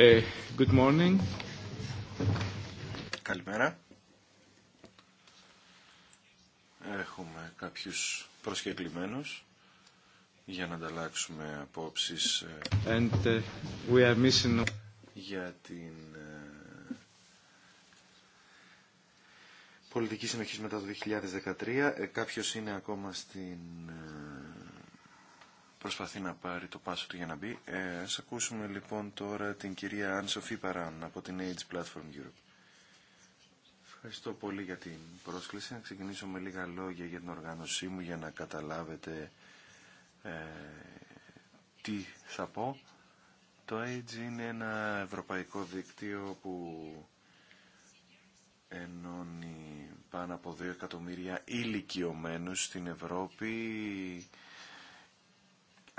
Ε, good morning. Καλημέρα. Έχουμε κάποιους προσκεκλημένους για να ανταλλάξουμε απόψεις ε, And, ε, we are missing... για την uh, πολιτική συνοχή μετά το 2013. Ε, κάποιος είναι ακόμα στην προσπαθεί να πάρει το πάσο του για να μπει. Ε, ας ακούσουμε λοιπόν τώρα την κυρία Αν Σοφή Παράν από την Age Platform Europe. Ευχαριστώ πολύ για την πρόσκληση. Να ξεκινήσω με λίγα λόγια για την οργάνωσή μου για να καταλάβετε ε, τι θα πω. Το AIDS είναι ένα ευρωπαϊκό δίκτυο που ενώνει πάνω από 2 εκατομμύρια ηλικιωμένους στην Ευρώπη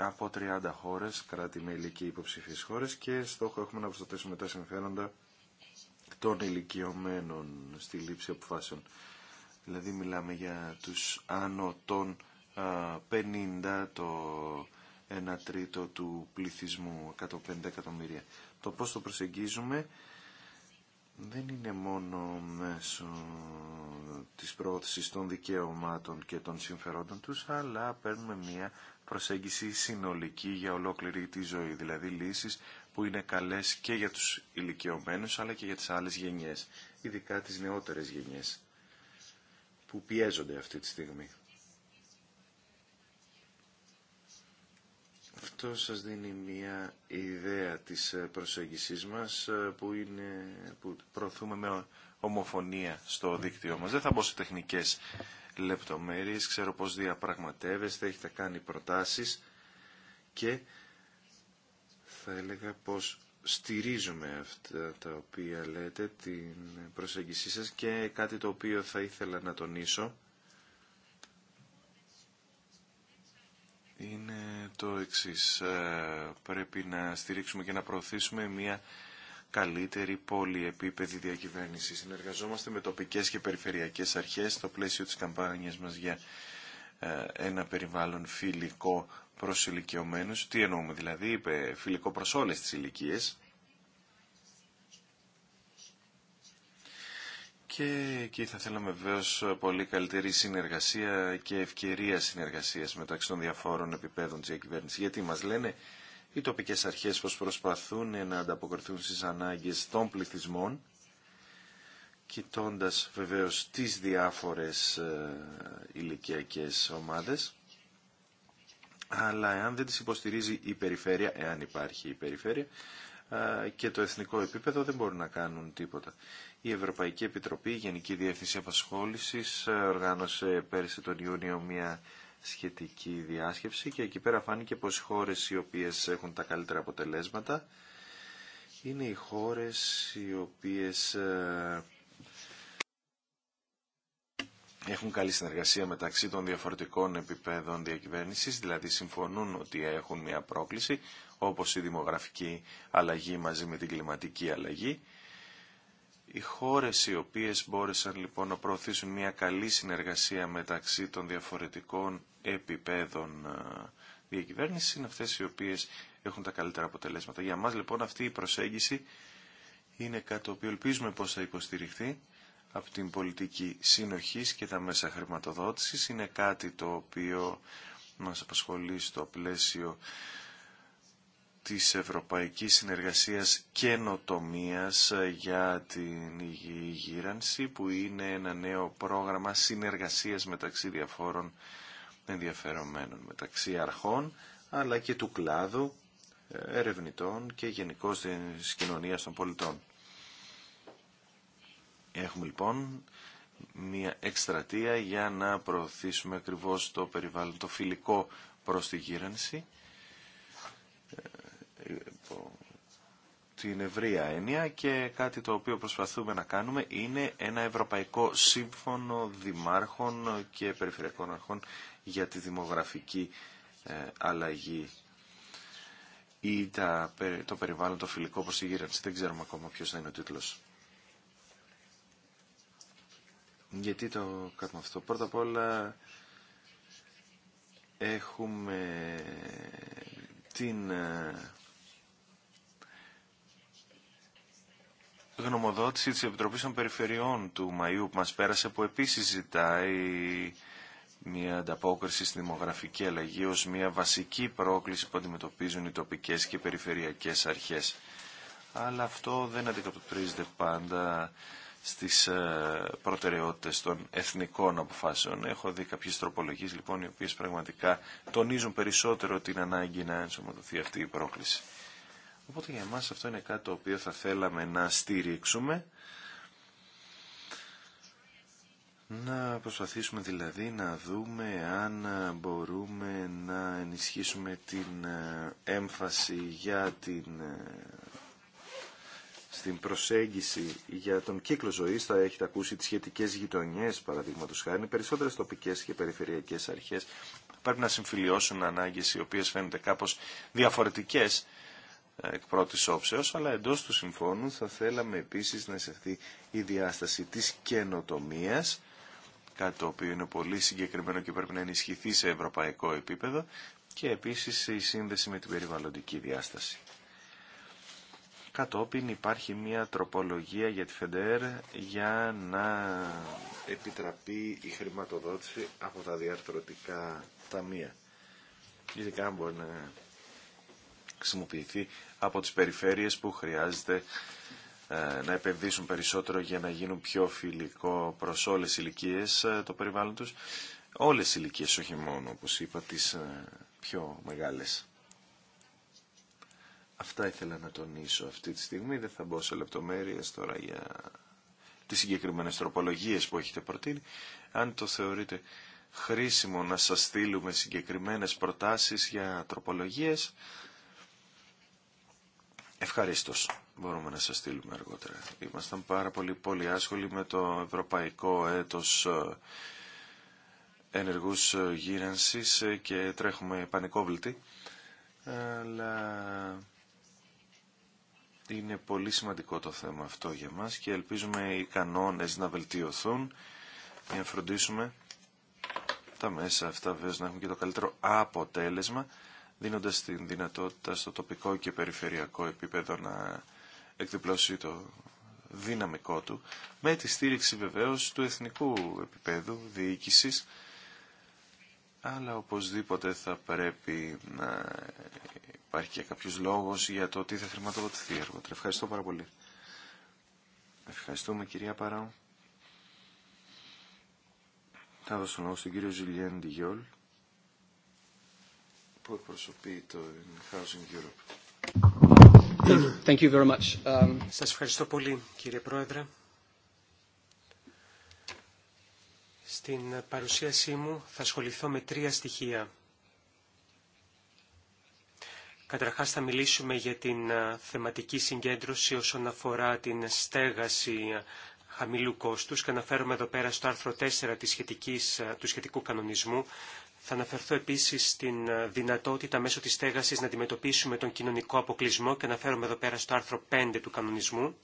από 30 χώρε κρατη με ηλικία υποψηφίε χώρε και στόχο έχουμε να προστατεύσουμε τα συμφέροντα των ηλικιωμένων στη λήψη αποφάσεων. Δηλαδή μιλάμε για τους άνω των 50 το 1 τρίτο του πληθυσμού, 150 εκατομμύρια. Το πώς το προσεγγίζουμε δεν είναι μόνο μέσω της πρόωθησης των δικαιωμάτων και των συμφερόντων τους, αλλά παίρνουμε μια προσέγγιση συνολική για ολόκληρη τη ζωή, δηλαδή λύσεις που είναι καλές και για τους ηλικιωμένους αλλά και για τις άλλες γενιές, ειδικά τις νεότερες γενιές που πιέζονται αυτή τη στιγμή. Αυτό σας δίνει μια ιδέα της προσέγγισής μας ε, που, είναι, που προωθούμε με ομοφωνία στο δίκτυό μας. Δεν θα μπω σε τεχνικές λεπτομέρειες, ξέρω πώς διαπραγματεύεστε, έχετε κάνει προτάσεις και θα έλεγα πως στηρίζουμε αυτά τα οποία λέτε, την προσέγγισή σας και κάτι το οποίο θα ήθελα να τονίσω είναι το εξής. Ε, πρέπει να στηρίξουμε και να προωθήσουμε μια καλύτερη επίπεδη διακυβέρνηση. Συνεργαζόμαστε με τοπικές και περιφερειακές αρχές στο πλαίσιο της καμπάνιας μας για ε, ένα περιβάλλον φιλικό προς ηλικιωμένους. Τι εννοούμε δηλαδή, είπε φιλικό προς όλες τις ηλικίε. Και εκεί θα θέλαμε βεβαίω πολύ καλύτερη συνεργασία και ευκαιρία συνεργασίας μεταξύ των διαφόρων επιπέδων της διακυβέρνησης. Γιατί μας λένε οι τοπικές αρχές πως προσπαθούν να ανταποκριθούν στις ανάγκες των πληθυσμών κοιτώντας βεβαίως τις διάφορες ε, ηλικιακέ ομάδες αλλά εάν δεν τις υποστηρίζει η περιφέρεια, εάν υπάρχει η περιφέρεια ε, και το εθνικό επίπεδο δεν μπορούν να κάνουν τίποτα. Η Ευρωπαϊκή Επιτροπή, η Γενική Διεύθυνση Απασχόλησης, ε, οργάνωσε πέρσι τον Ιούνιο μια σχετική διάσκεψη και εκεί πέρα φάνηκε πως οι χώρες οι οποίες έχουν τα καλύτερα αποτελέσματα είναι οι χώρες οι οποίες ε, έχουν καλή συνεργασία μεταξύ των διαφορετικών επιπέδων διακυβέρνησης, δηλαδή συμφωνούν ότι έχουν μια πρόκληση, όπως η δημογραφική αλλαγή μαζί με την κλιματική αλλαγή. Οι χώρες οι οποίες μπόρεσαν λοιπόν να προωθήσουν μια καλή συνεργασία μεταξύ των διαφορετικών επιπέδων ε, διακυβέρνησης είναι αυτές οι οποίες έχουν τα καλύτερα αποτελέσματα. Για μας λοιπόν αυτή η προσέγγιση είναι κάτι το οποίο ελπίζουμε πως θα υποστηριχθεί από την πολιτική συνοχής και τα μέσα χρηματοδότησης. Είναι κάτι το οποίο μας απασχολεί στο πλαίσιο της Ευρωπαϊκής Συνεργασίας Καινοτομίας για την Υγιή που είναι ένα νέο πρόγραμμα συνεργασίας μεταξύ διαφόρων ενδιαφερομένων μεταξύ αρχών αλλά και του κλάδου ερευνητών και γενικώ της κοινωνίας των πολιτών. Έχουμε λοιπόν μια εκστρατεία για να προωθήσουμε ακριβώς το περιβάλλον, το φιλικό προς τη γύρανση ε, την ευρεία έννοια και κάτι το οποίο προσπαθούμε να κάνουμε είναι ένα ευρωπαϊκό σύμφωνο δημάρχων και περιφερειακών αρχών για τη δημογραφική ε, αλλαγή ή τα, το περιβάλλον το φιλικό προς τη Δεν ξέρουμε ακόμα ποιος θα είναι ο τίτλος. Γιατί το κάνουμε αυτό. Πρώτα απ' όλα έχουμε την ε, γνωμοδότηση της Επιτροπής των Περιφερειών του Μαΐου που μας πέρασε που επίσης ζητάει μια ανταπόκριση στη δημογραφική αλλαγή ως μια βασική πρόκληση που αντιμετωπίζουν οι τοπικές και περιφερειακές αρχές. Αλλά αυτό δεν αντικατοπτρίζεται πάντα στις ε, προτεραιότητες των εθνικών αποφάσεων. Έχω δει κάποιες τροπολογίες λοιπόν οι οποίες πραγματικά τονίζουν περισσότερο την ανάγκη να ενσωματωθεί αυτή η πρόκληση. Οπότε για εμάς αυτό είναι κάτι το οποίο θα θέλαμε να στηρίξουμε Να προσπαθήσουμε δηλαδή να δούμε αν μπορούμε να ενισχύσουμε την ε, έμφαση για την ε, στην προσέγγιση για τον κύκλο ζωή, θα έχετε ακούσει τι σχετικέ γειτονιέ, παραδείγματο χάρη. Περισσότερε τοπικέ και περιφερειακέ αρχέ πρέπει να συμφιλιώσουν ανάγκε οι οποίε φαίνονται κάπω διαφορετικέ ε, εκ πρώτη όψεω, αλλά εντό του συμφώνου θα θέλαμε επίση να εισεχθεί η διάσταση τη καινοτομία κάτι το οποίο είναι πολύ συγκεκριμένο και πρέπει να ενισχυθεί σε ευρωπαϊκό επίπεδο και επίσης η σύνδεση με την περιβαλλοντική διάσταση. Κατόπιν υπάρχει μια τροπολογία για τη ΦΕΝΤΕΡ για να επιτραπεί η χρηματοδότηση από τα διαρθρωτικά ταμεία. Ειδικά μπορεί να χρησιμοποιηθεί από τις περιφέρειες που χρειάζεται ε, να επενδύσουν περισσότερο για να γίνουν πιο φιλικό προς όλες τις ηλικίε ε, το περιβάλλον τους. Όλες τις ηλικίε, όχι μόνο, όπως είπα, τις ε, πιο μεγάλες. Αυτά ήθελα να τονίσω αυτή τη στιγμή. Δεν θα μπω σε λεπτομέρειες τώρα για τις συγκεκριμένες τροπολογίες που έχετε προτείνει. Αν το θεωρείτε χρήσιμο να σας στείλουμε συγκεκριμένες προτάσεις για τροπολογίες, Ευχαριστώ μπορούμε να σας στείλουμε αργότερα. Ήμασταν πάρα πολύ, πολύ άσχολοι με το ευρωπαϊκό έτος ε, ενεργούς ε, γύρανσης ε, και τρέχουμε πανικόβλητοι. Αλλά είναι πολύ σημαντικό το θέμα αυτό για μας και ελπίζουμε οι κανόνες να βελτιωθούν για να φροντίσουμε τα μέσα αυτά βέβαια να έχουν και το καλύτερο αποτέλεσμα δίνοντας την δυνατότητα στο τοπικό και περιφερειακό επίπεδο να εκδιπλώσει το δυναμικό του, με τη στήριξη βεβαίως του εθνικού επίπεδου διοίκησης, αλλά οπωσδήποτε θα πρέπει να υπάρχει και κάποιος λόγος για το τι θα χρηματοδοτηθεί αργότερα. Ευχαριστώ πάρα πολύ. Ευχαριστούμε κυρία Παράου. Θα δώσω λόγο στον κύριο Ζιλιέν Ντιγιόλ που εκπροσωπεί το Housing Europe. Thank um, Σας ευχαριστώ πολύ, κύριε Πρόεδρε. Στην παρουσίασή μου θα ασχοληθώ με τρία στοιχεία. Καταρχάς θα μιλήσουμε για την θεματική συγκέντρωση όσον αφορά την στέγαση χαμηλού κόστους και αναφέρομαι εδώ πέρα στο άρθρο 4 της του σχετικού κανονισμού θα αναφερθώ επίσης στην ε, δυνατότητα μέσω της στέγασης να αντιμετωπίσουμε τον κοινωνικό αποκλεισμό και αναφέρομαι εδώ πέρα στο άρθρο 5 του κανονισμού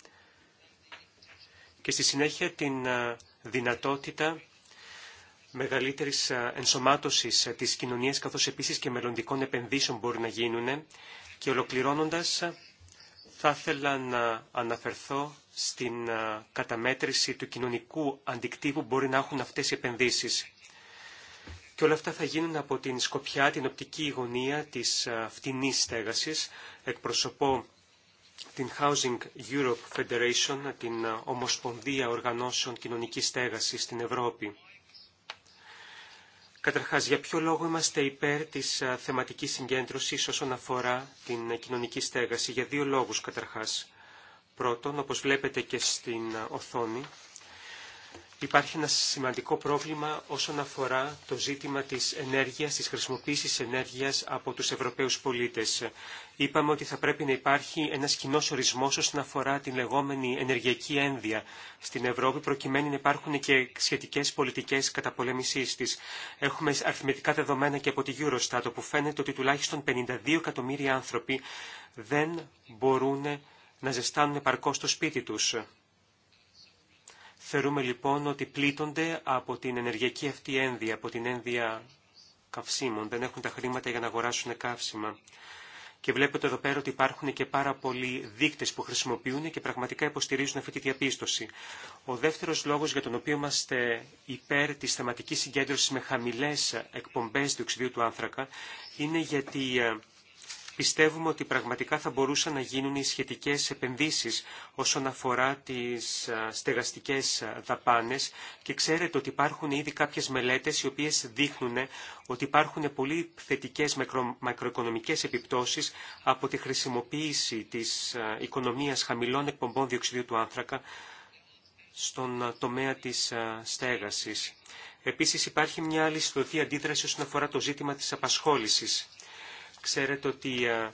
και στη συνέχεια την ε, δυνατότητα μεγαλύτερης ε, ενσωμάτωσης της κοινωνίας καθώς επίσης και μελλοντικών επενδύσεων μπορεί να γίνουν και ολοκληρώνοντας θα ήθελα να αναφερθώ στην καταμέτρηση του κοινωνικού αντικτύπου που μπορεί να έχουν αυτές οι επενδύσεις. Και όλα αυτά θα γίνουν από την σκοπιά, την οπτική γωνία της ε, φτηνής στέγασης. Εκπροσωπώ την Housing Europe Federation, την ε, Ομοσπονδία Οργανώσεων Κοινωνικής Στέγασης στην Ευρώπη. Καταρχάς, για ποιο λόγο είμαστε υπέρ της ε, θεματικής συγκέντρωσης όσον αφορά την κοινωνική στέγαση. Για δύο λόγους καταρχάς. Πρώτον, όπως βλέπετε και στην οθόνη, υπάρχει ένα σημαντικό πρόβλημα όσον αφορά το ζήτημα της ενέργειας, της χρησιμοποίησης ενέργειας από τους Ευρωπαίους πολίτες. Είπαμε ότι θα πρέπει να υπάρχει ένας κοινό ορισμός όσον αφορά την λεγόμενη ενεργειακή ένδυα στην Ευρώπη, προκειμένου να υπάρχουν και σχετικές πολιτικές καταπολέμησής της. Έχουμε αριθμητικά δεδομένα και από τη Eurostat, όπου φαίνεται ότι τουλάχιστον 52 εκατομμύρια άνθρωποι δεν μπορούν να ζεστάνουν επαρκώς το σπίτι τους. Θεωρούμε λοιπόν ότι πλήττονται από την ενεργειακή αυτή ένδυα, από την ένδυα καυσίμων. Δεν έχουν τα χρήματα για να αγοράσουν καύσιμα. Και βλέπετε εδώ πέρα ότι υπάρχουν και πάρα πολλοί δείκτες που χρησιμοποιούν και πραγματικά υποστηρίζουν αυτή τη διαπίστωση. Ο δεύτερος λόγος για τον οποίο είμαστε υπέρ της θεματικής συγκέντρωσης με χαμηλές εκπομπές διοξιδίου του άνθρακα είναι γιατί ε, πιστεύουμε ότι πραγματικά θα μπορούσαν να γίνουν οι σχετικές επενδύσεις όσον αφορά τις στεγαστικές δαπάνες και ξέρετε ότι υπάρχουν ήδη κάποιες μελέτες οι οποίες δείχνουν ότι υπάρχουν πολύ θετικές μακρο, μακροοικονομικές επιπτώσεις από τη χρησιμοποίηση της οικονομίας χαμηλών εκπομπών διοξιδίου του άνθρακα στον τομέα της στέγασης. Επίσης υπάρχει μια άλλη αντίδραση όσον αφορά το ζήτημα της απασχόλησης. Ξέρετε ότι ε,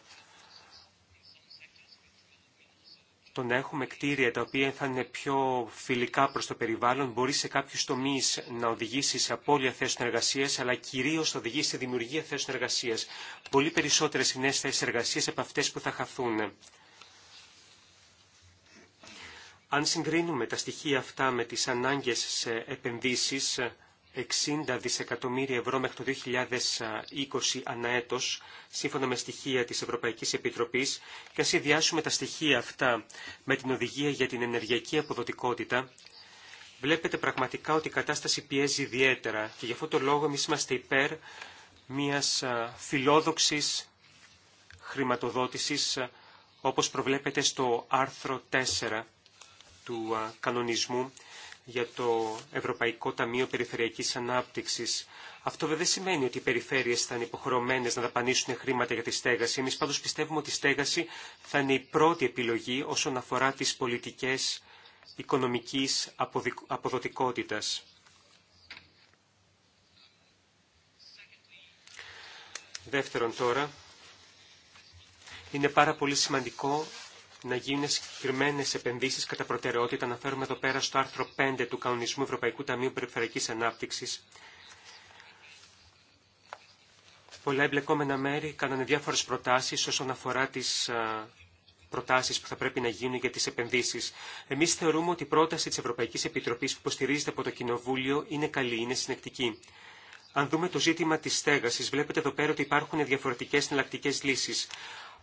το να έχουμε κτίρια τα οποία θα είναι πιο φιλικά προς το περιβάλλον μπορεί σε κάποιους τομείς να οδηγήσει σε απώλεια θέσεων εργασίας, αλλά κυρίως να οδηγήσει σε δημιουργία θέσεων εργασίας. Πολύ περισσότερες είναι θέσεις εργασίας από αυτές που θα χαθούν. Αν συγκρίνουμε τα στοιχεία αυτά με τις ανάγκες σε επενδύσεις, 60 δισεκατομμύρια ευρώ μέχρι το 2020 αναέτος, σύμφωνα με στοιχεία της Ευρωπαϊκής Επιτροπής, και αν συνδυάσουμε τα στοιχεία αυτά με την οδηγία για την ενεργειακή αποδοτικότητα, βλέπετε πραγματικά ότι η κατάσταση πιέζει ιδιαίτερα και γι' αυτό το λόγο εμείς είμαστε υπέρ μιας φιλόδοξης χρηματοδότησης, όπως προβλέπεται στο άρθρο 4 του κανονισμού, για το Ευρωπαϊκό Ταμείο Περιφερειακής Ανάπτυξης. Αυτό βέβαια σημαίνει ότι οι περιφέρειες θα είναι υποχρεωμένες να δαπανίσουν χρήματα για τη στέγαση. Εμείς πάντως πιστεύουμε ότι η στέγαση θα είναι η πρώτη επιλογή όσον αφορά τις πολιτικές οικονομικής αποδοτικότητας. Δεύτερον τώρα, είναι πάρα πολύ σημαντικό να γίνουν συγκεκριμένε επενδύσει κατά προτεραιότητα. αναφέρουμε εδώ πέρα στο άρθρο 5 του Κανονισμού Ευρωπαϊκού Ταμείου Περιφερειακή Ανάπτυξη. Πολλά εμπλεκόμενα μέρη κάνανε διάφορε προτάσει όσον αφορά τι προτάσεις που θα πρέπει να γίνουν για τις επενδύσεις. Εμείς θεωρούμε ότι η πρόταση της Ευρωπαϊκής Επιτροπής που υποστηρίζεται από το Κοινοβούλιο είναι καλή, είναι συνεκτική. Αν δούμε το ζήτημα της στέγασης, βλέπετε εδώ πέρα ότι υπάρχουν διαφορετικές εναλλακτικέ λύσεις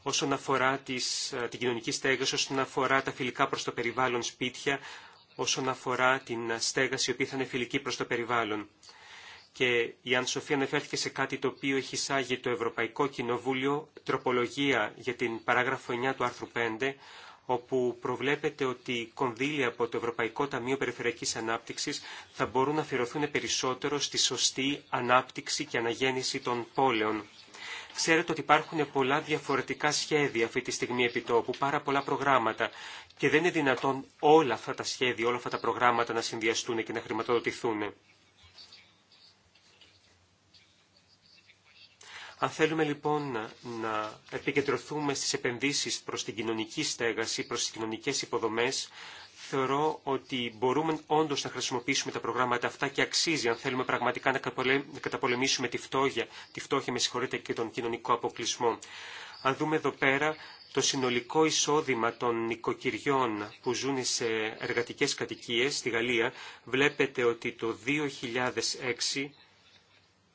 όσον αφορά τις, ε, την κοινωνική στέγαση, όσον αφορά τα φιλικά προς το περιβάλλον σπίτια, όσον αφορά την ε, στέγαση η οποία θα είναι φιλική προς το περιβάλλον. Και η Αν Σοφία αναφέρθηκε σε κάτι το οποίο έχει εισάγει το Ευρωπαϊκό Κοινοβούλιο, τροπολογία για την παράγραφο 9 του άρθρου 5, όπου προβλέπεται ότι κονδύλια από το Ευρωπαϊκό Ταμείο Περιφερειακής Ανάπτυξης θα μπορούν να αφιερωθούν περισσότερο στη σωστή ανάπτυξη και αναγέννηση των πόλεων. Ξέρετε ότι υπάρχουν πολλά διαφορετικά σχέδια αυτή τη στιγμή τόπου, πάρα πολλά προγράμματα και δεν είναι δυνατόν όλα αυτά τα σχέδια, όλα αυτά τα προγράμματα να συνδυαστούν και να χρηματοδοτηθούν. Αν θέλουμε λοιπόν να επικεντρωθούμε στις επενδύσεις προς την κοινωνική στέγαση, προς τις κοινωνικές υποδομές, θεωρώ ότι μπορούμε όντω να χρησιμοποιήσουμε τα προγράμματα αυτά και αξίζει αν θέλουμε πραγματικά να καταπολεμήσουμε τη φτώχεια, τη φτώχεια με συγχωρείτε και τον κοινωνικό αποκλεισμό. Αν δούμε εδώ πέρα το συνολικό εισόδημα των οικοκυριών που ζουν σε εργατικές κατοικίες στη Γαλλία, βλέπετε ότι το 2006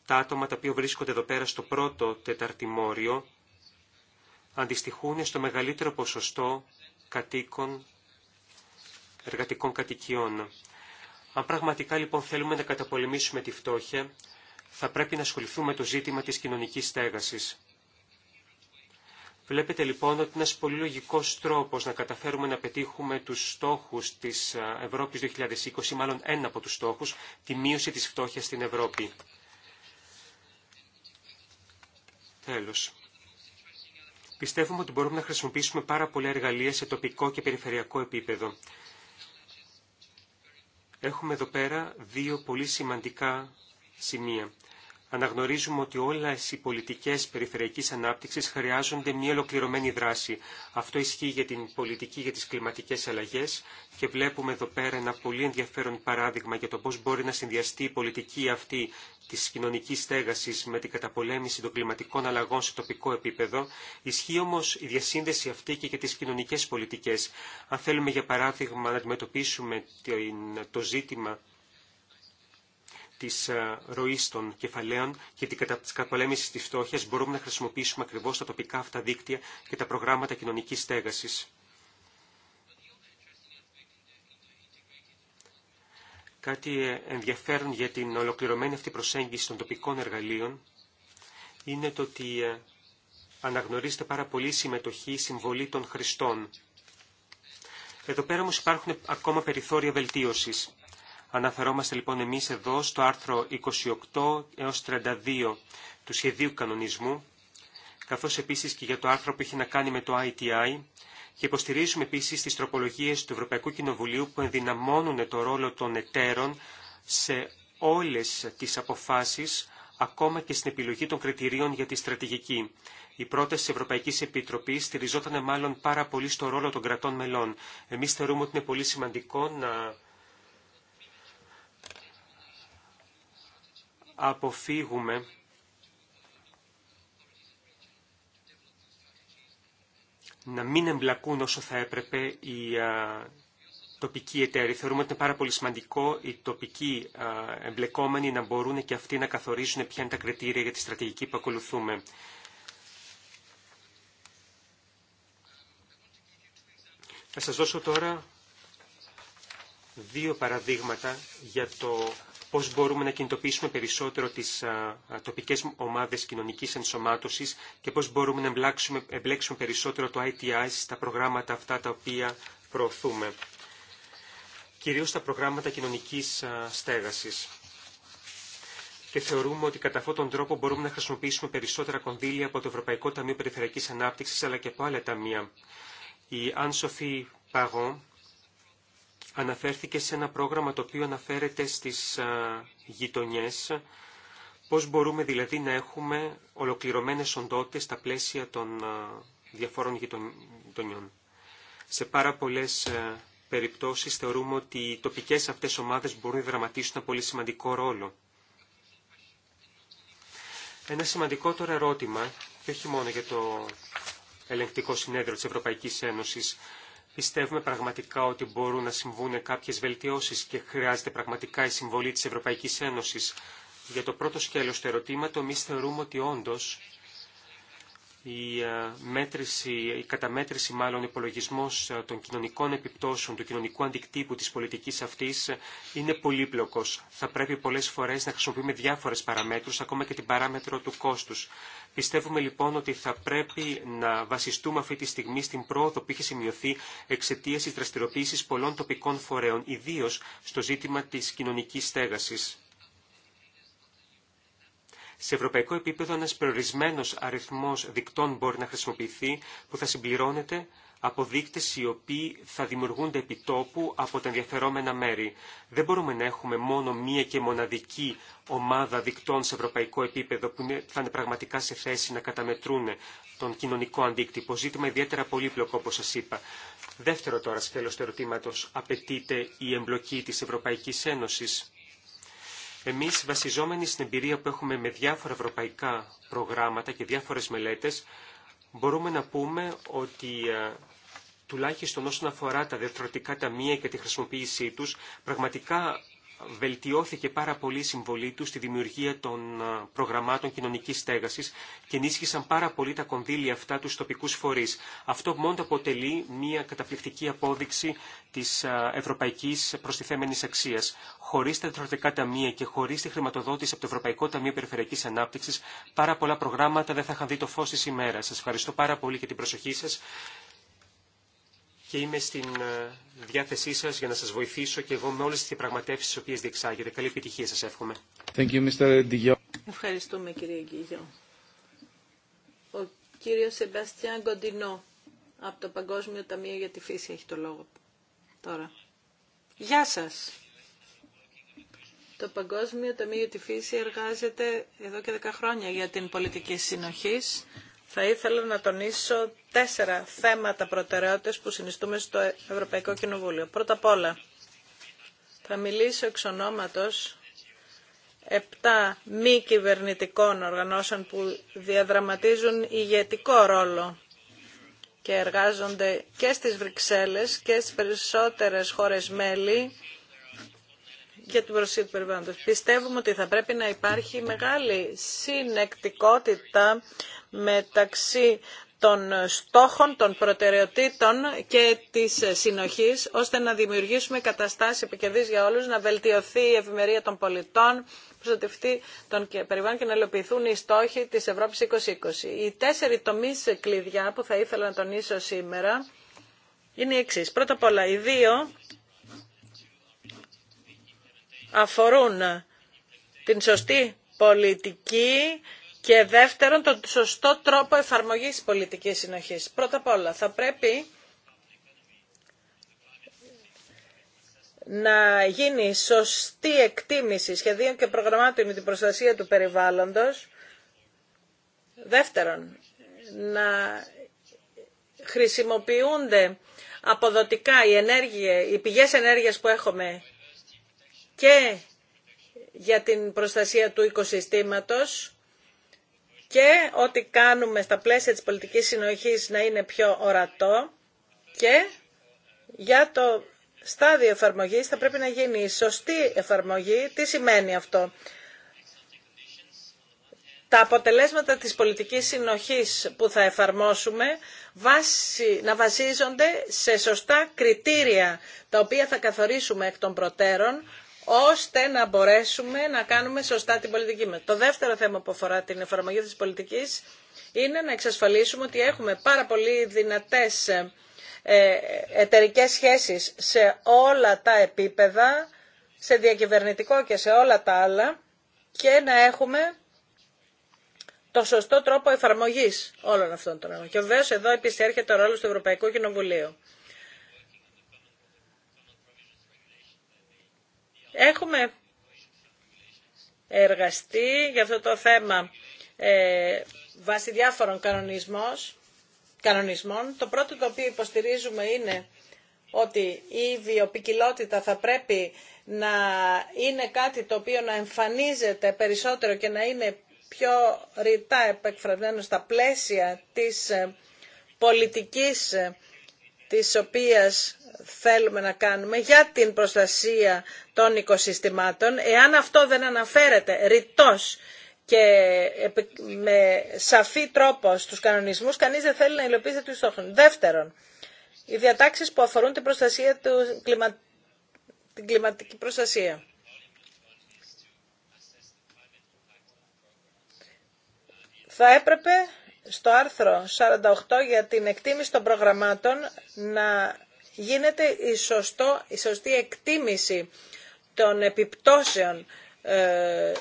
τα άτομα τα οποία βρίσκονται εδώ πέρα στο πρώτο τεταρτημόριο αντιστοιχούν στο μεγαλύτερο ποσοστό κατοίκων εργατικών κατοικιών. Αν πραγματικά λοιπόν θέλουμε να καταπολεμήσουμε τη φτώχεια, θα πρέπει να ασχοληθούμε το ζήτημα της κοινωνικής στέγασης. Βλέπετε λοιπόν ότι ένας πολύ λογικός τρόπος να καταφέρουμε να πετύχουμε τους στόχους της ε, Ευρώπης 2020, μάλλον ένα από τους στόχους, τη μείωση της φτώχειας στην Ευρώπη. Τέλος. Πιστεύουμε ότι μπορούμε να χρησιμοποιήσουμε πάρα πολλά εργαλεία σε τοπικό και περιφερειακό επίπεδο. Έχουμε εδώ πέρα δύο πολύ σημαντικά σημεία αναγνωρίζουμε ότι όλε οι πολιτικέ περιφερειακή ανάπτυξη χρειάζονται μια ολοκληρωμένη δράση. Αυτό ισχύει για την πολιτική για τι κλιματικέ αλλαγέ και βλέπουμε εδώ πέρα ένα πολύ ενδιαφέρον παράδειγμα για το πώ μπορεί να συνδυαστεί η πολιτική αυτή τη κοινωνική στέγαση με την καταπολέμηση των κλιματικών αλλαγών σε τοπικό επίπεδο. Ισχύει όμω η διασύνδεση αυτή και για τι κοινωνικέ πολιτικέ. Αν θέλουμε, για παράδειγμα, να αντιμετωπίσουμε το ζήτημα της ε, ροής των κεφαλαίων και την καταπολέμηση της φτώχειας μπορούμε να χρησιμοποιήσουμε ακριβώς τα τοπικά αυτά δίκτυα και τα προγράμματα κοινωνικής στέγασης. Κάτι ε, ενδιαφέρον για την ολοκληρωμένη αυτή προσέγγιση των τοπικών εργαλείων είναι το ότι ε, αναγνωρίζεται πάρα πολύ η συμμετοχή, η συμβολή των χρηστών. Εδώ πέρα όμως υπάρχουν ακόμα περιθώρια βελτίωσης. Αναφερόμαστε λοιπόν εμείς εδώ στο άρθρο 28 έως 32 του σχεδίου κανονισμού, καθώς επίσης και για το άρθρο που έχει να κάνει με το ITI και υποστηρίζουμε επίσης τις τροπολογίες του Ευρωπαϊκού Κοινοβουλίου που ενδυναμώνουν το ρόλο των εταίρων σε όλες τις αποφάσεις ακόμα και στην επιλογή των κριτηρίων για τη στρατηγική. Η πρόταση τη Ευρωπαϊκή Επιτροπή στηριζόταν μάλλον πάρα πολύ στο ρόλο των κρατών μελών. Εμεί θεωρούμε ότι είναι πολύ σημαντικό να αποφύγουμε να μην εμπλακούν όσο θα έπρεπε οι α, τοπικοί εταίροι. Θεωρούμε ότι είναι πάρα πολύ σημαντικό οι τοπικοί εμπλεκόμενοι να μπορούν και αυτοί να καθορίζουν ποια είναι τα κριτήρια για τη στρατηγική που ακολουθούμε. Θα σας δώσω τώρα δύο παραδείγματα για το πώς μπορούμε να κινητοποιήσουμε περισσότερο τις τοπικές ομάδες κοινωνικής ενσωμάτωσης και πώς μπορούμε να εμπλέξουμε, εμπλέξουμε περισσότερο το ITI στα προγράμματα αυτά τα οποία προωθούμε. Κυρίως στα προγράμματα κοινωνικής στέγασης και θεωρούμε ότι κατά αυτόν τον τρόπο μπορούμε να χρησιμοποιήσουμε περισσότερα κονδύλια από το Ευρωπαϊκό Ταμείο Περιφερειακής Ανάπτυξης αλλά και από άλλα ταμεία. Η Anne-Sophie Paron αναφέρθηκε σε ένα πρόγραμμα το οποίο αναφέρεται στις γειτονιές, πώς μπορούμε δηλαδή να έχουμε ολοκληρωμένες οντότητες στα πλαίσια των διαφόρων γειτονιών. Σε πάρα πολλές περιπτώσεις θεωρούμε ότι οι τοπικές αυτές ομάδες μπορούν να δραματίσουν ένα πολύ σημαντικό ρόλο. Ένα σημαντικότερο ερώτημα, και όχι μόνο για το ελεγκτικό συνέδριο της Ευρωπαϊκής Ένωσης, Πιστεύουμε πραγματικά ότι μπορούν να συμβούν κάποιες βελτιώσεις και χρειάζεται πραγματικά η συμβολή της Ευρωπαϊκής Ένωσης. Για το πρώτο σκέλος του ερωτήματο, εμεί θεωρούμε ότι όντως η ε, μέτρηση, η καταμέτρηση μάλλον υπολογισμός ε, των κοινωνικών επιπτώσεων, του κοινωνικού αντικτύπου της πολιτικής αυτής ε, είναι πολύπλοκος. Θα πρέπει πολλές φορές να χρησιμοποιούμε διάφορες παραμέτρους, ακόμα και την παράμετρο του κόστους. Πιστεύουμε λοιπόν ότι θα πρέπει να βασιστούμε αυτή τη στιγμή στην πρόοδο που είχε σημειωθεί εξαιτία τη δραστηριοποίηση πολλών τοπικών φορέων, ιδίω στο ζήτημα τη κοινωνική στέγασης. Σε ευρωπαϊκό επίπεδο ένας περιορισμένος αριθμός δικτών μπορεί να χρησιμοποιηθεί που θα συμπληρώνεται από δείκτες οι οποίοι θα δημιουργούνται επί τόπου από τα ενδιαφερόμενα μέρη. Δεν μπορούμε να έχουμε μόνο μία και μοναδική ομάδα δικτών σε ευρωπαϊκό επίπεδο που θα είναι πραγματικά σε θέση να καταμετρούν τον κοινωνικό αντίκτυπο. Ζήτημα ιδιαίτερα πολύπλοκο όπως σας είπα. Δεύτερο τώρα σκέλος του ερωτήματος απαιτείται η εμπλοκή της Ευρωπαϊκής Ένωσης. Εμείς βασιζόμενοι στην εμπειρία που έχουμε με διάφορα ευρωπαϊκά προγράμματα και διάφορες μελέτες, μπορούμε να πούμε ότι ε, τουλάχιστον όσον αφορά τα διατροτικά ταμεία και τη χρησιμοποίησή τους, πραγματικά βελτιώθηκε πάρα πολύ η συμβολή του στη δημιουργία των ε, προγραμμάτων κοινωνική στέγαση και ενίσχυσαν πάρα πολύ τα κονδύλια αυτά του τοπικού φορεί. Αυτό μόνο αποτελεί μια καταπληκτική απόδειξη τη ε, ευρωπαϊκή προστιθέμενη αξία. Χωρί τα τρωτικά ταμεία και χωρί τη χρηματοδότηση από το Ευρωπαϊκό Ταμείο Περιφερειακή Ανάπτυξη, πάρα πολλά προγράμματα δεν θα είχαν δει το φω τη ημέρα. Σα ευχαριστώ πάρα πολύ για την προσοχή σα και είμαι στην ε, διάθεσή σας για να σας βοηθήσω και εγώ με όλες τις διαπραγματεύσει τις οποίες διεξάγετε. Καλή επιτυχία σας εύχομαι. you, Ευχαριστούμε κύριε Γκίγιο. Ο κύριος Σεμπαστιάν Κοντινό από το Παγκόσμιο Ταμείο για τη Φύση έχει το λόγο τώρα. Γεια σας. Το Παγκόσμιο Ταμείο για τη Φύση εργάζεται εδώ και 10 χρόνια για την πολιτική συνοχής. Θα ήθελα να τονίσω τέσσερα θέματα προτεραιότητες που συνιστούμε στο Ευρωπαϊκό Κοινοβούλιο. Πρώτα απ' όλα, θα μιλήσω εξ ονόματος επτά μη κυβερνητικών οργανώσεων που διαδραματίζουν ηγετικό ρόλο και εργάζονται και στις Βρυξέλλες και στις περισσότερες χώρες μέλη για την προσοχή του περιβάλλοντος. Πιστεύουμε ότι θα πρέπει να υπάρχει μεγάλη συνεκτικότητα μεταξύ των στόχων, των προτεραιοτήτων και της συνοχής, ώστε να δημιουργήσουμε καταστάσεις επικεδής για όλους, να βελτιωθεί η ευημερία των πολιτών, προστατευτεί τον περιβάλλον και να υλοποιηθούν οι στόχοι της Ευρώπης 2020. Οι τέσσερι τομείς κλειδιά που θα ήθελα να τονίσω σήμερα είναι οι εξής. Πρώτα απ' όλα, οι δύο αφορούν την σωστή πολιτική και δεύτερον, τον σωστό τρόπο εφαρμογής πολιτικής συνοχής. Πρώτα απ' όλα, θα πρέπει να γίνει σωστή εκτίμηση σχεδίων και προγραμμάτων με την προστασία του περιβάλλοντος. Δεύτερον, να χρησιμοποιούνται αποδοτικά οι, ενέργεια, οι πηγές ενέργειας που έχουμε και για την προστασία του οικοσυστήματος και ό,τι κάνουμε στα πλαίσια της πολιτικής συνοχής να είναι πιο ορατό και για το στάδιο εφαρμογής θα πρέπει να γίνει η σωστή εφαρμογή. Τι σημαίνει αυτό. Τα αποτελέσματα της πολιτικής συνοχής που θα εφαρμόσουμε να βασίζονται σε σωστά κριτήρια τα οποία θα καθορίσουμε εκ των προτέρων ώστε να μπορέσουμε να κάνουμε σωστά την πολιτική μας. Το δεύτερο θέμα που αφορά την εφαρμογή της πολιτικής είναι να εξασφαλίσουμε ότι έχουμε πάρα πολύ δυνατές ε, ε, εταιρικές σχέσεις σε όλα τα επίπεδα, σε διακυβερνητικό και σε όλα τα άλλα και να έχουμε το σωστό τρόπο εφαρμογής όλων αυτών των έργων. Και βεβαίω εδώ επίσης έρχεται ο ρόλος του Ευρωπαϊκού Κοινοβουλίου. Έχουμε εργαστεί για αυτό το θέμα ε, βάσει διάφορων κανονισμών. Το πρώτο το οποίο υποστηρίζουμε είναι ότι η βιοπικιλότητα θα πρέπει να είναι κάτι το οποίο να εμφανίζεται περισσότερο και να είναι πιο ρητά επεκφρασμένο στα πλαίσια της ε, πολιτικής ε, τις οποίες θέλουμε να κάνουμε για την προστασία των οικοσυστημάτων, εάν αυτό δεν αναφέρεται ρητός και με σαφή τρόπο στους κανονισμούς, κανείς δεν θέλει να υλοποιήσει τους στόχους. Δεύτερον, οι διατάξεις που αφορούν την, προστασία του, την κλιματική προστασία. Θα έπρεπε στο άρθρο 48 για την εκτίμηση των προγραμμάτων να γίνεται η, σωστό, η σωστή εκτίμηση των επιπτώσεων ε,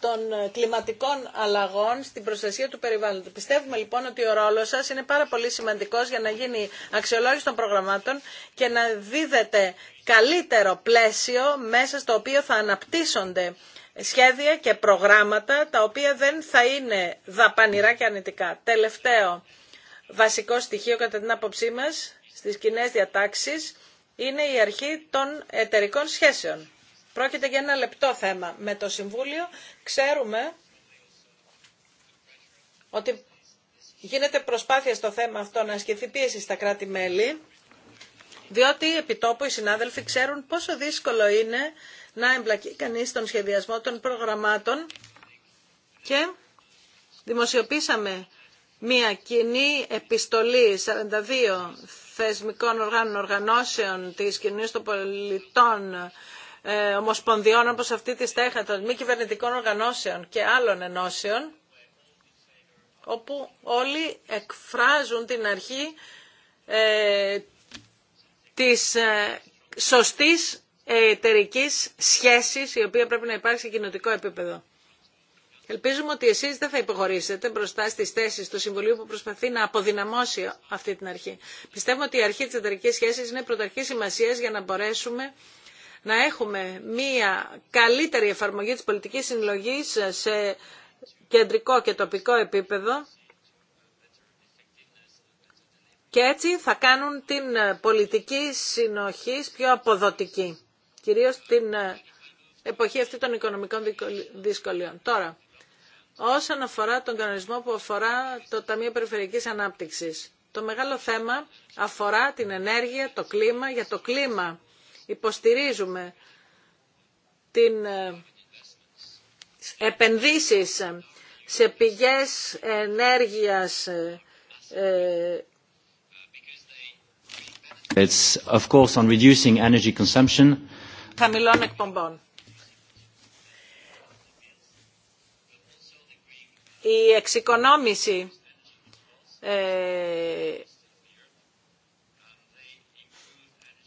των κλιματικών αλλαγών στην προστασία του περιβάλλοντος. Πιστεύουμε λοιπόν ότι ο ρόλος σας είναι πάρα πολύ σημαντικός για να γίνει αξιολόγηση των προγραμμάτων και να δίδεται καλύτερο πλαίσιο μέσα στο οποίο θα αναπτύσσονται σχέδια και προγράμματα τα οποία δεν θα είναι δαπανηρά και ανετικά. Τελευταίο βασικό στοιχείο κατά την άποψή μας στις κοινέ διατάξεις είναι η αρχή των εταιρικών σχέσεων. Πρόκειται για ένα λεπτό θέμα με το Συμβούλιο. Ξέρουμε ότι γίνεται προσπάθεια στο θέμα αυτό να ασκηθεί πίεση στα κράτη-μέλη, διότι επιτόπου οι συνάδελφοι ξέρουν πόσο δύσκολο είναι να εμπλακεί κανείς στον σχεδιασμό των προγραμμάτων και δημοσιοποίησαμε μία κοινή επιστολή 42 θεσμικών οργάνων οργανώσεων της Κοινής των πολιτών ε, ομοσπονδιών όπως αυτή τη των μη κυβερνητικών οργανώσεων και άλλων ενώσεων όπου όλοι εκφράζουν την αρχή ε, της ε, σωστής εταιρική σχέση, η οποία πρέπει να υπάρξει σε κοινοτικό επίπεδο. Ελπίζουμε ότι εσείς δεν θα υποχωρήσετε μπροστά στις θέσεις του Συμβουλίου που προσπαθεί να αποδυναμώσει αυτή την αρχή. Πιστεύουμε ότι η αρχή της εταιρικής σχέσης είναι πρωταρχή σημασία για να μπορέσουμε να έχουμε μία καλύτερη εφαρμογή της πολιτικής συλλογή σε κεντρικό και τοπικό επίπεδο και έτσι θα κάνουν την πολιτική συνοχή πιο αποδοτική κυρίως την ε, εποχή αυτή των οικονομικών δυσκολιών. Τώρα, όσον αφορά τον κανονισμό που αφορά το Ταμείο Περιφερειακής Ανάπτυξης, το μεγάλο θέμα αφορά την ενέργεια, το κλίμα. Για το κλίμα υποστηρίζουμε την ε, επενδύσεις σε πηγές ενέργειας ε, It's of course on reducing energy consumption χαμηλών εκπομπών. Η εξοικονόμηση ε,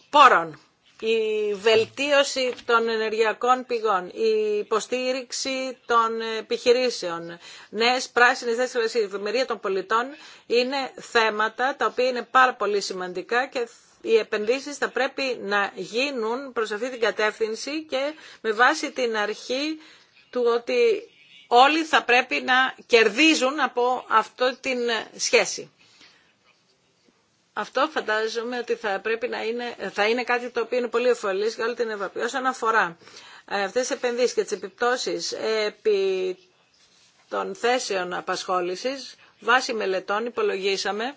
πόρων, η βελτίωση των ενεργειακών πηγών, η υποστήριξη των επιχειρήσεων, νέες πράσινες θέσεις η ευημερία των πολιτών είναι θέματα τα οποία είναι πάρα πολύ σημαντικά και οι επενδύσεις θα πρέπει να γίνουν προς αυτή την κατεύθυνση και με βάση την αρχή του ότι όλοι θα πρέπει να κερδίζουν από αυτό την σχέση. Αυτό φαντάζομαι ότι θα, πρέπει να είναι, θα είναι κάτι το οποίο είναι πολύ ωφελής για όλη την Ευρώπη. Όσον αφορά ε, αυτές τις επενδύσεις και τις επιπτώσεις επί των θέσεων απασχόλησης, βάσει μελετών υπολογίσαμε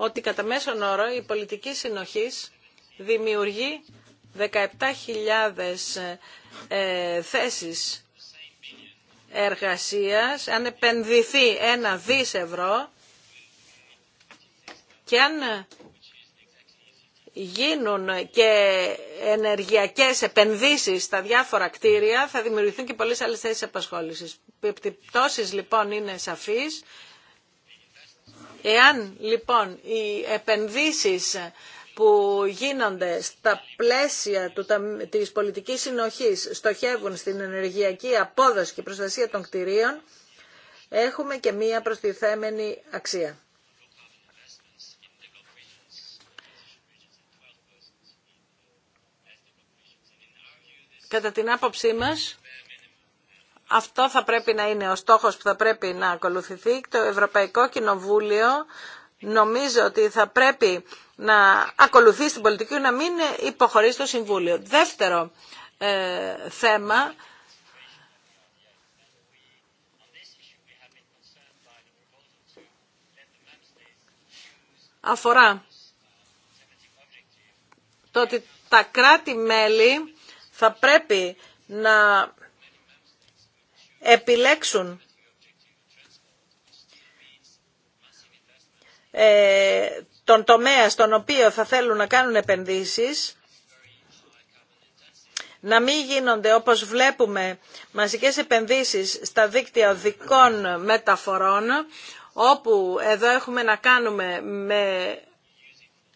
ότι κατά μέσον όρο η πολιτική συνοχή δημιουργεί 17.000 ε, θέσεις εργασίας, αν επενδυθεί ένα δις ευρώ και αν γίνουν και ενεργειακές επενδύσεις στα διάφορα κτίρια, θα δημιουργηθούν και πολλές άλλες θέσεις απασχόλησης. Οι επιπτώσεις λοιπόν είναι σαφείς Εάν λοιπόν οι επενδύσεις που γίνονται στα πλαίσια του, της πολιτικής συνοχής στοχεύουν στην ενεργειακή απόδοση και προστασία των κτηρίων, έχουμε και μία προστιθέμενη αξία. Κατά την άποψή μας, αυτό θα πρέπει να είναι ο στόχος που θα πρέπει να ακολουθηθεί. Το Ευρωπαϊκό Κοινοβούλιο νομίζω ότι θα πρέπει να ακολουθεί στην πολιτική να μην υποχωρεί στο Συμβούλιο. Δεύτερο ε, θέμα, αφορά το ότι τα κράτη-μέλη θα πρέπει να επιλέξουν ε, τον τομέα στον οποίο θα θέλουν να κάνουν επενδύσεις, να μην γίνονται όπως βλέπουμε μαζικές επενδύσεις στα δίκτυα δικών μεταφορών, όπου εδώ έχουμε να κάνουμε με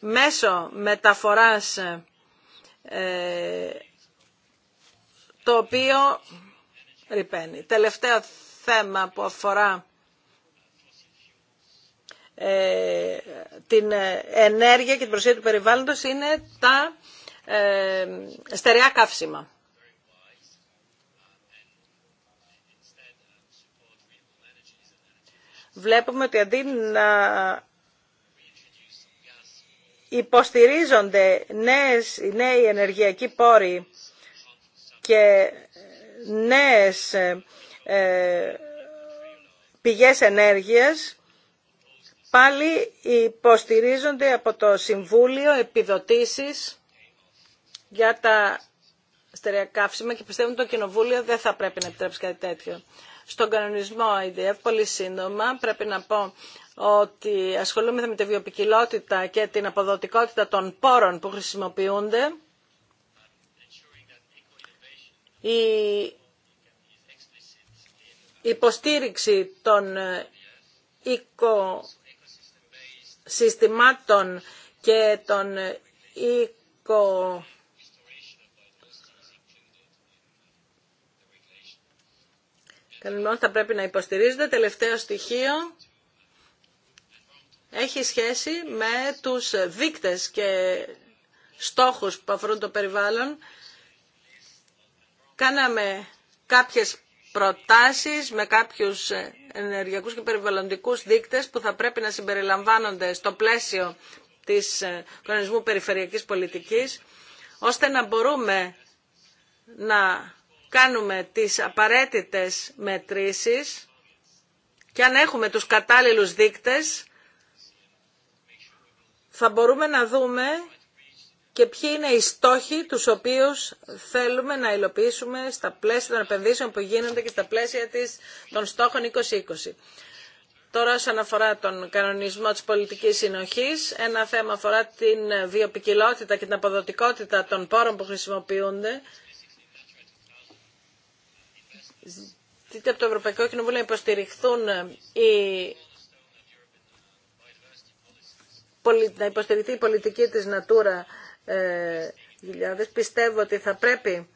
μέσο μεταφοράς ε, το οποίο Τελευταίο θέμα που αφορά ε, την ε, ενέργεια και την προσοχή του περιβάλλοντος είναι τα ε, στερεά καύσιμα. Βλέπουμε ότι αντί να υποστηρίζονται νέες, νέοι ενεργειακοί πόροι και νέες ε, ε, πηγές ενέργειας πάλι υποστηρίζονται από το Συμβούλιο επιδοτήσεις για τα στερεά καύσιμα και πιστεύουν ότι το Κοινοβούλιο δεν θα πρέπει να επιτρέψει κάτι τέτοιο. Στον κανονισμό IDF, πολύ σύντομα, πρέπει να πω ότι ασχολούμαι με τη βιοπικιλότητα και την αποδοτικότητα των πόρων που χρησιμοποιούνται η υποστήριξη των οικοσυστημάτων και των οικο... θα πρέπει να υποστηρίζονται. Τελευταίο στοιχείο έχει σχέση με τους δίκτες και στόχους που αφορούν το περιβάλλον Κάναμε κάποιες προτάσεις με κάποιους ενεργειακούς και περιβαλλοντικούς δείκτες που θα πρέπει να συμπεριλαμβάνονται στο πλαίσιο της ε, κανονισμού περιφερειακής πολιτικής, ώστε να μπορούμε να κάνουμε τις απαραίτητες μετρήσεις και αν έχουμε τους κατάλληλους δείκτες, θα μπορούμε να δούμε και ποιοι είναι οι στόχοι τους οποίους θέλουμε να υλοποιήσουμε στα πλαίσια των επενδύσεων που γίνονται και στα πλαίσια της, των στόχων 2020. Τώρα, όσον αφορά τον κανονισμό της πολιτικής συνοχής, ένα θέμα αφορά την βιοπικιλότητα και την αποδοτικότητα των πόρων που χρησιμοποιούνται. Ζητείτε από το Ευρωπαϊκό Κοινοβούλιο να υποστηριχθούν να υποστηριχθεί η πολιτική της Natura ε, πιστεύω ότι θα πρέπει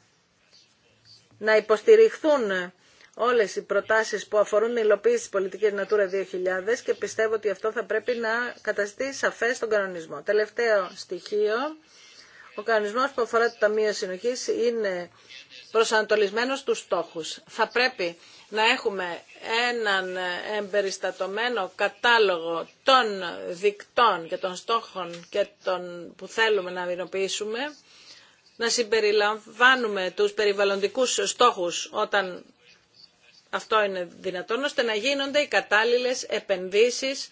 να υποστηριχθούν όλες οι προτάσεις που αφορούν υλοποίηση της πολιτικής Natura 2000 και πιστεύω ότι αυτό θα πρέπει να καταστεί σαφές στον κανονισμό. Τελευταίο στοιχείο, ο κανονισμός που αφορά το Ταμείο Συνοχής είναι προσανατολισμένος στους στόχους. Θα πρέπει να έχουμε έναν εμπεριστατωμένο κατάλογο των δικτών και των στόχων και των που θέλουμε να υλοποιήσουμε, να συμπεριλαμβάνουμε τους περιβαλλοντικούς στόχους όταν αυτό είναι δυνατόν, ώστε να γίνονται οι κατάλληλες επενδύσεις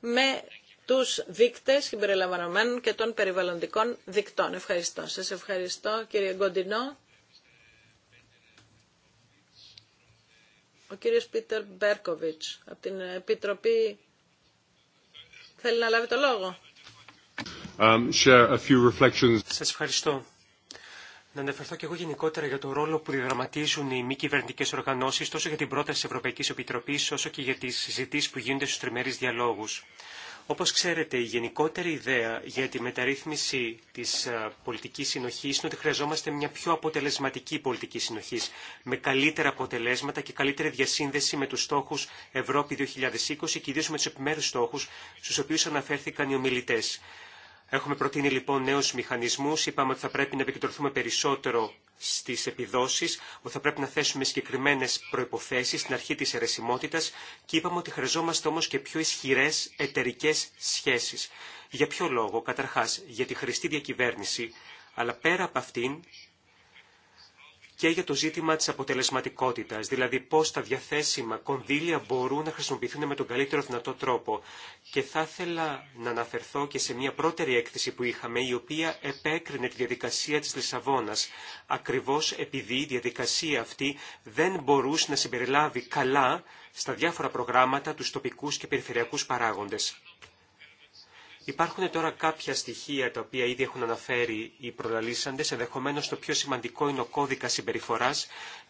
με τους δείκτες συμπεριλαμβανομένων και των περιβαλλοντικών δικτών. Ευχαριστώ. Σας ευχαριστώ κύριε Γκοντινό. Ο κύριος Πίτερ Μπέρκοβιτς από την Επιτροπή θέλει να λάβει το λόγο. Um, Σας ευχαριστώ. Να αναφερθώ και εγώ γενικότερα για το ρόλο που διαδραματίζουν οι μη κυβερνητικέ οργανώσει τόσο για την πρόταση τη Ευρωπαϊκή Επιτροπή όσο και για τι συζητήσει που γίνονται στου τριμερεί διαλόγου. Όπως ξέρετε, η γενικότερη ιδέα για τη μεταρρύθμιση της ε, πολιτικής συνοχής είναι ότι χρειαζόμαστε μια πιο αποτελεσματική πολιτική συνοχής, με καλύτερα αποτελέσματα και καλύτερη διασύνδεση με τους στόχους Ευρώπη 2020 και ιδίως με τους επιμέρους στόχους στους οποίους αναφέρθηκαν οι ομιλητές. Έχουμε προτείνει λοιπόν νέους μηχανισμούς, είπαμε ότι θα πρέπει να επικεντρωθούμε περισσότερο στις επιδόσεις, ότι θα πρέπει να θέσουμε συγκεκριμένες προϋποθέσεις στην αρχή της αιρεσιμότητας και είπαμε ότι χρειαζόμαστε όμως και πιο ισχυρές εταιρικέ σχέσεις. Για ποιο λόγο, καταρχάς, για τη χρηστή διακυβέρνηση, αλλά πέρα από αυτήν και για το ζήτημα της αποτελεσματικότητας, δηλαδή πώς τα διαθέσιμα κονδύλια μπορούν να χρησιμοποιηθούν με τον καλύτερο δυνατό τρόπο. Και θα ήθελα να αναφερθώ και σε μια πρώτερη έκθεση που είχαμε, η οποία επέκρινε τη διαδικασία της Λισαβόνας, ακριβώς επειδή η διαδικασία αυτή δεν μπορούσε να συμπεριλάβει καλά στα διάφορα προγράμματα τους τοπικούς και περιφερειακούς παράγοντες. Υπάρχουν τώρα κάποια στοιχεία τα οποία ήδη έχουν αναφέρει οι προλαλήσαντε. Ενδεχομένω το πιο σημαντικό είναι ο κώδικα συμπεριφορά,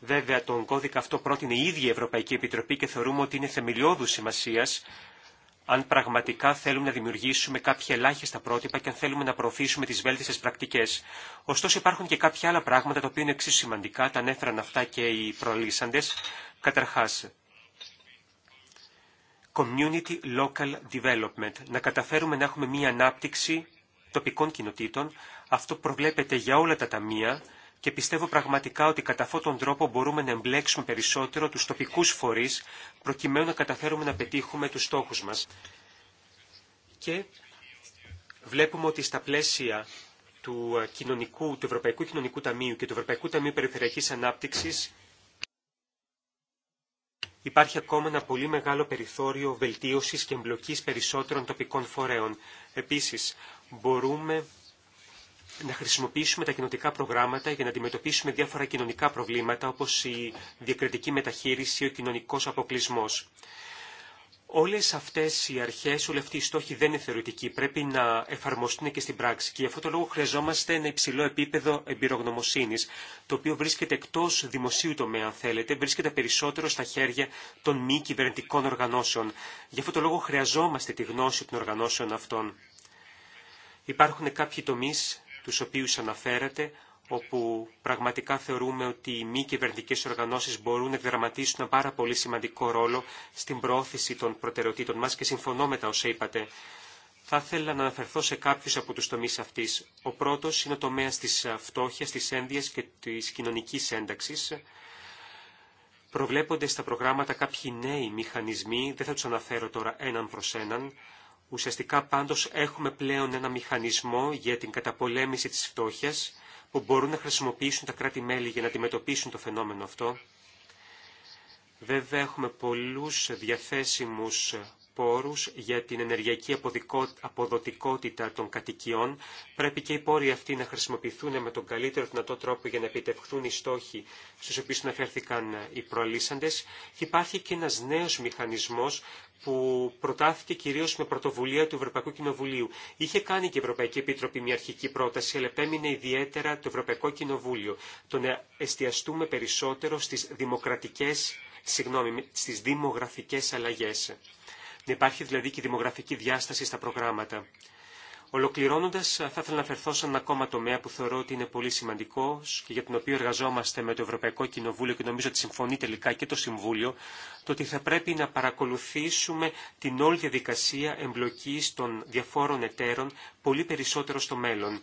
Βέβαια τον κώδικα αυτό πρότεινε η ίδια η Ευρωπαϊκή Επιτροπή και θεωρούμε ότι είναι θεμελιώδου σημασία αν πραγματικά θέλουμε να δημιουργήσουμε κάποια ελάχιστα πρότυπα και αν θέλουμε να προωθήσουμε τι βέλτιστε πρακτικέ. Ωστόσο, υπάρχουν και κάποια άλλα πράγματα τα οποία είναι εξίσου σημαντικά, τα ανέφεραν αυτά και οι προλήσαντε. Καταρχά, community local development, να καταφέρουμε να έχουμε μία ανάπτυξη τοπικών κοινοτήτων. Αυτό προβλέπεται για όλα τα ταμεία και πιστεύω πραγματικά ότι κατά αυτόν τον τρόπο μπορούμε να εμπλέξουμε περισσότερο τους τοπικούς φορείς προκειμένου να καταφέρουμε να πετύχουμε τους στόχους μας. Και βλέπουμε ότι στα πλαίσια του, ε, κοινωνικού, του Ευρωπαϊκού Κοινωνικού Ταμείου και του Ευρωπαϊκού Ταμείου Περιφερειακής Ανάπτυξης υπάρχει ακόμα ένα πολύ μεγάλο περιθώριο βελτίωσης και εμπλοκής περισσότερων τοπικών φορέων. Επίσης, μπορούμε να χρησιμοποιήσουμε τα κοινοτικά προγράμματα για να αντιμετωπίσουμε διάφορα κοινωνικά προβλήματα όπως η διακριτική μεταχείριση ή ο κοινωνικός αποκλεισμός. Όλες αυτές οι αρχές, όλοι αυτοί οι στόχοι δεν είναι θεωρητικοί, πρέπει να εφαρμοστούν και στην πράξη και γι' αυτό το λόγο χρειαζόμαστε ένα υψηλό επίπεδο εμπειρογνωμοσύνης, το οποίο βρίσκεται εκτός δημοσίου τομέα, αν θέλετε, βρίσκεται περισσότερο στα χέρια των μη κυβερνητικών οργανώσεων. Γι' αυτό το λόγο χρειαζόμαστε τη γνώση των οργανώσεων αυτών. Υπάρχουν κάποιοι τομείς, τους οποίους αναφέρατε, όπου πραγματικά θεωρούμε ότι οι μη κυβερνητικέ οργανώσεις μπορούν να εκδραματίσουν ένα πάρα πολύ σημαντικό ρόλο στην προώθηση των προτεραιοτήτων μας και συμφωνώ με τα όσα είπατε. Θα ήθελα να αναφερθώ σε κάποιους από τους τομείς αυτής. Ο πρώτος είναι ο τομέας της φτώχειας, της ένδυας και της κοινωνικής ένταξης. Προβλέπονται στα προγράμματα κάποιοι νέοι μηχανισμοί, δεν θα τους αναφέρω τώρα έναν προς έναν, Ουσιαστικά πάντως έχουμε πλέον ένα μηχανισμό για την καταπολέμηση της φτώχειας που μπορούν να χρησιμοποιήσουν τα κράτη-μέλη για να αντιμετωπίσουν το φαινόμενο αυτό. Βέβαια έχουμε πολλούς διαθέσιμους πόρους για την ενεργειακή αποδοτικότητα των κατοικιών. Πρέπει και οι πόροι αυτοί να χρησιμοποιηθούν με τον καλύτερο δυνατό τρόπο για να επιτευχθούν οι στόχοι στους οποίους αναφέρθηκαν οι προαλήσαντες. υπάρχει και ένας νέος μηχανισμός που προτάθηκε κυρίως με πρωτοβουλία του Ευρωπαϊκού Κοινοβουλίου. Είχε κάνει και η Ευρωπαϊκή Επίτροπη μια αρχική πρόταση, αλλά επέμεινε ιδιαίτερα το Ευρωπαϊκό Κοινοβούλιο. Το να εστιαστούμε περισσότερο στι δημοκρατικές, συγγνώμη, στις δημογραφικές αλλαγές να υπάρχει δηλαδή και δημογραφική διάσταση στα προγράμματα. Ολοκληρώνοντα, θα ήθελα να αφαιρθώ σε ένα ακόμα τομέα που θεωρώ ότι είναι πολύ σημαντικό και για τον οποίο εργαζόμαστε με το Ευρωπαϊκό Κοινοβούλιο και νομίζω ότι συμφωνεί τελικά και το Συμβούλιο, το ότι θα πρέπει να παρακολουθήσουμε την όλη διαδικασία εμπλοκή των διαφόρων εταίρων πολύ περισσότερο στο μέλλον.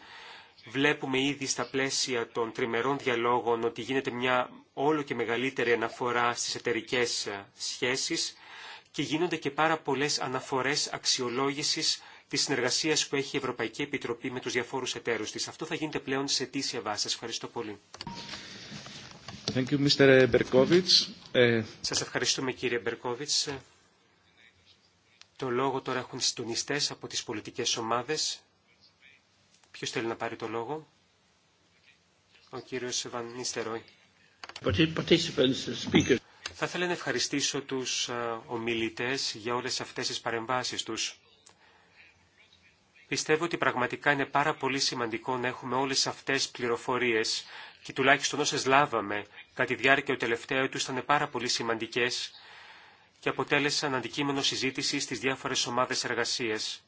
Βλέπουμε ήδη στα πλαίσια των τριμερών διαλόγων ότι γίνεται μια όλο και μεγαλύτερη αναφορά στις εταιρικέ σχέσεις και γίνονται και πάρα πολλές αναφορές αξιολόγησης της συνεργασίας που έχει η Ευρωπαϊκή Επιτροπή με τους διαφόρους εταίρους της. Αυτό θα γίνεται πλέον σε αιτήσια βάση. Σας ευχαριστώ πολύ. Thank you, Mr. Ε, Σας ευχαριστούμε κύριε Μπερκόβιτς. Το λόγο τώρα έχουν συντονιστές από τις πολιτικές ομάδες. Ποιος θέλει να πάρει το λόγο. Ο κύριος Βαν Νιστερόι. Θα ήθελα να ευχαριστήσω τους ε, ομιλητές για όλες αυτές τις παρεμβάσεις τους. Πιστεύω ότι πραγματικά είναι πάρα πολύ σημαντικό να έχουμε όλες αυτές τις πληροφορίες και τουλάχιστον όσες λάβαμε κατά τη διάρκεια του τελευταίου του ήταν πάρα πολύ σημαντικές και αποτέλεσαν αντικείμενο συζήτηση στις διάφορες ομάδες εργασίας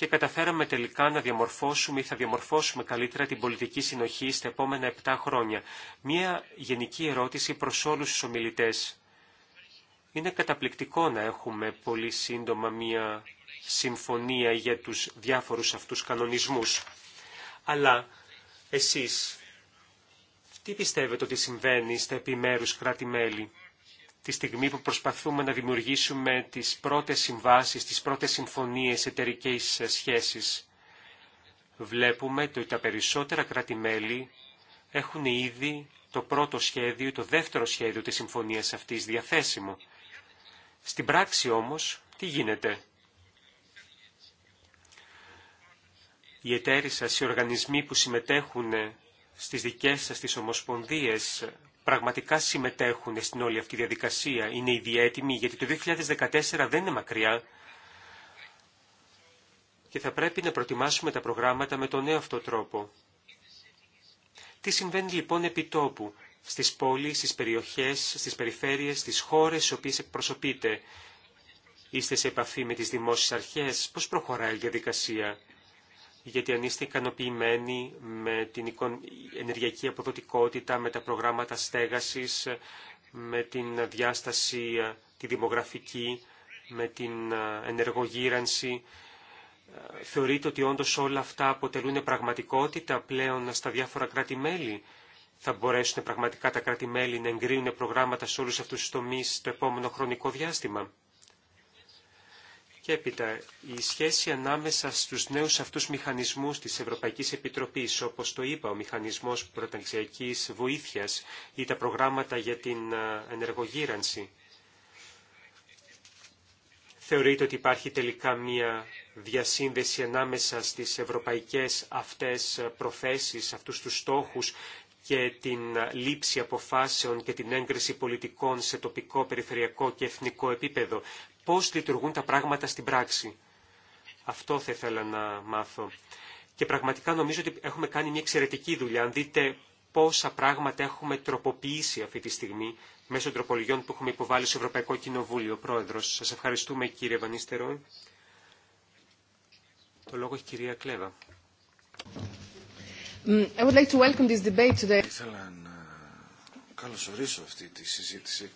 και καταφέραμε τελικά να διαμορφώσουμε ή θα διαμορφώσουμε καλύτερα την πολιτική συνοχή στα επόμενα επτά χρόνια. Μία γενική ερώτηση προς όλους τους ομιλητές. Είναι καταπληκτικό να έχουμε πολύ σύντομα μία συμφωνία για τους διάφορους αυτούς κανονισμούς. Αλλά εσείς τι πιστεύετε ότι συμβαίνει στα επιμέρους κράτη-μέλη τη στιγμή που προσπαθούμε να δημιουργήσουμε τις πρώτες συμβάσεις, τις πρώτες συμφωνίες εταιρικέ σχέσεις, Βλέπουμε ότι τα περισσότερα κράτη-μέλη έχουν ήδη το πρώτο σχέδιο, το δεύτερο σχέδιο της συμφωνίας αυτής διαθέσιμο. Στην πράξη όμως, τι γίνεται. Οι εταίροι σας, οι οργανισμοί που συμμετέχουν στις δικές σας τις ομοσπονδίες πραγματικά συμμετέχουν στην όλη αυτή διαδικασία, είναι ήδη έτοιμοι, γιατί το 2014 δεν είναι μακριά και θα πρέπει να προετοιμάσουμε τα προγράμματα με τον νέο αυτό τρόπο. Τι συμβαίνει λοιπόν επί τόπου, στις πόλεις, στις περιοχές, στις περιφέρειες, στις χώρες στις οποίες εκπροσωπείτε. Είστε σε επαφή με τις δημόσιες αρχές, πώς προχωράει η διαδικασία γιατί αν είστε ικανοποιημένοι με την ενεργειακή αποδοτικότητα, με τα προγράμματα στέγασης, με την διάσταση ε, τη δημογραφική, με την ε, ενεργογύρανση, ε, θεωρείτε ότι όντως όλα αυτά αποτελούν πραγματικότητα πλέον στα διάφορα κράτη-μέλη. Θα μπορέσουν πραγματικά τα κράτη-μέλη να εγκρίνουν προγράμματα σε όλους αυτούς τους τομείς το επόμενο χρονικό διάστημα. Και έπειτα, η σχέση ανάμεσα στους νέους αυτούς μηχανισμούς της Ευρωπαϊκής Επιτροπής, όπως το είπα, ο μηχανισμός Πρωταξιακή βοήθειας ή τα προγράμματα για την ενεργογύρανση. Θεωρείτε ότι υπάρχει τελικά μία διασύνδεση ανάμεσα στις ευρωπαϊκές αυτές προθέσεις, αυτούς τους στόχους και την λήψη αποφάσεων και την έγκριση πολιτικών σε τοπικό, περιφερειακό και εθνικό επίπεδο πώς λειτουργούν τα πράγματα στην πράξη. Αυτό θα ήθελα να μάθω. Και πραγματικά νομίζω ότι έχουμε κάνει μια εξαιρετική δουλειά. Αν δείτε πόσα πράγματα έχουμε τροποποιήσει αυτή τη στιγμή μέσω τροπολογιών που έχουμε υποβάλει στο Ευρωπαϊκό Κοινοβούλιο. Πρόεδρος, σας ευχαριστούμε κύριε Βανίστερο. Το λόγο έχει κυρία Κλέβα. Mm, I Ήθελα να καλωσορίσω αυτή τη συζήτηση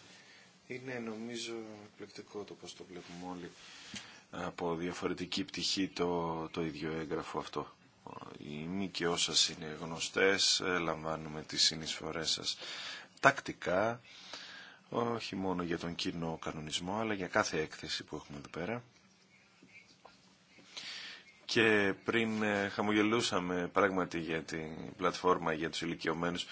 είναι νομίζω εκπληκτικό το πώς το βλέπουμε όλοι ε, από διαφορετική πτυχή το, το ίδιο έγγραφο αυτό. Οι και όσα είναι γνωστές, ε, λαμβάνουμε τις συνεισφορές σας τακτικά, όχι μόνο για τον κοινό κανονισμό, αλλά για κάθε έκθεση που έχουμε εδώ πέρα. Και πριν ε, χαμογελούσαμε πράγματι για την πλατφόρμα για τους ηλικιωμένους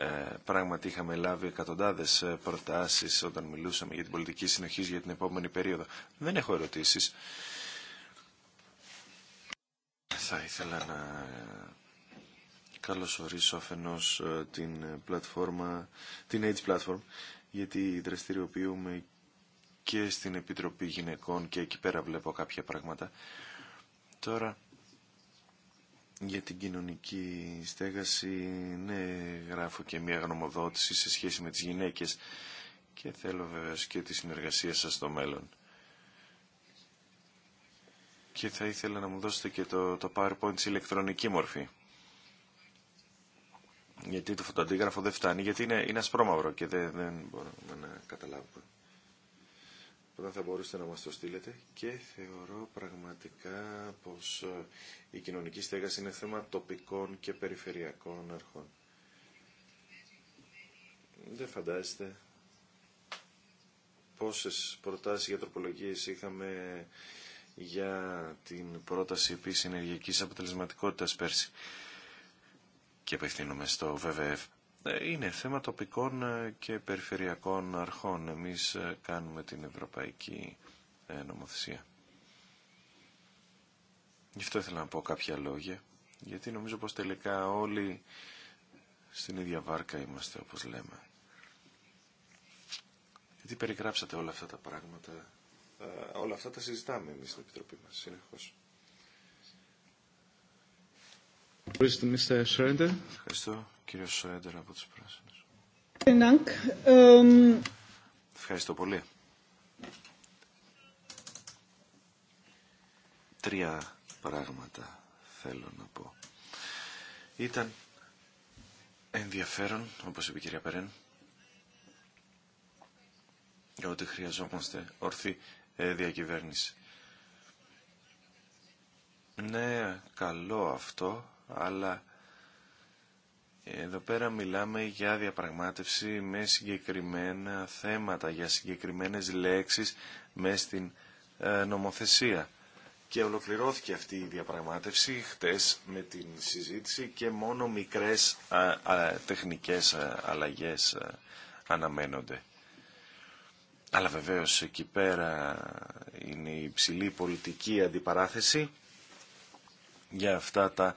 ε, πράγματι είχαμε λάβει εκατοντάδες ε, προτάσεις όταν μιλούσαμε για την πολιτική συνοχής για την επόμενη περίοδο. Δεν έχω ερωτήσεις. Θα ήθελα να ε, καλωσορίσω αφενός την πλατφόρμα, την Age Platform, γιατί δραστηριοποιούμε και στην Επιτροπή Γυναικών και εκεί πέρα βλέπω κάποια πράγματα. Τώρα για την κοινωνική στέγαση, ναι, γράφω και μια γνωμοδότηση σε σχέση με τις γυναίκες και θέλω βέβαια και τη συνεργασία σας στο μέλλον. Και θα ήθελα να μου δώσετε και το, το PowerPoint σε ηλεκτρονική μορφή. Γιατί το φωτοαντίγραφο δεν φτάνει, γιατί είναι, είναι ασπρόμαυρο και δεν, δεν μπορούμε να καταλάβουμε όταν θα μπορούσατε να μας το στείλετε και θεωρώ πραγματικά πως ε, η κοινωνική στέγαση είναι θέμα τοπικών και περιφερειακών αρχών. Δεν φαντάζεστε πόσες προτάσεις για τροπολογίες είχαμε για την πρόταση επίσης ενεργειακής αποτελεσματικότητας πέρσι και απευθύνομαι στο ΒΒΕΦ. Ε, είναι θέμα τοπικών ε, και περιφερειακών αρχών. Εμείς ε, κάνουμε την ευρωπαϊκή νομοθεσία. Γι' αυτό ήθελα να πω κάποια λόγια, γιατί νομίζω πως τελικά όλοι στην ίδια βάρκα είμαστε, όπως λέμε. Γιατί περιγράψατε όλα αυτά τα πράγματα, όλα αυτά τα συζητάμε εμείς στην Επιτροπή μας, συνεχώς. Ευχαριστώ, κύριο Σρέντερ από τους Πράσινους. Ε, ευχαριστώ πολύ. Τρία πράγματα θέλω να πω. Ήταν ενδιαφέρον, όπως είπε η κυρία Περέν, για ότι χρειαζόμαστε ορθή ε, διακυβέρνηση. Ναι, καλό αυτό, αλλά εδώ πέρα μιλάμε για διαπραγμάτευση με συγκεκριμένα θέματα, για συγκεκριμένες λέξεις με στην ε, νομοθεσία. Και ολοκληρώθηκε αυτή η διαπραγμάτευση χτες με την συζήτηση και μόνο μικρές α, ε, α, ε, τεχνικές αλλαγές αναμένονται. Αλλά βεβαίως εκεί πέρα είναι η υψηλή πολιτική αντιπαράθεση για αυτά τα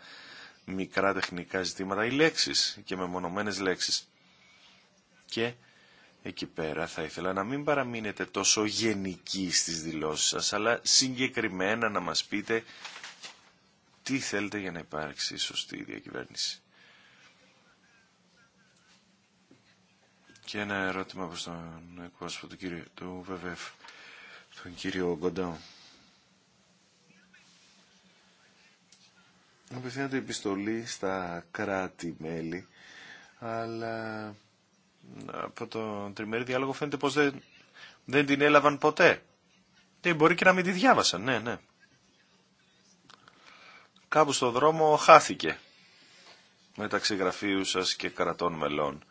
μικρά τεχνικά ζητήματα ή λέξεις και με μονομένες λέξεις. Και εκεί πέρα θα ήθελα να μην παραμείνετε τόσο γενικοί στις δηλώσεις σας, αλλά συγκεκριμένα να μας πείτε τι θέλετε για να υπάρξει σωστή διακυβέρνηση. Και ένα ερώτημα προς τον εκπρόσωπο του, κύριου του ΒΒΕΦ, τον κύριο Γκοντάου. απευθύνεται επιστολή στα κράτη-μέλη, αλλά από το τριμερή διάλογο φαίνεται πως δεν, δεν την έλαβαν ποτέ. Δεν μπορεί και να μην τη διάβασαν, ναι, ναι. Κάπου στο δρόμο χάθηκε μεταξύ γραφείου σας και κρατών μελών.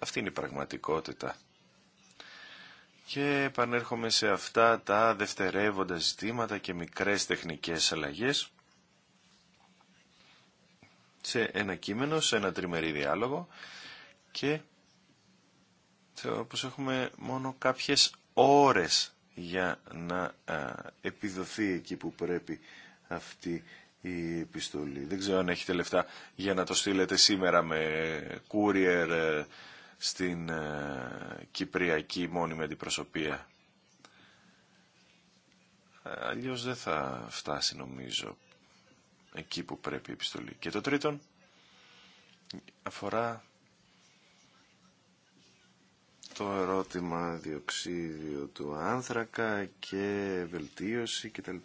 Αυτή είναι η πραγματικότητα. Και επανέρχομαι σε αυτά τα δευτερεύοντα ζητήματα και μικρές τεχνικές αλλαγές σε ένα κείμενο, σε ένα τριμερή διάλογο και θεωρώ έχουμε μόνο κάποιες ώρες για να επιδοθεί εκεί που πρέπει αυτή η επιστολή. Δεν ξέρω αν έχετε λεφτά για να το στείλετε σήμερα με courier ε, στην ε, Κυπριακή μόνιμη αντιπροσωπεία. Ε, αλλιώς δεν θα φτάσει νομίζω εκεί που πρέπει η επιστολή. Και το τρίτον αφορά το ερώτημα διοξίδιο του άνθρακα και βελτίωση κτλ.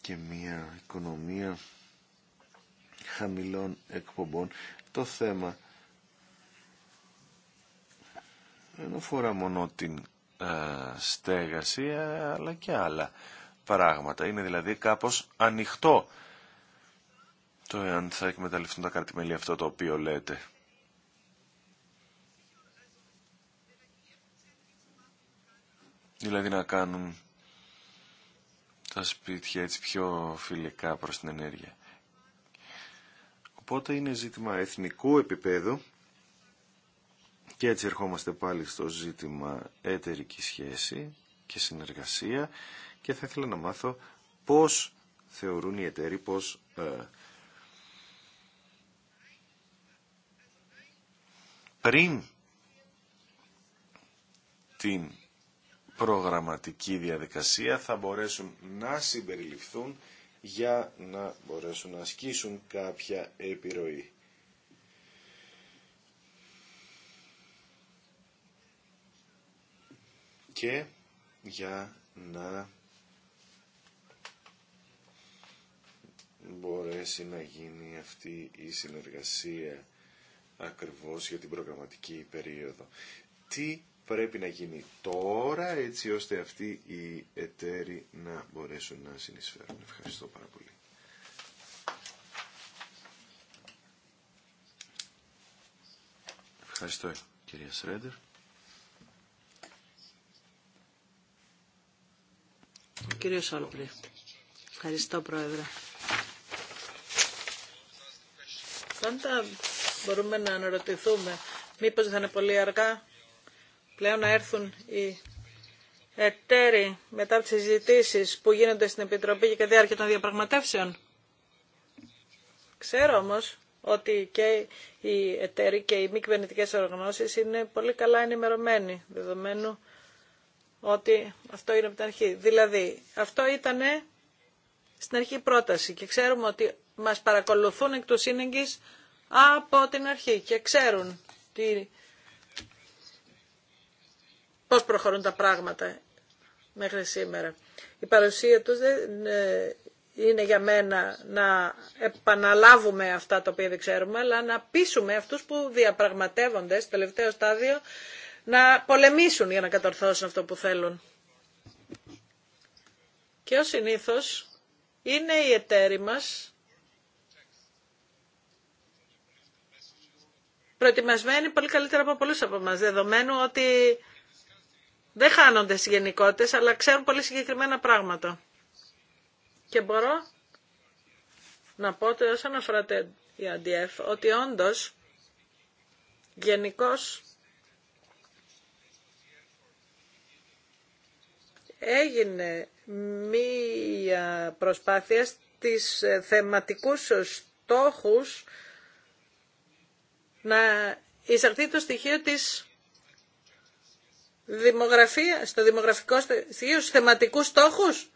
Και μια οικονομία χαμηλών εκπομπών. Το θέμα δεν αφορά μόνο την ε, στέγαση ε, αλλά και άλλα παράγματα. Είναι δηλαδή κάπως ανοιχτό το εάν θα εκμεταλλευτούν τα κρατημέλη αυτό το οποίο λέτε. Δηλαδή να κάνουν τα σπίτια έτσι πιο φιλικά προς την ενέργεια. Οπότε είναι ζήτημα εθνικού επίπεδου και έτσι ερχόμαστε πάλι στο ζήτημα εταιρική σχέση και συνεργασία και θα ήθελα να μάθω πώς θεωρούν οι εταίροι, πώς ε, πριν την προγραμματική διαδικασία θα μπορέσουν να συμπεριληφθούν για να μπορέσουν να ασκήσουν κάποια επιρροή. Και για να μπορέσει να γίνει αυτή η συνεργασία ακριβώς για την προγραμματική περίοδο. Τι πρέπει να γίνει τώρα έτσι ώστε αυτοί οι εταίροι να μπορέσουν να συνεισφέρουν. Ευχαριστώ πάρα πολύ. Ευχαριστώ κυρία Σρέντερ. Κύριε Σόλπρη. Ευχαριστώ πρόεδρε. Πάντα μπορούμε να αναρωτηθούμε μήπως θα είναι πολύ αργά πλέον να έρθουν οι εταίροι μετά από τις συζητήσεις που γίνονται στην Επιτροπή για τη διάρκεια των διαπραγματεύσεων. Ξέρω όμως ότι και οι εταίροι και οι μη κυβερνητικέ οργανώσεις είναι πολύ καλά ενημερωμένοι, δεδομένου ότι αυτό είναι από την αρχή. Δηλαδή, αυτό ήταν στην αρχή πρόταση και ξέρουμε ότι μας παρακολουθούν εκ του σύνεγγυς από την αρχή και ξέρουν τι, πώς προχωρούν τα πράγματα μέχρι σήμερα. Η παρουσία τους δεν ε, είναι για μένα να επαναλάβουμε αυτά τα οποία δεν ξέρουμε, αλλά να πείσουμε αυτούς που διαπραγματεύονται στο τελευταίο στάδιο να πολεμήσουν για να κατορθώσουν αυτό που θέλουν. Και ως συνήθως είναι οι εταίροι μας προετοιμασμένοι πολύ καλύτερα από πολλούς από εμάς, δεδομένου ότι δεν χάνονται στις γενικότητες, αλλά ξέρουν πολύ συγκεκριμένα πράγματα. Και μπορώ να πω ότι όσον αφορά το ADF, e ότι όντως γενικώ έγινε μία προσπάθεια στις θεματικούς στόχους να εισαρθεί το στοιχείο της δημογραφία, στο δημογραφικό στοιχείο, στους θεματικούς στόχους.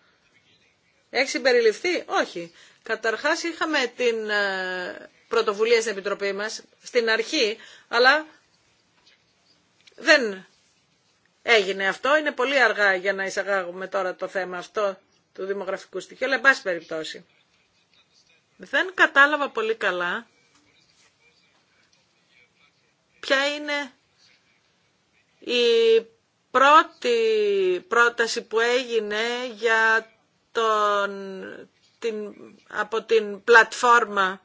Έχει συμπεριληφθεί. Όχι. Καταρχάς είχαμε την ε, πρωτοβουλία στην Επιτροπή μας, στην αρχή, αλλά δεν έγινε αυτό. Είναι πολύ αργά για να εισαγάγουμε τώρα το θέμα αυτό του δημογραφικού στοιχείου, αλλά εν πάση περιπτώσει. Δεν κατάλαβα πολύ καλά ποια είναι η πρώτη πρόταση που έγινε για τον, την, από την πλατφόρμα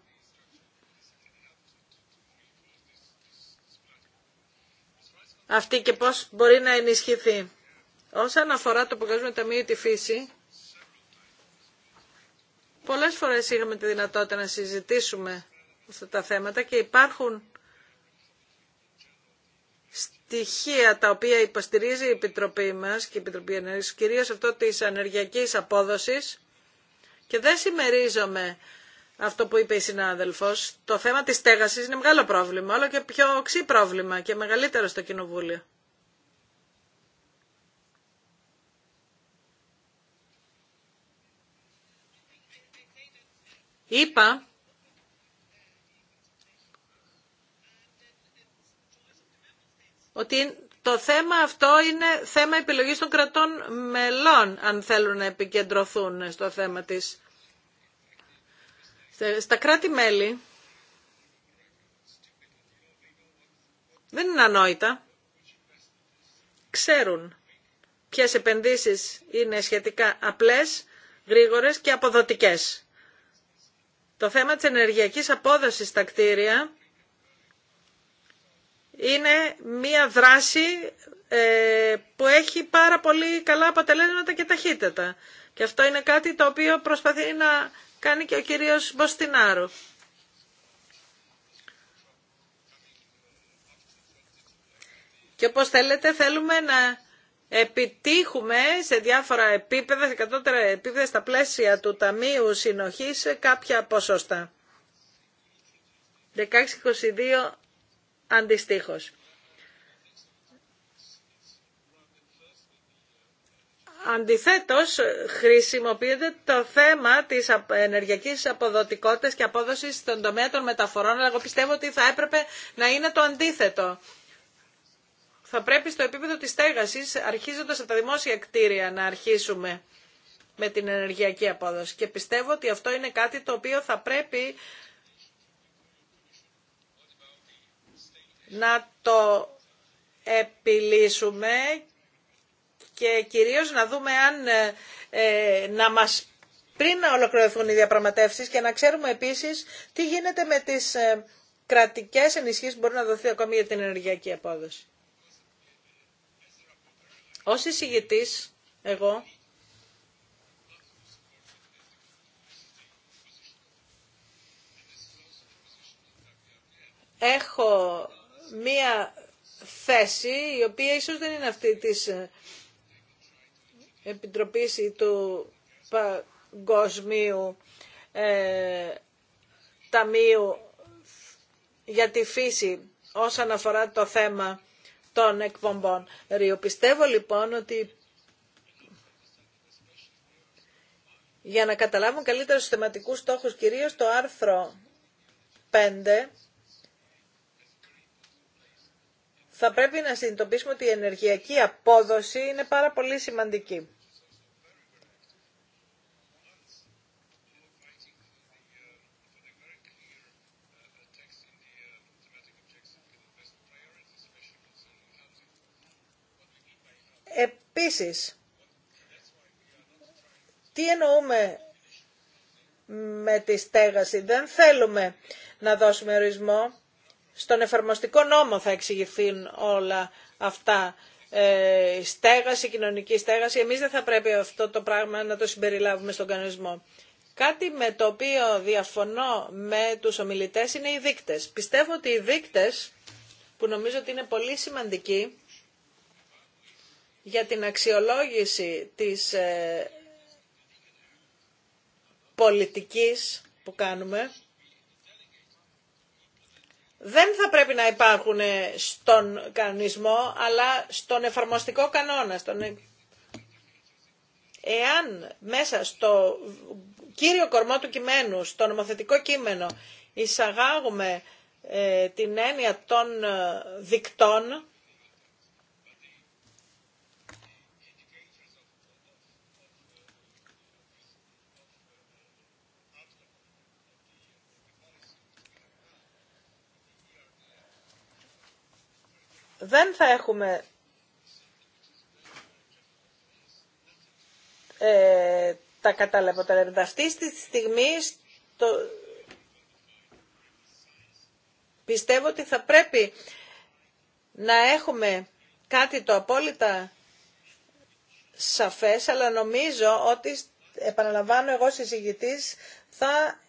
αυτή και πώς μπορεί να ενισχυθεί. Όσον αφορά το Παγκόσμιο Ταμείο τη Φύση, πολλές φορές είχαμε τη δυνατότητα να συζητήσουμε αυτά τα θέματα και υπάρχουν στοιχεία τα οποία υποστηρίζει η Επιτροπή μας και η Επιτροπή Ενέργειας, κυρίως αυτό της ανεργιακής απόδοσης και δεν συμμερίζομαι αυτό που είπε η συνάδελφος. Το θέμα της στέγασης είναι μεγάλο πρόβλημα, όλο και πιο οξύ πρόβλημα και μεγαλύτερο στο Κοινοβούλιο. Είπα ότι το θέμα αυτό είναι θέμα επιλογής των κρατών μελών, αν θέλουν να επικεντρωθούν στο θέμα της. Στα κράτη-μέλη δεν είναι ανόητα. Ξέρουν ποιες επενδύσεις είναι σχετικά απλές, γρήγορες και αποδοτικές. Το θέμα της ενεργειακής απόδοσης στα κτίρια είναι μία δράση ε, που έχει πάρα πολύ καλά αποτελέσματα και ταχύτητα. Και αυτό είναι κάτι το οποίο προσπαθεί να κάνει και ο κύριος Μποστινάρου. Και όπως θέλετε θέλουμε να επιτύχουμε σε διάφορα επίπεδα, σε κατώτερα επίπεδα στα πλαίσια του Ταμείου Συνοχής κάποια ποσόστα. 16-22 αντιστοίχως. Αντιθέτως, χρησιμοποιείται το θέμα της ενεργειακής αποδοτικότητας και απόδοσης στον τομέα των μεταφορών, αλλά εγώ πιστεύω ότι θα έπρεπε να είναι το αντίθετο. Θα πρέπει στο επίπεδο της στέγασης, αρχίζοντας από τα δημόσια κτίρια, να αρχίσουμε με την ενεργειακή απόδοση. Και πιστεύω ότι αυτό είναι κάτι το οποίο θα πρέπει να το επιλύσουμε και κυρίως να δούμε αν ε, ε, να μας πριν να ολοκληρωθούν οι διαπραγματεύσεις και να ξέρουμε επίσης τι γίνεται με τις ε, κρατικές ενισχύσεις που να δοθεί ακόμη για την ενεργειακή απόδοση. Ως εισηγητής, εγώ, έχω μία θέση η οποία ίσως δεν είναι αυτή της ε, Επιτροπής ή του Παγκοσμίου ε, Ταμείου για τη φύση όσον αφορά το θέμα των εκπομπών. Ρίου, πιστεύω λοιπόν ότι για να καταλάβουν καλύτερα στους θεματικούς στόχους, κυρίως το άρθρο 5, θα πρέπει να συνειδητοποιήσουμε ότι η ενεργειακή απόδοση είναι πάρα πολύ σημαντική. Επίσης, τι εννοούμε με τη στέγαση. Δεν θέλουμε να δώσουμε ορισμό στον εφαρμοστικό νόμο θα εξηγηθούν όλα αυτά. Ε, η στέγαση, κοινωνική στέγαση. Εμείς δεν θα πρέπει αυτό το πράγμα να το συμπεριλάβουμε στον κανονισμό. Κάτι με το οποίο διαφωνώ με τους ομιλητές είναι οι δείκτες. Πιστεύω ότι οι δείκτες που νομίζω ότι είναι πολύ σημαντικοί για την αξιολόγηση της ε, πολιτικής που κάνουμε δεν θα πρέπει να υπάρχουν στον κανονισμό, αλλά στον εφαρμοστικό κανόνα. Στον... Ε- Εάν μέσα στο κύριο κορμό του κειμένου, στο νομοθετικό κείμενο, εισαγάγουμε ε, την έννοια των ε, δικτών, δεν θα έχουμε ε, τα κατάλληλα αποτελέσματα. Αυτή τη στιγμή πιστεύω ότι θα πρέπει να έχουμε κάτι το απόλυτα σαφές, αλλά νομίζω ότι, επαναλαμβάνω εγώ συζητητής, θα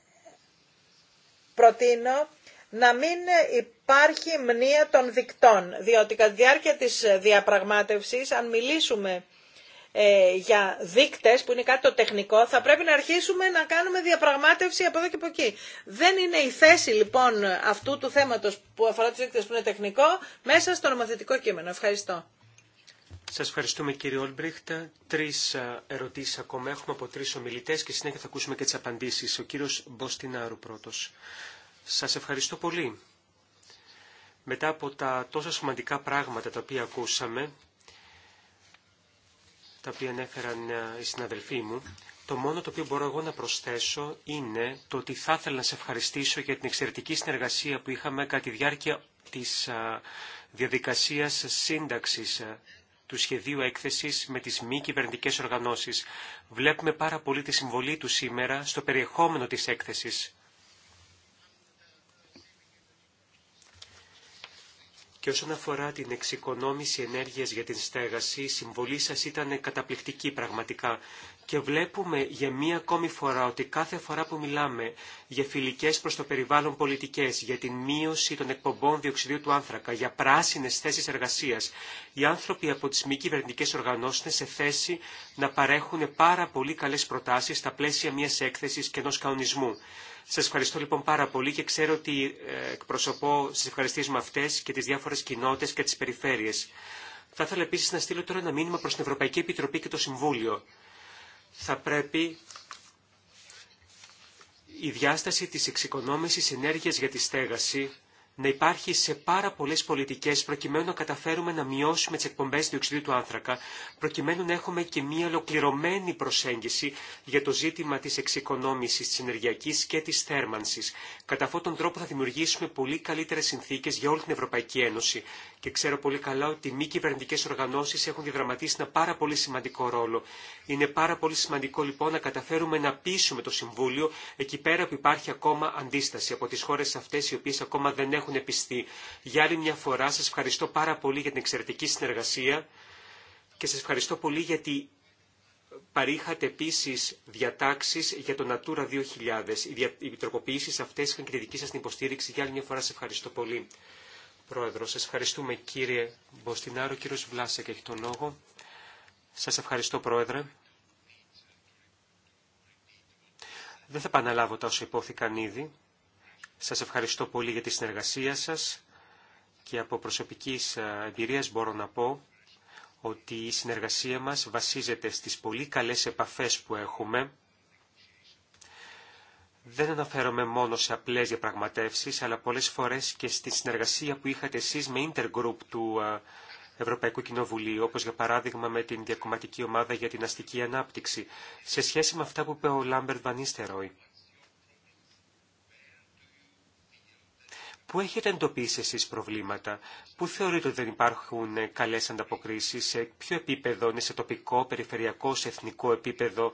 προτείνω να μην υπάρχει μνήα των δικτών, διότι κατά τη διάρκεια της διαπραγμάτευσης, αν μιλήσουμε ε, για δείκτες που είναι κάτι το τεχνικό θα πρέπει να αρχίσουμε να κάνουμε διαπραγμάτευση από εδώ και από εκεί. Δεν είναι η θέση λοιπόν αυτού του θέματος που αφορά τους δείκτες που είναι τεχνικό μέσα στο νομοθετικό κείμενο. Ευχαριστώ. Σας ευχαριστούμε κύριε Όλμπριχτ. Τρεις ε, ερωτήσεις ακόμα έχουμε από τρεις ομιλητές και συνέχεια θα ακούσουμε και τις απαντήσεις. Ο κύριος Μποστινάρου πρώτος. Σας ευχαριστώ πολύ. Μετά από τα τόσα σημαντικά πράγματα τα οποία ακούσαμε, τα οποία ανέφεραν ε, οι συναδελφοί μου, το μόνο το οποίο μπορώ εγώ να προσθέσω είναι το ότι θα ήθελα να σε ευχαριστήσω για την εξαιρετική συνεργασία που είχαμε κατά τη διάρκεια της ε, διαδικασίας σύνταξης ε, του σχεδίου έκθεσης με τις μη κυβερνητικέ οργανώσεις. Βλέπουμε πάρα πολύ τη συμβολή του σήμερα στο περιεχόμενο της έκθεσης. και όσον αφορά την εξοικονόμηση ενέργειας για την στέγαση, η συμβολή σας ήταν καταπληκτική πραγματικά. Και βλέπουμε για μία ακόμη φορά ότι κάθε φορά που μιλάμε για φιλικές προς το περιβάλλον πολιτικές, για την μείωση των εκπομπών διοξιδίου του άνθρακα, για πράσινες θέσεις εργασίας, οι άνθρωποι από τις μη κυβερνητικές οργανώσεις είναι σε θέση να παρέχουν πάρα πολύ καλές προτάσεις στα πλαίσια μιας έκθεσης και ενός κανονισμού. Σα ευχαριστώ λοιπόν πάρα πολύ και ξέρω ότι ε, εκπροσωπώ στι ευχαριστήσει μου αυτές και τι διάφορες κοινότητες και τι περιφέρειες. Θα ήθελα επίση να στείλω τώρα ένα μήνυμα προς την Ευρωπαϊκή Επιτροπή και το Συμβούλιο. Θα πρέπει η διάσταση της εξοικονόμησης ενέργειας για τη στέγαση να υπάρχει σε πάρα πολλές πολιτικές προκειμένου να καταφέρουμε να μειώσουμε τις εκπομπές διοξιδίου του άνθρακα, προκειμένου να έχουμε και μια ολοκληρωμένη προσέγγιση για το ζήτημα της εξοικονόμησης της ενεργειακής και της θέρμανσης. Κατά αυτόν τον τρόπο θα δημιουργήσουμε πολύ καλύτερες συνθήκες για όλη την Ευρωπαϊκή Ένωση. Και ξέρω πολύ καλά ότι οι μη κυβερνητικέ οργανώσει έχουν διαδραματίσει ένα πάρα πολύ σημαντικό ρόλο. Είναι πάρα πολύ σημαντικό λοιπόν να καταφέρουμε να πείσουμε το Συμβούλιο εκεί πέρα που υπάρχει ακόμα αντίσταση από τι χώρε αυτέ, οι οποίε. ακόμα δεν έχουν πιστεί. Για άλλη μια φορά σας ευχαριστώ πάρα πολύ για την εξαιρετική συνεργασία και σας ευχαριστώ πολύ γιατί παρήχατε επίσης διατάξεις για το Natura 2000. Οι τροποποιήσεις αυτές είχαν και τη δική σας την υποστήριξη. Για άλλη μια φορά σας ευχαριστώ πολύ. Πρόεδρο, σας ευχαριστούμε κύριε Μποστινάρο, κύριος Βλάσεκ έχει τον λόγο. Σας ευχαριστώ πρόεδρε. Δεν θα επαναλάβω τα όσα υπόθηκαν ήδη. Σας ευχαριστώ πολύ για τη συνεργασία σας και από προσωπικής ε, εμπειρία μπορώ να πω ότι η συνεργασία μας βασίζεται στις πολύ καλές επαφές που έχουμε. Δεν αναφέρομαι μόνο σε απλές διαπραγματεύσεις, αλλά πολλές φορές και στη συνεργασία που είχατε εσείς με Intergroup του ε, Ευρωπαϊκού Κοινοβουλίου, όπως για παράδειγμα με την Διακομματική Ομάδα για την Αστική Ανάπτυξη, σε σχέση με αυτά που είπε ο Λάμπερτ Βανίστερόι. Πού έχετε εντοπίσει εσείς προβλήματα, πού θεωρείτε ότι δεν υπάρχουν ε, καλές ανταποκρίσεις, σε ποιο επίπεδο, είναι σε τοπικό, περιφερειακό, σε εθνικό επίπεδο,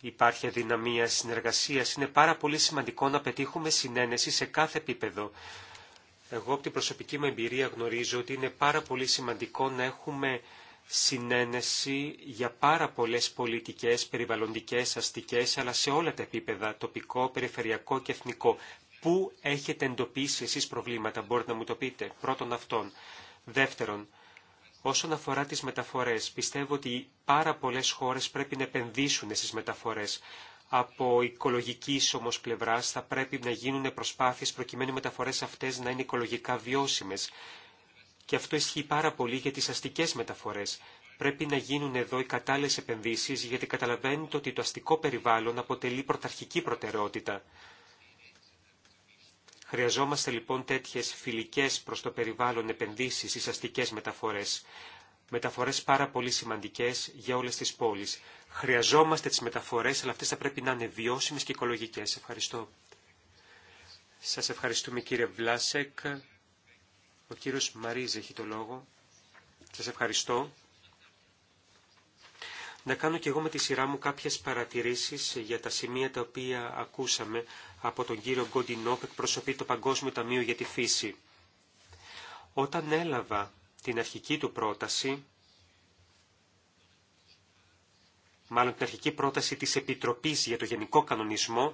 Υπάρχει αδυναμία συνεργασία. Είναι πάρα πολύ σημαντικό να πετύχουμε συνένεση σε κάθε επίπεδο. Εγώ από την προσωπική μου εμπειρία γνωρίζω ότι είναι πάρα πολύ σημαντικό να έχουμε συνένεση για πάρα πολλές πολιτικές, περιβαλλοντικές, αστικές, αλλά σε όλα τα επίπεδα, τοπικό, περιφερειακό και εθνικό. Πού έχετε εντοπίσει εσείς προβλήματα, μπορείτε να μου το πείτε. Πρώτον αυτόν. Δεύτερον, όσον αφορά τις μεταφορές, πιστεύω ότι πάρα πολλές χώρες πρέπει να επενδύσουν στις μεταφορές. Από οικολογική όμω πλευρά θα πρέπει να γίνουν προσπάθειες προκειμένου οι μεταφορές αυτές να είναι οικολογικά βιώσιμες. Και αυτό ισχύει πάρα πολύ για τις αστικές μεταφορές. Πρέπει να γίνουν εδώ οι κατάλληλες επενδύσεις γιατί καταλαβαίνετε ότι το αστικό περιβάλλον αποτελεί πρωταρχική προτεραιότητα. Χρειαζόμαστε λοιπόν τέτοιες φιλικές προς το περιβάλλον επενδύσεις στις αστικές μεταφορές. Μεταφορές πάρα πολύ σημαντικές για όλες τις πόλεις. Χρειαζόμαστε τις μεταφορές, αλλά αυτές θα πρέπει να είναι βιώσιμες και οικολογικές. Ευχαριστώ. Σας ευχαριστούμε κύριε Βλάσεκ. Ο κύριος Μαρίζ έχει το λόγο. Σας ευχαριστώ να κάνω και εγώ με τη σειρά μου κάποιες παρατηρήσεις για τα σημεία τα οποία ακούσαμε από τον κύριο Γκοντινό που εκπροσωπεί το Παγκόσμιο Ταμείο για τη Φύση. Όταν έλαβα την αρχική του πρόταση, μάλλον την αρχική πρόταση της Επιτροπής για το Γενικό Κανονισμό,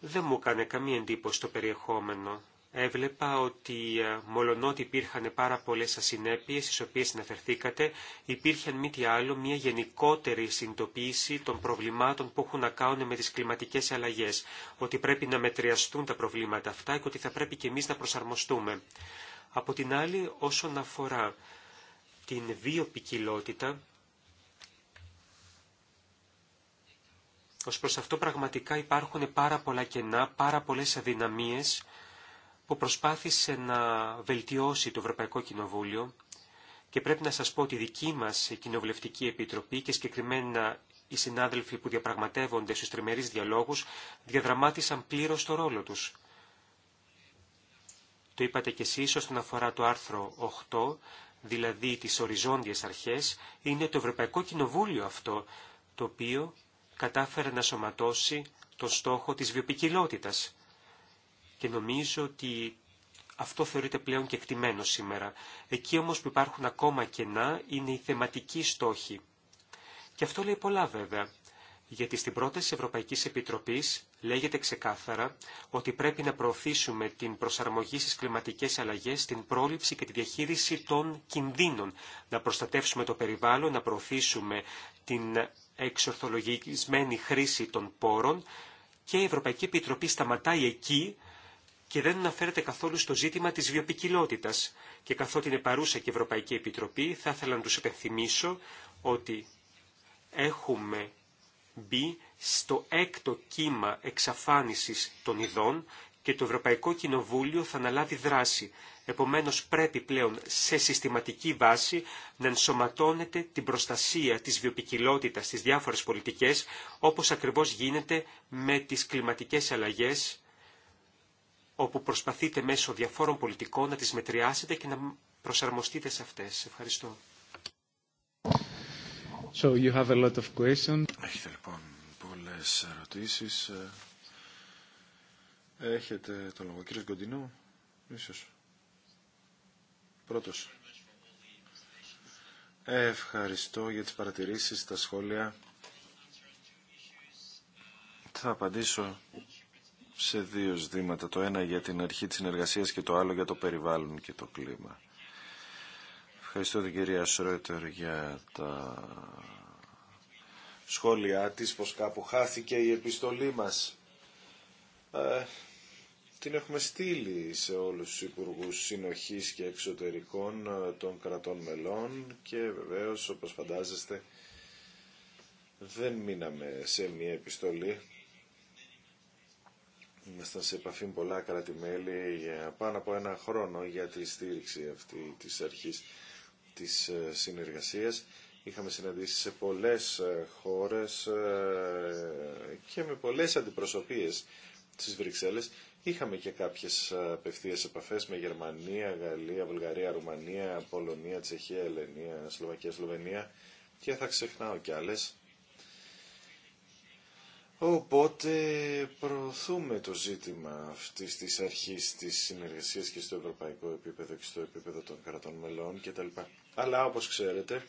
δεν μου έκανε καμία εντύπωση το περιεχόμενο έβλεπα ότι ε, μολονότι υπήρχαν πάρα πολλές ασυνέπειες, στις οποίες αναφερθήκατε, υπήρχε αν μη τι άλλο μια γενικότερη συνειδητοποίηση των προβλημάτων που έχουν να κάνουν με τις κλιματικές αλλαγές, ότι πρέπει να μετριαστούν τα προβλήματα αυτά και ότι θα πρέπει και εμείς να προσαρμοστούμε. Από την άλλη, όσον αφορά την βιοπικιλότητα, ως προς αυτό πραγματικά υπάρχουν πάρα πολλά κενά, πάρα πολλές αδυναμίες που προσπάθησε να βελτιώσει το Ευρωπαϊκό Κοινοβούλιο και πρέπει να σας πω ότι η δική μας Κοινοβουλευτική Επιτροπή και συγκεκριμένα οι συνάδελφοι που διαπραγματεύονται στους τριμερείς διαλόγους διαδραμάτισαν πλήρως το ρόλο τους. Το είπατε και εσείς όσον αφορά το άρθρο 8, δηλαδή τις οριζόντιες αρχές, είναι το Ευρωπαϊκό Κοινοβούλιο αυτό, το οποίο κατάφερε να σωματώσει τον στόχο της βιοπικιλότητας και νομίζω ότι αυτό θεωρείται πλέον και εκτιμένο σήμερα. Εκεί όμως που υπάρχουν ακόμα κενά είναι οι θεματικοί στόχοι. Και αυτό λέει πολλά βέβαια, γιατί στην πρόταση Ευρωπαϊκής Επιτροπής λέγεται ξεκάθαρα ότι πρέπει να προωθήσουμε την προσαρμογή στις κλιματικές αλλαγές, την πρόληψη και τη διαχείριση των κινδύνων, να προστατεύσουμε το περιβάλλον, να προωθήσουμε την εξορθολογισμένη χρήση των πόρων και η Ευρωπαϊκή Επιτροπή σταματάει εκεί και δεν αναφέρεται καθόλου στο ζήτημα της βιοπικιλότητας. Και καθότι είναι παρούσα και η Ευρωπαϊκή Επιτροπή, θα ήθελα να τους επενθυμίσω ότι έχουμε μπει στο έκτο κύμα εξαφάνισης των ειδών και το Ευρωπαϊκό Κοινοβούλιο θα αναλάβει δράση. Επομένως πρέπει πλέον σε συστηματική βάση να ενσωματώνεται την προστασία της βιοπικιλότητας στις διάφορες πολιτικές, όπως ακριβώς γίνεται με τις κλιματικές αλλαγές όπου προσπαθείτε μέσω διαφόρων πολιτικών να τις μετριάσετε και να προσαρμοστείτε σε αυτές. Ευχαριστώ. Έχετε λοιπόν πολλές ερωτήσεις. Έχετε τον λόγο. κύριε Κοντινού, ίσως. Πρώτος. Ευχαριστώ για τις παρατηρήσεις, τα σχόλια. Θα απαντήσω σε δύο ζητήματα. Το ένα για την αρχή της συνεργασίας και το άλλο για το περιβάλλον και το κλίμα. Ευχαριστώ την κυρία Σρότερ για τα σχόλιά της, πως κάπου χάθηκε η επιστολή μας. Ε, την έχουμε στείλει σε όλους τους υπουργούς συνοχής και εξωτερικών ε, των κρατών μελών και βεβαίως όπως φαντάζεστε δεν μείναμε σε μια επιστολή Ήμασταν σε επαφή με πολλά κράτη-μέλη για πάνω από ένα χρόνο για τη στήριξη αυτή της αρχής της ε, συνεργασίας. Είχαμε συναντήσει σε πολλές ε, χώρες ε, και με πολλές αντιπροσωπείες στις Βρυξέλλες. Είχαμε και κάποιες απευθεία επαφές με Γερμανία, Γαλλία, Βουλγαρία, Ρουμανία, Πολωνία, Τσεχία, Ελληνία, Σλοβακία, Σλοβενία και θα ξεχνάω κι άλλες. Οπότε προωθούμε το ζήτημα αυτή της αρχής της συνεργασία και στο ευρωπαϊκό επίπεδο και στο επίπεδο των κρατών μελών κτλ. Αλλά όπως ξέρετε,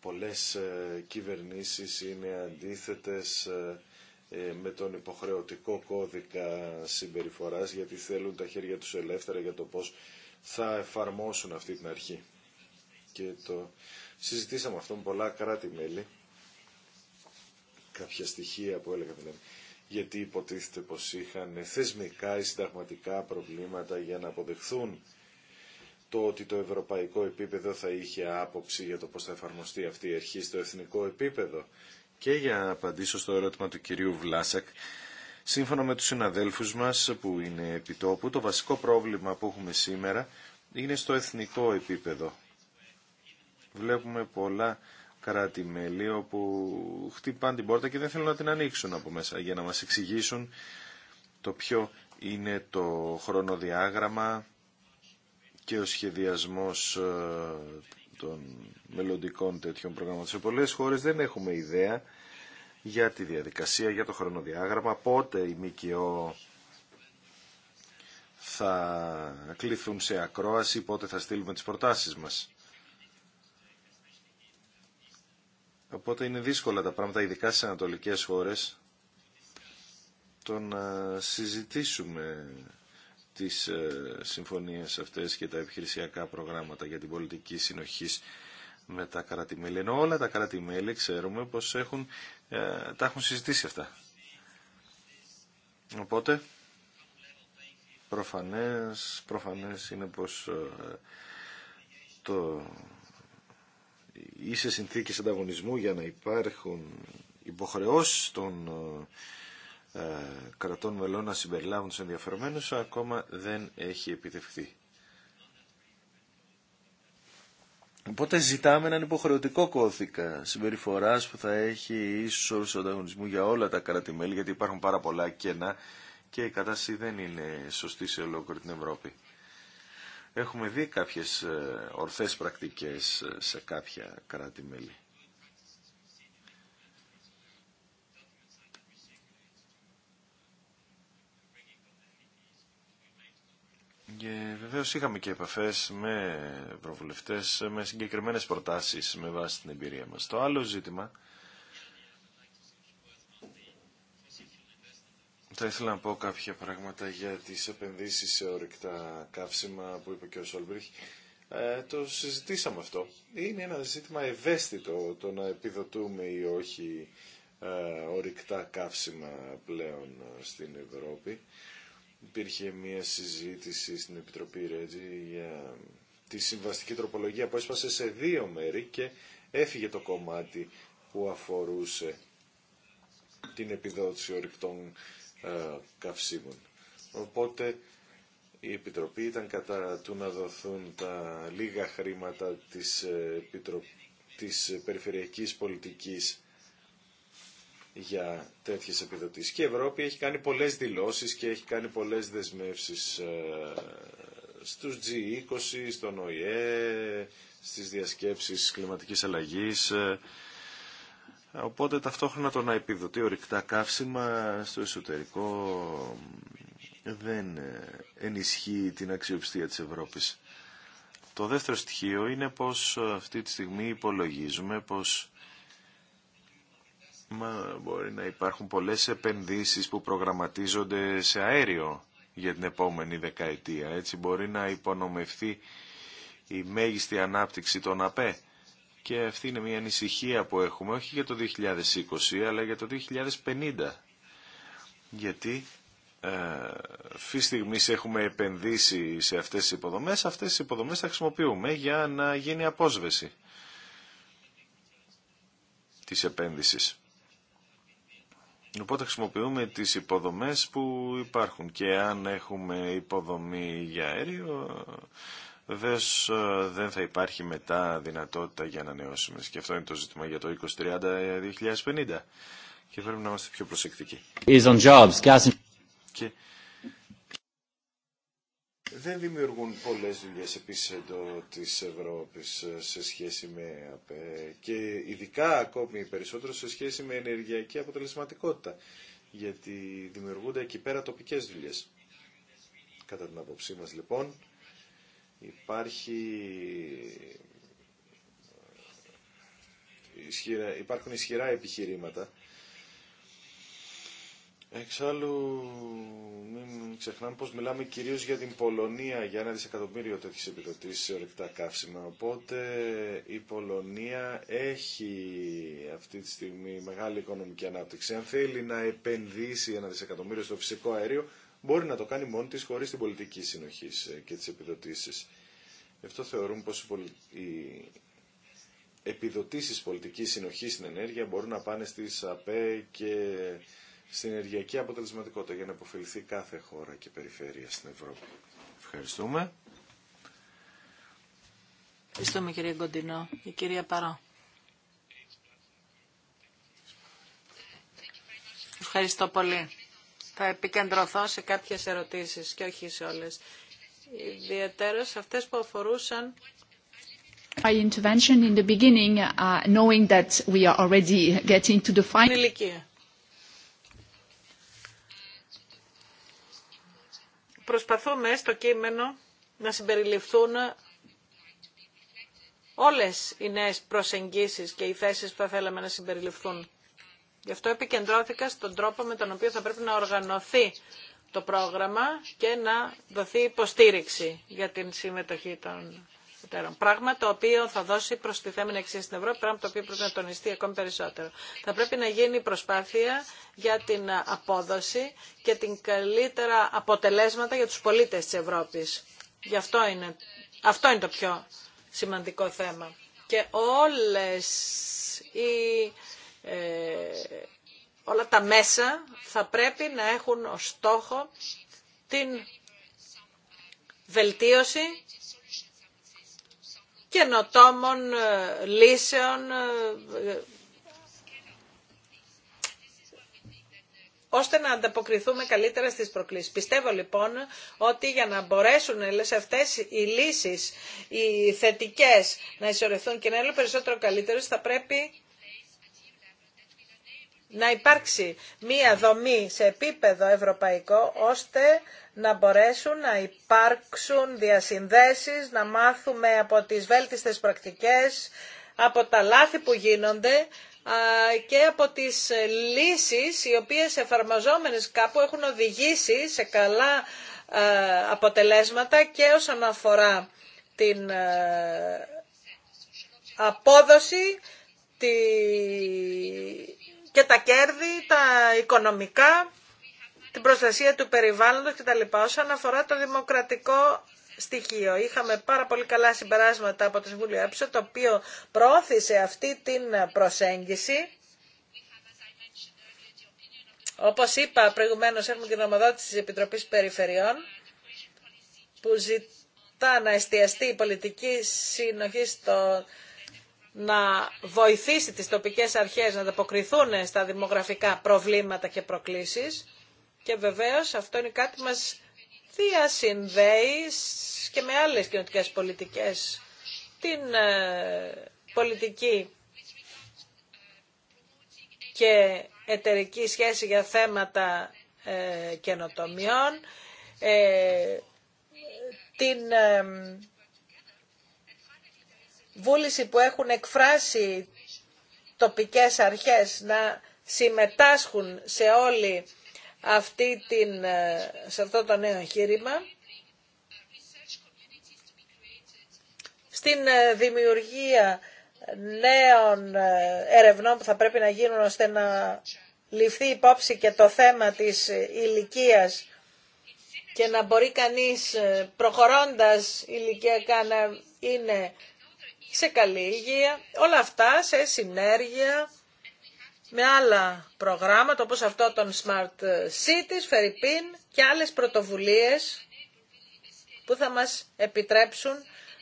πολλές ε, κυβερνήσεις είναι αντίθετες ε, ε, με τον υποχρεωτικό κώδικα συμπεριφοράς γιατί θέλουν τα χέρια τους ελεύθερα για το πώς θα εφαρμόσουν αυτή την αρχή. Και το συζητήσαμε αυτό με πολλά κράτη-μέλη κάποια στοιχεία που έλεγα δηλαδή. γιατί υποτίθεται πως είχαν θεσμικά ή συνταγματικά προβλήματα για να αποδεχθούν το ότι το ευρωπαϊκό επίπεδο θα είχε άποψη για το πώς θα εφαρμοστεί αυτή η αρχή στο εθνικό επίπεδο. Και για να απαντήσω στο ερώτημα του κυρίου Βλάσακ, σύμφωνα με τους συναδέλφους μας που είναι επιτόπου, το βασικό πρόβλημα που έχουμε σήμερα είναι στο εθνικό επίπεδο. Βλέπουμε πολλά κράτη-μέλη όπου χτυπάν την πόρτα και δεν θέλουν να την ανοίξουν από μέσα για να μας εξηγήσουν το ποιο είναι το χρονοδιάγραμμα και ο σχεδιασμός ε, των μελλοντικών τέτοιων προγραμμάτων. Σε πολλές χώρες δεν έχουμε ιδέα για τη διαδικασία, για το χρονοδιάγραμμα, πότε η ΜΚΟ θα κληθούν σε ακρόαση, πότε θα στείλουμε τις προτάσεις μας. Οπότε είναι δύσκολα τα πράγματα, ειδικά στι ανατολικέ χώρε το να συζητήσουμε τις ε, συμφωνίε αυτές και τα επιχειρησιακά προγράμματα για την πολιτική συνοχή με τα κράτη-μέλη. Ενώ όλα τα κράτη-μέλη ξέρουμε πω ε, τα έχουν συζητήσει αυτά. Οπότε, προφανές, προφανές είναι πως ε, το σε συνθήκες ανταγωνισμού για να υπάρχουν υποχρεώσεις των ε, κρατών μελών να συμπεριλάβουν τους ενδιαφερομένους ακόμα δεν έχει επιτευχθεί. Οπότε ζητάμε έναν υποχρεωτικό κώδικα συμπεριφορά που θα έχει ίσου όρου ανταγωνισμού για όλα τα κράτη-μέλη, γιατί υπάρχουν πάρα πολλά κενά και η κατάσταση δεν είναι σωστή σε ολόκληρη την Ευρώπη. Έχουμε δει κάποιες ε, ορθές πρακτικές ε, σε κάποια κράτη-μέλη. Και βεβαίως είχαμε και επαφές με προβουλευτές, με συγκεκριμένες προτάσεις με βάση την εμπειρία μας. Το άλλο ζήτημα Θα ήθελα να πω κάποια πράγματα για τις επενδύσεις σε ορυκτά καύσιμα που είπε και ο Σόλμπριχ. Ε, το συζητήσαμε αυτό. Είναι ένα ζήτημα ευαίσθητο το να επιδοτούμε ή όχι ε, ορυκτά καύσιμα πλέον ε, στην Ευρώπη. Υπήρχε μια συζήτηση στην Επιτροπή Ρέτζη για τη συμβαστική τροπολογία που έσπασε σε δύο μέρη και έφυγε το κομμάτι που αφορούσε την επιδότηση ορυκτών ε, καυσίμων. Οπότε η Επιτροπή ήταν κατά του να δοθούν τα λίγα χρήματα της, ε, περιφερειακή της περιφερειακής πολιτικής για τέτοιες επιδοτήσεις. Και η Ευρώπη έχει κάνει πολλές δηλώσεις και έχει κάνει πολλές δεσμεύσεις ε, στους G20, στον ΟΗΕ, στις διασκέψεις κλιματικής αλλαγής Οπότε ταυτόχρονα το να επιδοτεί ορυκτά καύσιμα στο εσωτερικό δεν ε, ενισχύει την αξιοπιστία της Ευρώπης. Το δεύτερο στοιχείο είναι πως ε, αυτή τη στιγμή υπολογίζουμε πως μπορεί να υπάρχουν πολλές επενδύσεις που προγραμματίζονται σε αέριο για την επόμενη δεκαετία. Έτσι μπορεί να υπονομευθεί η μέγιστη ανάπτυξη των ΑΠΕ και αυτή είναι μια ανησυχία που έχουμε, όχι για το 2020, αλλά για το 2050. Γιατί ε, αυτή τη στιγμή έχουμε επενδύσει σε αυτές τις υποδομές, αυτές τις υποδομές θα χρησιμοποιούμε για να γίνει απόσβεση της επένδυσης. Οπότε χρησιμοποιούμε τις υποδομές που υπάρχουν και αν έχουμε υποδομή για αέριο Βεβαίω ε, δεν θα υπάρχει μετά δυνατότητα για ανανεώσιμε. Και αυτό είναι το ζήτημα για το 2030-2050. Ε, και πρέπει να είμαστε πιο προσεκτικοί. Και... Δεν δημιουργούν πολλέ δουλειέ επίσης εδώ τη Ευρώπη ε, σε σχέση με και ειδικά ακόμη περισσότερο σε σχέση με ενεργειακή αποτελεσματικότητα. Γιατί δημιουργούνται εκεί πέρα τοπικέ δουλειέ. Κατά την άποψή μα λοιπόν Υπάρχει... Ισχυρά... Υπάρχουν ισχυρά επιχειρήματα. Εξάλλου, μην ξεχνάμε πως μιλάμε κυρίως για την Πολωνία, για ένα δισεκατομμύριο τέτοιες επιδοτήσεις σε ορεικτά καύσιμα. Οπότε η Πολωνία έχει αυτή τη στιγμή μεγάλη οικονομική ανάπτυξη. Αν θέλει να επενδύσει ένα δισεκατομμύριο στο φυσικό αέριο, μπορεί να το κάνει μόνη της χωρίς την πολιτική συνοχή ε, και τις επιδοτήσεις. Γι' αυτό θεωρούμε πως οι επιδοτήσεις πολιτικής συνοχής στην ενέργεια μπορούν να πάνε στη ΑΠΕ και στην ενεργειακή αποτελεσματικότητα για να υποφεληθεί κάθε χώρα και περιφέρεια στην Ευρώπη. Ευχαριστούμε. Ευχαριστούμε κύριε Κοντινό. Η κυρία Παρό. Ευχαριστώ πολύ. Θα επικεντρωθώ σε κάποιες ερωτήσεις και όχι σε όλες ιδιαίτερα σε αυτές που αφορούσαν My intervention in the beginning, uh, knowing that we are already getting to the final. Προσπαθούμε στο κείμενο να συμπεριληφθούν όλες οι νέες προσεγγίσεις και οι θέσεις που θα θέλαμε να συμπεριληφθούν. Γι' αυτό επικεντρώθηκα στον τρόπο με τον οποίο θα πρέπει να οργανωθεί το πρόγραμμα και να δοθεί υποστήριξη για την συμμετοχή των Εταίρων. Πράγμα το οποίο θα δώσει προστιθέμενη αξία στην Ευρώπη, πράγμα το οποίο πρέπει να τονιστεί ακόμη περισσότερο. Θα πρέπει να γίνει προσπάθεια για την απόδοση και την καλύτερα αποτελέσματα για τους πολίτες της Ευρώπης. Γι' αυτό είναι, αυτό είναι το πιο σημαντικό θέμα. Και όλες οι ε, όλα τα μέσα θα πρέπει να έχουν ως στόχο την βελτίωση καινοτόμων ε, λύσεων ε, ώστε να ανταποκριθούμε καλύτερα στις προκλήσεις. Πιστεύω λοιπόν ότι για να μπορέσουν σε αυτές οι λύσεις, οι θετικές να ισορρεθούν και να είναι περισσότερο καλύτερες, θα πρέπει να υπάρξει μία δομή σε επίπεδο ευρωπαϊκό ώστε να μπορέσουν να υπάρξουν διασυνδέσεις, να μάθουμε από τις βέλτιστες πρακτικές, από τα λάθη που γίνονται και από τις λύσεις οι οποίες εφαρμοζόμενες κάπου έχουν οδηγήσει σε καλά αποτελέσματα και όσον αφορά την απόδοση, τη και τα κέρδη, τα οικονομικά, την προστασία του περιβάλλοντος κτλ. Όσον αφορά το δημοκρατικό στοιχείο. Είχαμε πάρα πολύ καλά συμπεράσματα από το Συμβούλιο ΕΠΣΟ, το οποίο προώθησε αυτή την προσέγγιση. Όπως είπα προηγουμένως έχουμε την ομοδότηση της Επιτροπής Περιφερειών που ζητά να εστιαστεί η πολιτική συνοχή στο να βοηθήσει τις τοπικές αρχές να ανταποκριθούν στα δημογραφικά προβλήματα και προκλήσεις και βεβαίως αυτό είναι κάτι μας διασυνδέει και με άλλες κοινωτικές πολιτικές. Την ε, πολιτική και εταιρική σχέση για θέματα ε, καινοτομιών, ε, την βούληση που έχουν εκφράσει τοπικές αρχές να συμμετάσχουν σε όλη αυτή την, ε, σε αυτό το νέο εγχείρημα. Στην ε, δημιουργία νέων ε, ερευνών που θα πρέπει να γίνουν ώστε να ληφθεί υπόψη και το θέμα της ηλικία και να μπορεί κανείς προχωρώντας ηλικιακά να είναι σε καλή υγεία, όλα αυτά σε συνέργεια με άλλα προγράμματα όπως αυτό των Smart Cities, Φερρυπίν και άλλες πρωτοβουλίες που θα μας επιτρέψουν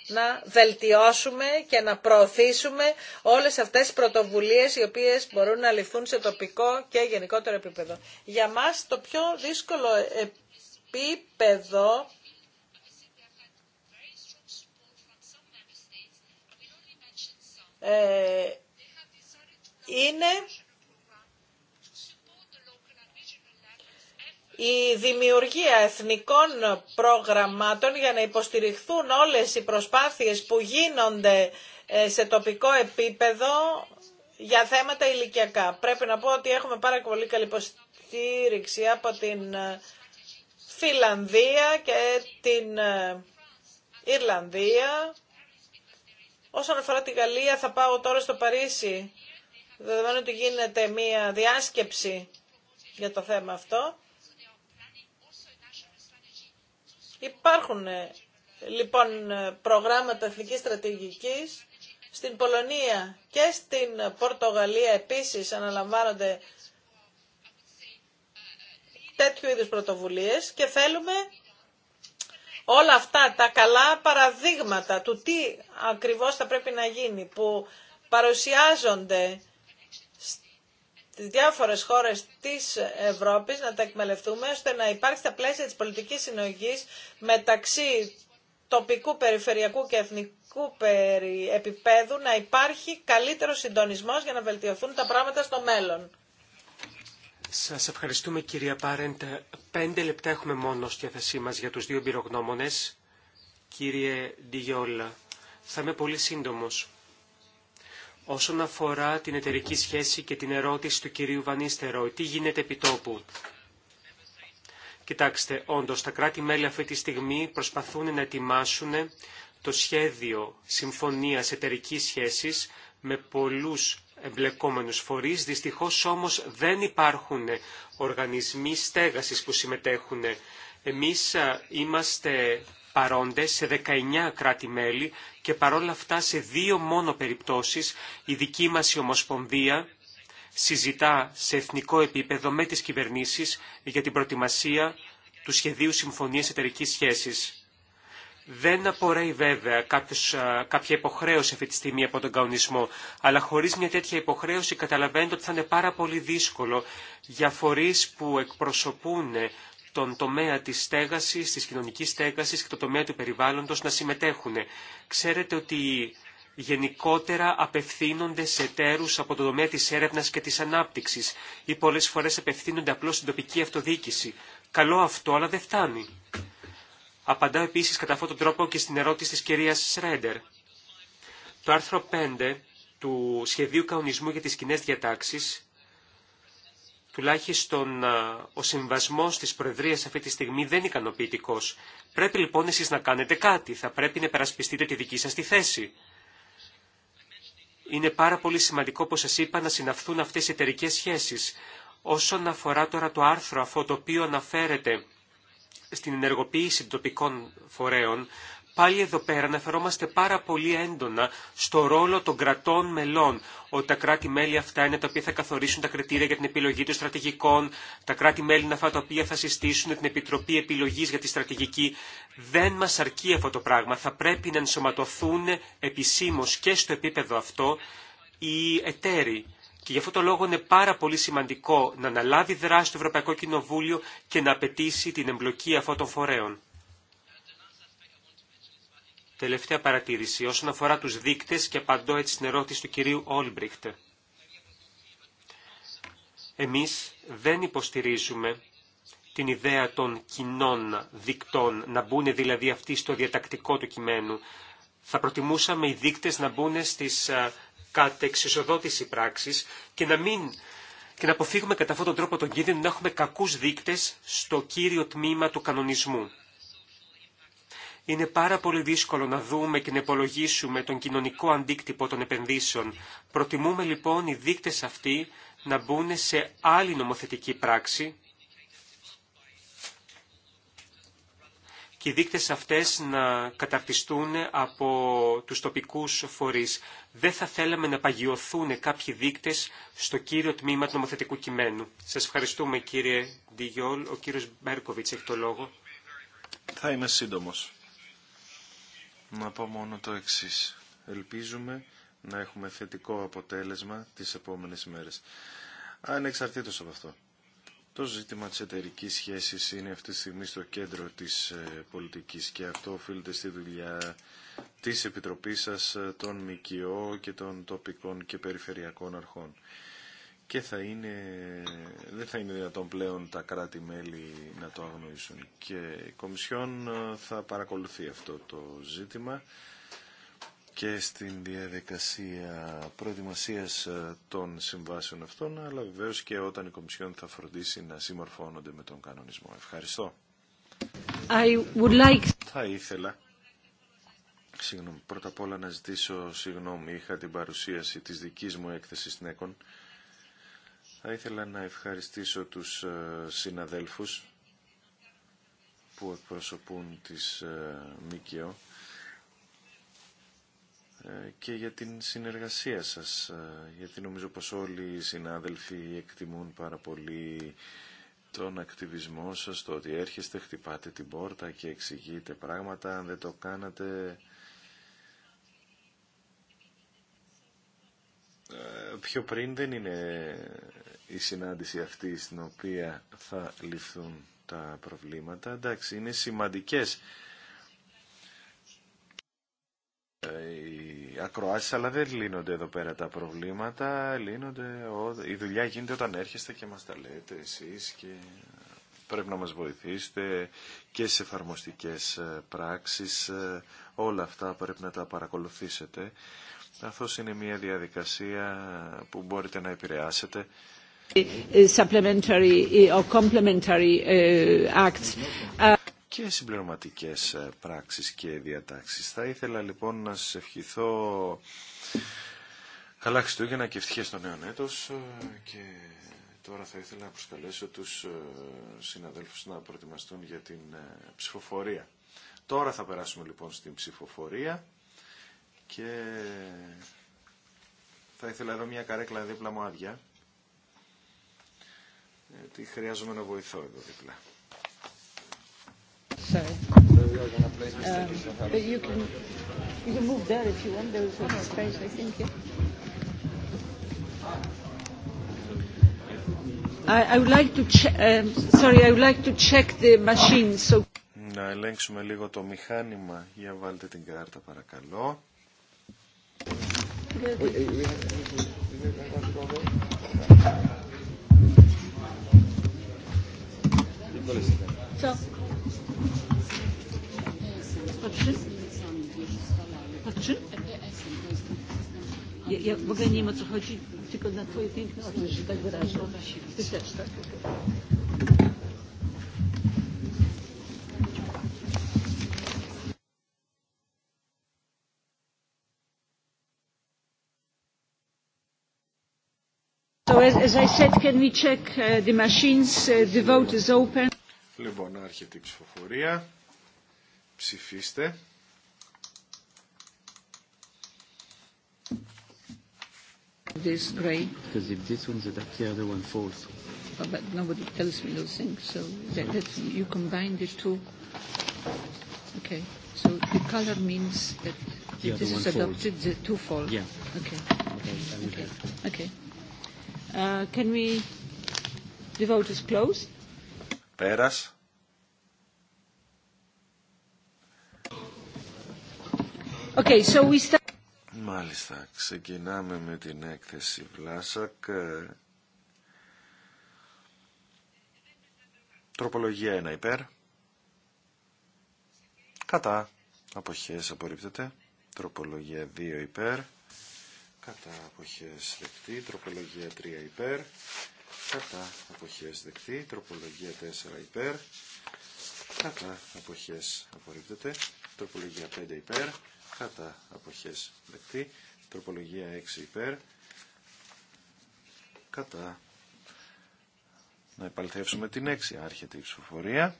να βελτιώσουμε και να προωθήσουμε όλες αυτές τις πρωτοβουλίες οι οποίες μπορούν να ληφθούν σε τοπικό και γενικότερο επίπεδο. Για μας το πιο δύσκολο επίπεδο Ε, είναι η δημιουργία εθνικών προγραμμάτων για να υποστηριχθούν όλες οι προσπάθειες που γίνονται ε, σε τοπικό επίπεδο για θέματα ηλικιακά. Πρέπει να πω ότι έχουμε πάρα πολύ καλή υποστήριξη από την ε, Φιλανδία και την Ιρλανδία Όσον αφορά τη Γαλλία, θα πάω τώρα στο Παρίσι, δεδομένου ότι γίνεται μία διάσκεψη για το θέμα αυτό. Υπάρχουν ε, λοιπόν προγράμματα εθνικής στρατηγικής. Στην Πολωνία και στην Πορτογαλία επίσης αναλαμβάνονται τέτοιου είδους πρωτοβουλίες και θέλουμε όλα αυτά τα καλά παραδείγματα του τι ακριβώς θα πρέπει να γίνει που παρουσιάζονται στις διάφορες χώρες της Ευρώπης να τα εκμελευτούμε ώστε να υπάρχει στα πλαίσια της πολιτικής συνογής μεταξύ τοπικού, περιφερειακού και εθνικού επίπεδου να υπάρχει καλύτερος συντονισμός για να βελτιωθούν τα πράγματα στο μέλλον. Σας ευχαριστούμε κυρία Πάρεντ. Πέντε λεπτά έχουμε μόνο στη θέση μας για τους δύο εμπειρογνώμονες. Κύριε Ντιγιόλα, θα είμαι πολύ σύντομος. Όσον αφορά την εταιρική σχέση και την ερώτηση του κυρίου Βανίστερο, τι γίνεται επί τόπου. Κοιτάξτε, όντως τα κράτη-μέλη αυτή τη στιγμή προσπαθούν να ετοιμάσουν το σχέδιο συμφωνίας εταιρικής σχέσης με πολλούς εμπλεκόμενους φορείς. Δυστυχώς όμως δεν υπάρχουν οργανισμοί στέγασης που συμμετέχουν. Εμείς είμαστε παρόντες σε 19 κράτη-μέλη και παρόλα αυτά σε δύο μόνο περιπτώσεις η δική μας η Ομοσπονδία συζητά σε εθνικό επίπεδο με τις κυβερνήσεις για την προετοιμασία του σχεδίου συμφωνίας εταιρικής σχέσης. Δεν απορρέει βέβαια κάποιος, κάποια υποχρέωση αυτή τη στιγμή από τον καονισμό, αλλά χωρίς μια τέτοια υποχρέωση καταλαβαίνετε ότι θα είναι πάρα πολύ δύσκολο για φορείς που εκπροσωπούν τον τομέα της στέγασης, της κοινωνικής στέγασης και το τομέα του περιβάλλοντος να συμμετέχουν. Ξέρετε ότι γενικότερα απευθύνονται σε εταίρους από το τομέα της έρευνας και της ανάπτυξης ή πολλές φορές απευθύνονται απλώς στην τοπική αυτοδιοίκηση. Καλό αυτό, αλλά δεν φτάνει. Απαντάω επίση κατά αυτόν τον τρόπο και στην ερώτηση τη κυρία Σρέντερ. Το άρθρο 5 του σχεδίου καονισμού για τι κοινέ διατάξει, τουλάχιστον ο συμβασμό τη Προεδρία αυτή τη στιγμή δεν είναι ικανοποιητικό. Πρέπει λοιπόν εσεί να κάνετε κάτι, θα πρέπει να περασπιστείτε τη δική σα τη θέση. Είναι πάρα πολύ σημαντικό, όπω σα είπα, να συναυθούν αυτέ οι εταιρικέ σχέσει, Όσον αφορά τώρα το άρθρο αυτό το οποίο αναφέρεται στην ενεργοποίηση των τοπικών φορέων, πάλι εδώ πέρα αναφερόμαστε πάρα πολύ έντονα στο ρόλο των κρατών μελών, ότι τα κράτη-μέλη αυτά είναι τα οποία θα καθορίσουν τα κριτήρια για την επιλογή των στρατηγικών, τα κράτη-μέλη είναι αυτά τα οποία θα συστήσουν την Επιτροπή Επιλογής για τη Στρατηγική. Δεν μας αρκεί αυτό το πράγμα. Θα πρέπει να ενσωματωθούν επισήμως και στο επίπεδο αυτό οι εταίροι και γι' αυτό το λόγο είναι πάρα πολύ σημαντικό να αναλάβει δράση το Ευρωπαϊκό Κοινοβούλιο και να απαιτήσει την εμπλοκή αυτών των φορέων. Τελευταία παρατήρηση όσον αφορά τους δείκτες και απαντώ έτσι στην ερώτηση του κυρίου Όλμπριχτ. Εμείς δεν υποστηρίζουμε την ιδέα των κοινών δικτών, να μπουν δηλαδή αυτοί στο διατακτικό του κειμένου. Θα προτιμούσαμε οι δείκτες να μπουν στις κατεξισοδότηση πράξης και να μην και να αποφύγουμε κατά αυτόν τον τρόπο τον κίνδυνο να έχουμε κακούς δείκτες στο κύριο τμήμα του κανονισμού. Είναι πάρα πολύ δύσκολο να δούμε και να υπολογίσουμε τον κοινωνικό αντίκτυπο των επενδύσεων. Προτιμούμε λοιπόν οι δείκτες αυτοί να μπουν σε άλλη νομοθετική πράξη και οι δείκτες αυτές να καταρτιστούν από τους τοπικούς φορείς. Δεν θα θέλαμε να παγιωθούν κάποιοι δείκτες στο κύριο τμήμα του νομοθετικού κειμένου. Σας ευχαριστούμε κύριε Ντιγιόλ. Ο κύριος Μπέρκοβιτς έχει το λόγο. Θα είμαι σύντομος. Να πω μόνο το εξής. Ελπίζουμε να έχουμε θετικό αποτέλεσμα τις επόμενες μέρες. Ανεξαρτήτως από αυτό. Το ζήτημα της εταιρική σχέσης είναι αυτή τη στιγμή στο κέντρο της ε, πολιτικής και αυτό οφείλεται στη δουλειά της Επιτροπής σας, ε, των ΜΚΟ και των τοπικών και περιφερειακών αρχών. Και θα είναι, δεν θα είναι δυνατόν πλέον τα κράτη-μέλη να το αγνοήσουν. Και η Κομισιόν ε, θα παρακολουθεί αυτό το ζήτημα και στην διαδικασία προετοιμασίας ε, των συμβάσεων αυτών, αλλά βεβαίως και όταν η Κομισιόν θα φροντίσει να συμμορφώνονται με τον κανονισμό. Ευχαριστώ. I would like... Θα ήθελα Συγγνώμη, πρώτα απ' όλα να ζητήσω συγγνώμη. Είχα την παρουσίαση της δικής μου έκθεσης στην ΕΚΟΝ. Θα ήθελα να ευχαριστήσω τους ε, συναδέλφους που εκπροσωπούν τις ε, ΜΚΟ ε, και για την συνεργασία σας, ε, γιατί νομίζω πως όλοι οι συνάδελφοι εκτιμούν πάρα πολύ τον ακτιβισμό σας, το ότι έρχεστε, χτυπάτε την πόρτα και εξηγείτε πράγματα, αν δεν το κάνατε... Ε, πιο πριν δεν είναι η συνάντηση αυτή στην οποία θα λυθούν τα προβλήματα. Εντάξει, είναι σημαντικές οι ακροάσει, αλλά δεν λύνονται εδώ πέρα τα προβλήματα, λύνονται, η δουλειά γίνεται όταν έρχεστε και μα τα λέτε εσείς και πρέπει να μας βοηθήσετε και σε εφαρμοστικέ ε, πράξεις, ε, όλα αυτά πρέπει να τα παρακολουθήσετε, καθώ είναι μια διαδικασία που μπορείτε να επηρεάσετε. Ε, supplementary or complementary και συμπληρωματικές ε, πράξεις και διατάξεις. Θα ήθελα λοιπόν να σας ευχηθώ καλά Χριστούγεννα και ευτυχία στο νέο έτος ε, και τώρα θα ήθελα να προσκαλέσω τους ε, συναδέλφους να προετοιμαστούν για την ψηφοφορία. Τώρα θα περάσουμε λοιπόν στην ψηφοφορία και θα ήθελα εδώ μια καρέκλα δίπλα μου άδεια γιατί χρειάζομαι να βοηθώ εδώ δίπλα sorry. But you can you can move there if you want. There is some space, I think. I would like to sorry, I would like to check the machine. So. Να ελέγξουμε λίγο το μηχάνημα. Για βάλτε την κάρτα, παρακαλώ. So nie co chodzi, tylko na twoje tak wyrażę. Ty też, tak? So as, I said, can we check the machines? the vote is open. Λοιπόν, άρχεται η ψηφοφορία. Ψηφίστε. This Ray. Because if this one's adopted, the other one falls. Oh, but nobody tells me those things. So that, that's, you combine the two. Okay. So the color means that the if this is adopted, falls. the two fall. Yeah. Okay. Okay. Okay. okay. Uh, can we? The vote is closed. Πέρας. Okay, so we start... Μάλιστα, ξεκινάμε με την έκθεση Βλάσακ. Τροπολογία 1 υπέρ. Κατά. Αποχές απορρίπτεται. Τροπολογία 2 υπέρ. Κατά αποχές δεκτή. Τροπολογία 3 υπέρ κατά αποχές δεκτή, τροπολογία 4 υπέρ, κατά αποχές απορρίπτεται, τροπολογία 5 υπέρ, κατά αποχές δεκτή, τροπολογία 6 υπέρ, κατά. Να επαληθεύσουμε την 6, άρχεται η ψηφοφορία.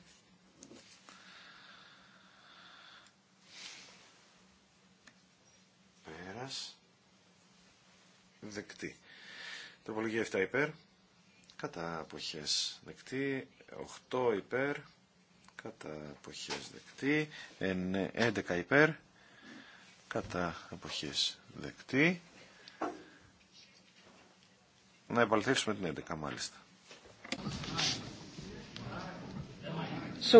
Πέρας, δεκτή. Τροπολογία 7 υπέρ, κατά αποχές δεκτή, 8 υπέρ, κατά αποχές δεκτή, 11 υπέρ, κατά αποχές δεκτή. Να επαληθεύσουμε την 11 μάλιστα. So,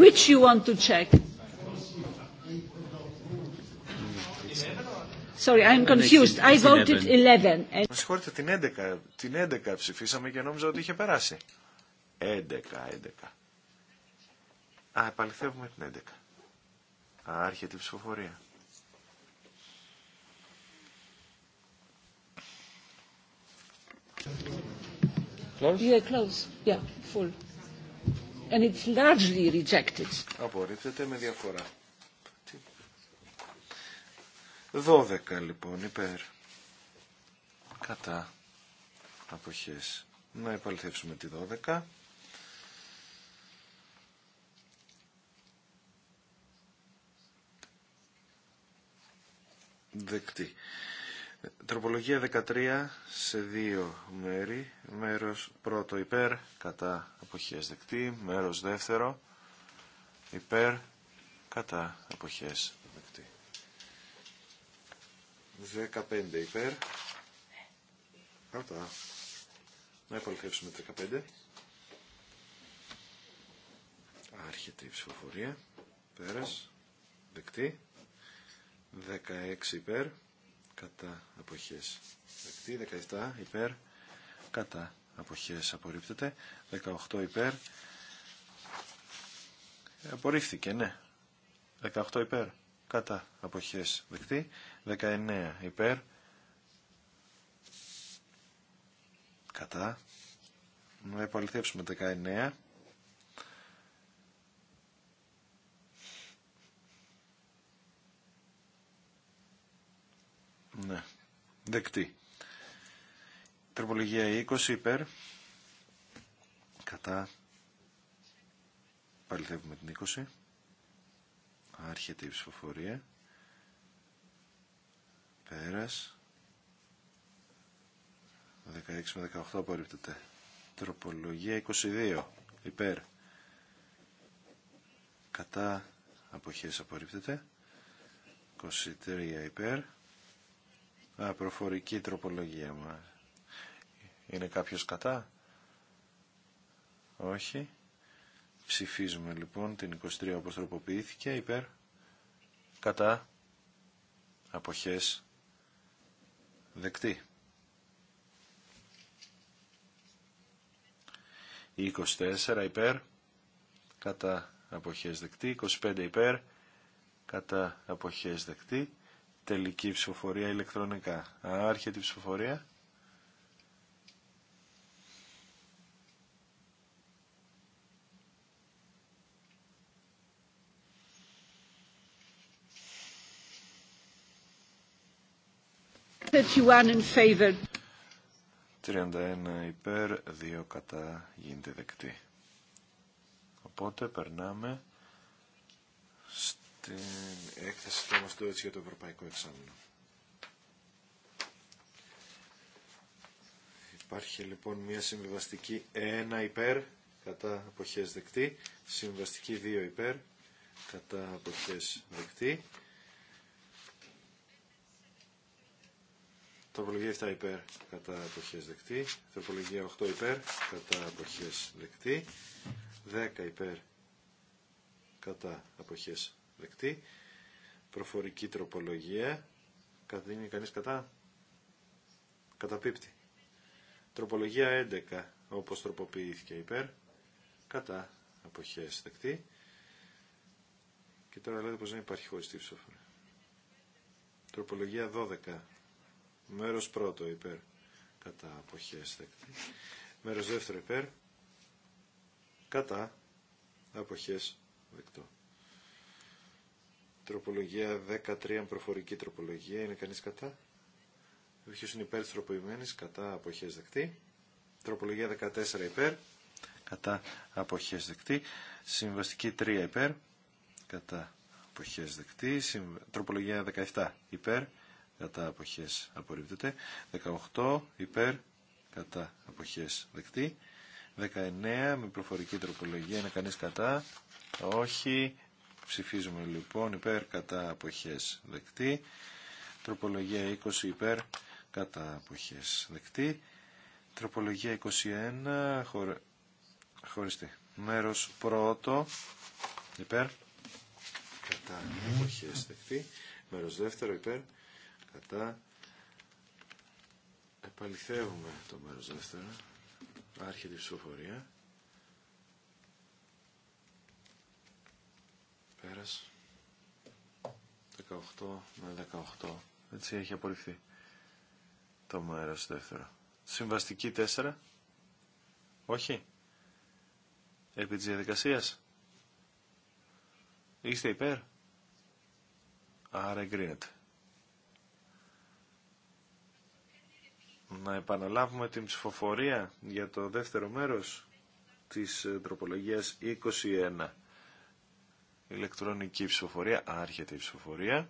which you want to check? Sorry, I'm confused. I voted 11. Μα συγχωρείτε, την 11, την 11 ψηφίσαμε και νόμιζα ότι είχε περάσει. 11, 11. Α, επαληθεύουμε την 11. Άρχεται η ψηφοφορία. Close? Yeah, close. Yeah, full. And it's largely rejected. Απορρίπτεται με διαφορά. 12 λοιπόν υπέρ κατά αποχές. Να επαληθεύσουμε τη 12. Δεκτή. Τροπολογία 13 σε δύο μέρη. Μέρος πρώτο υπέρ, κατά αποχές δεκτή. Μέρος δεύτερο υπέρ, κατά αποχές 15 υπέρ. Κατά. Να επαληθεύσουμε 15. Άρχεται η ψηφοφορία. Πέρας. Δεκτή. 16 υπέρ. Κατά αποχές. Δεκτή. 17 υπέρ. Κατά αποχές απορρίπτεται. 18 υπέρ. Απορρίφθηκε, ναι. 18 υπέρ. Κατά αποχές δεκτή. 19 υπέρ κατά να επαληθεύσουμε 19 ναι δεκτή τροπολογία 20 υπέρ κατά παληθεύουμε την 20 άρχεται η ψηφοφορία Πέρας. 16 με 18 απορρίπτεται. Τροπολογία 22. Υπέρ. Κατά αποχές απορρίπτεται. 23 υπέρ. Α, προφορική τροπολογία μα. Είναι κάποιος κατά. Όχι. Ψηφίζουμε λοιπόν την 23 όπως τροποποιήθηκε. Υπέρ. Κατά. Αποχές Δεκτή. 24 υπέρ. Κατά αποχές δεκτή. 25 υπέρ. Κατά αποχές δεκτή. Τελική ψηφοφορία ηλεκτρονικά. Άρχεται η ψηφοφορία. 31 in favor. υπέρ, 2 κατά γίνεται δεκτή. Οπότε περνάμε στην έκθεση του μας έτσι για το Ευρωπαϊκό Εξάμεινο. Υπάρχει λοιπόν μια συμβιβαστική 1 υπέρ, κατά αποχές δεκτή, συμβαστική 2 υπέρ, κατά αποχές δεκτή, Τροπολογία 7 υπέρ κατά αποχές δεκτή. Τροπολογία 8 υπέρ κατά αποχές δεκτή. 10 υπέρ κατά αποχές δεκτή. Προφορική τροπολογία. είναι κανείς κατά. Καταπίπτει. Τροπολογία 11 όπως τροποποιήθηκε υπέρ κατά αποχές δεκτή. Και τώρα λέτε πως δεν υπάρχει χωριστή ψηφοφορία. Τροπολογία 12 Μέρος πρώτο υπέρ κατά αποχές δεκτή. Μέρος δεύτερο υπέρ κατά αποχές δεκτό. Τροπολογία 13 προφορική τροπολογία. Είναι κανείς κατά. Ποιο είναι υπέρ της κατά αποχές δεκτή. Τροπολογία 14 υπέρ κατά αποχές δεκτή. Συμβαστική 3 υπέρ κατά αποχές δεκτή. Τροπολογία 17 υπέρ κατά αποχές απορρίπτεται. 18 υπέρ κατά αποχές δεκτή. 19 με προφορική τροπολογία είναι κανείς κατά. Όχι. Ψηφίζουμε λοιπόν υπέρ κατά αποχές δεκτή. Τροπολογία 20 υπέρ κατά αποχές δεκτή. Τροπολογία 21 χωρι... χωριστή. Μέρος πρώτο υπέρ κατά αποχές δεκτή. Μέρος δεύτερο υπέρ κατά. Επαληθεύουμε το μέρος δεύτερο. Άρχεται η ψηφοφορία. Πέρας. 18 με 18. Έτσι έχει απορριφθεί το μέρος δεύτερο. Συμβαστική 4. Όχι. Επί της διαδικασίας. Είστε υπέρ. Άρα εγκρίνεται. να επαναλάβουμε την ψηφοφορία για το δεύτερο μέρος της ε, τροπολογίας 21. Ηλεκτρονική ψηφοφορία, άρχεται η ψηφοφορία.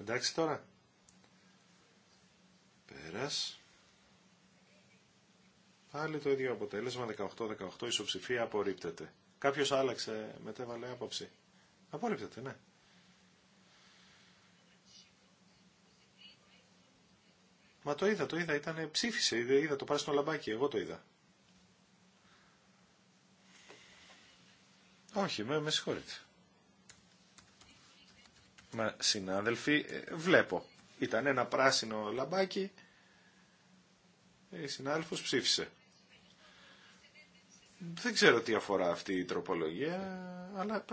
Εντάξει τώρα. Πέρας. Πάλι το ίδιο αποτέλεσμα, 18-18, ισοψηφία απορρίπτεται. Κάποιος άλλαξε, μετέβαλε άποψη. Απορρίπτεται, ναι. Μα το είδα, το είδα, ήταν ψήφισε, είδα το πράσινο λαμπάκι, εγώ το είδα. Όχι, με, με συγχωρείτε. Μα συνάδελφοι, ε, βλέπω. Ήταν ένα πράσινο λαμπάκι, ε, η συνάδελφος ψήφισε. Δεν ξέρω τι αφορά αυτή η τροπολογία, αλλά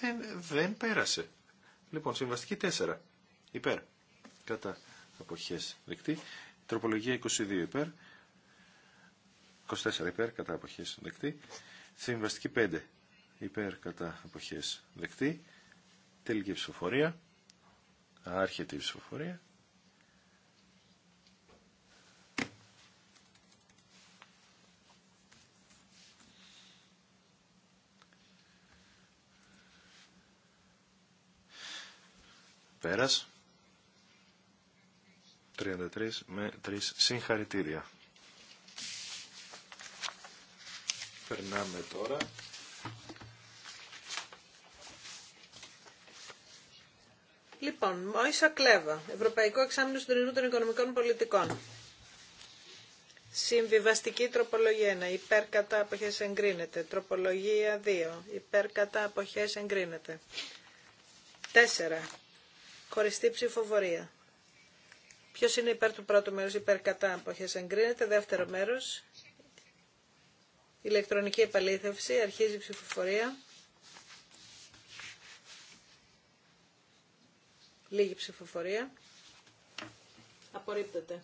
δεν, δεν πέρασε. Λοιπόν, συμβαστική 4. Υπέρ. Κατά αποχές δεκτή. Τροπολογία 22 υπέρ, 24 υπέρ, κατά αποχές δεκτή. Συμβαστική 5 υπέρ, κατά αποχές δεκτή. Τελική ψηφοφορία, άρχεται η ψηφοφορία. πέρας. 33 με 3 συγχαρητήρια. Περνάμε τώρα. Λοιπόν, Μόησα Κλέβα, Ευρωπαϊκό Εξάμεινο Συντονισμού των Οικονομικών Πολιτικών. Συμβιβαστική τροπολογία 1. Υπέρ κατά αποχές εγκρίνεται. Τροπολογία 2. Υπέρ κατά αποχές εγκρίνεται. 4. Χωριστή ψηφοφορία. Ποιο είναι υπέρ του πρώτου μέρου, υπέρ κατά αποχές εγκρίνεται. Δεύτερο μέρος, ηλεκτρονική επαλήθευση, αρχίζει ψηφοφορία. Λίγη ψηφοφορία. Απορρίπτεται.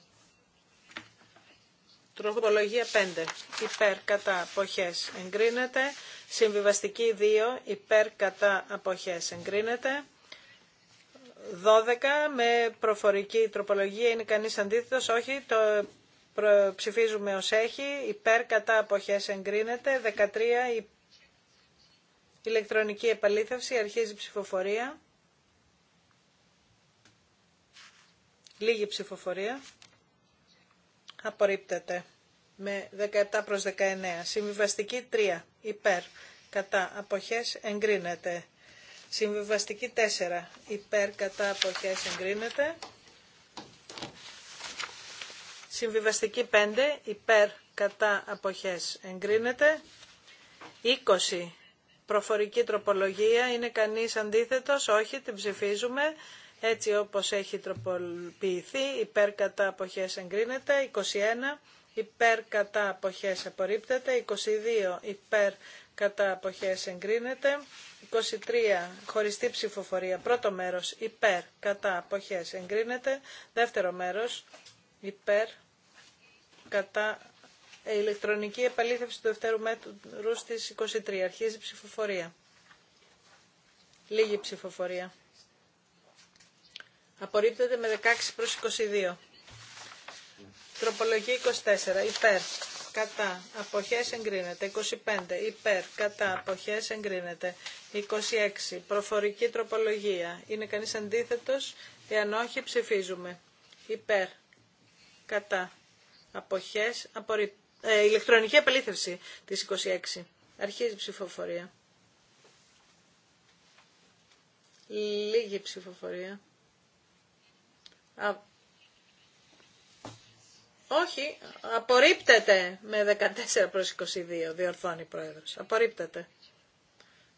Τροπολογία 5. Υπέρ κατά αποχές εγκρίνεται. Συμβιβαστική 2. Υπέρ κατά αποχές εγκρίνεται. 12 με προφορική τροπολογία. Είναι κανείς αντίθετος. Όχι, το ψηφίζουμε ως έχει. Υπέρ κατά αποχές εγκρίνεται. 13 η ηλεκτρονική επαλήθευση. Αρχίζει ψηφοφορία. Λίγη ψηφοφορία. Απορρίπτεται με 17 προς 19. Συμβιβαστική 3. Υπέρ. Κατά αποχές εγκρίνεται. Συμβιβαστική 4. Υπέρ κατά αποχές εγκρίνεται. Συμβιβαστική 5. Υπέρ κατά αποχές εγκρίνεται. 20. Προφορική τροπολογία. Είναι κανείς αντίθετος. Όχι. Την ψηφίζουμε. Έτσι όπως έχει τροποποιηθεί. Υπέρ κατά αποχές εγκρίνεται. 21 υπέρ κατά αποχές απορρίπτεται, 22 υπέρ κατά αποχές εγκρίνεται, 23 χωριστή ψηφοφορία, πρώτο μέρος υπέρ κατά αποχές εγκρίνεται, δεύτερο μέρος υπέρ κατά ηλεκτρονική επαλήθευση του δευτέρου μέτρου στις 23, αρχίζει ψηφοφορία. Λίγη ψηφοφορία. Απορρίπτεται με 16 προς 22. Τροπολογία 24. Υπέρ. Κατά. Αποχές εγκρίνεται. 25. Υπέρ. Κατά. Αποχές εγκρίνεται. 26. Προφορική τροπολογία. Είναι κανείς αντίθετος. Εάν όχι ψηφίζουμε. Υπέρ. Κατά. Αποχές. Ε, ηλεκτρονική επαλήθευση της 26. Αρχίζει η ψηφοφορία. Λίγη ψηφοφορία. Όχι, απορρίπτεται με 14 προς 22, διορθώνει η Πρόεδρος. Απορρίπτεται.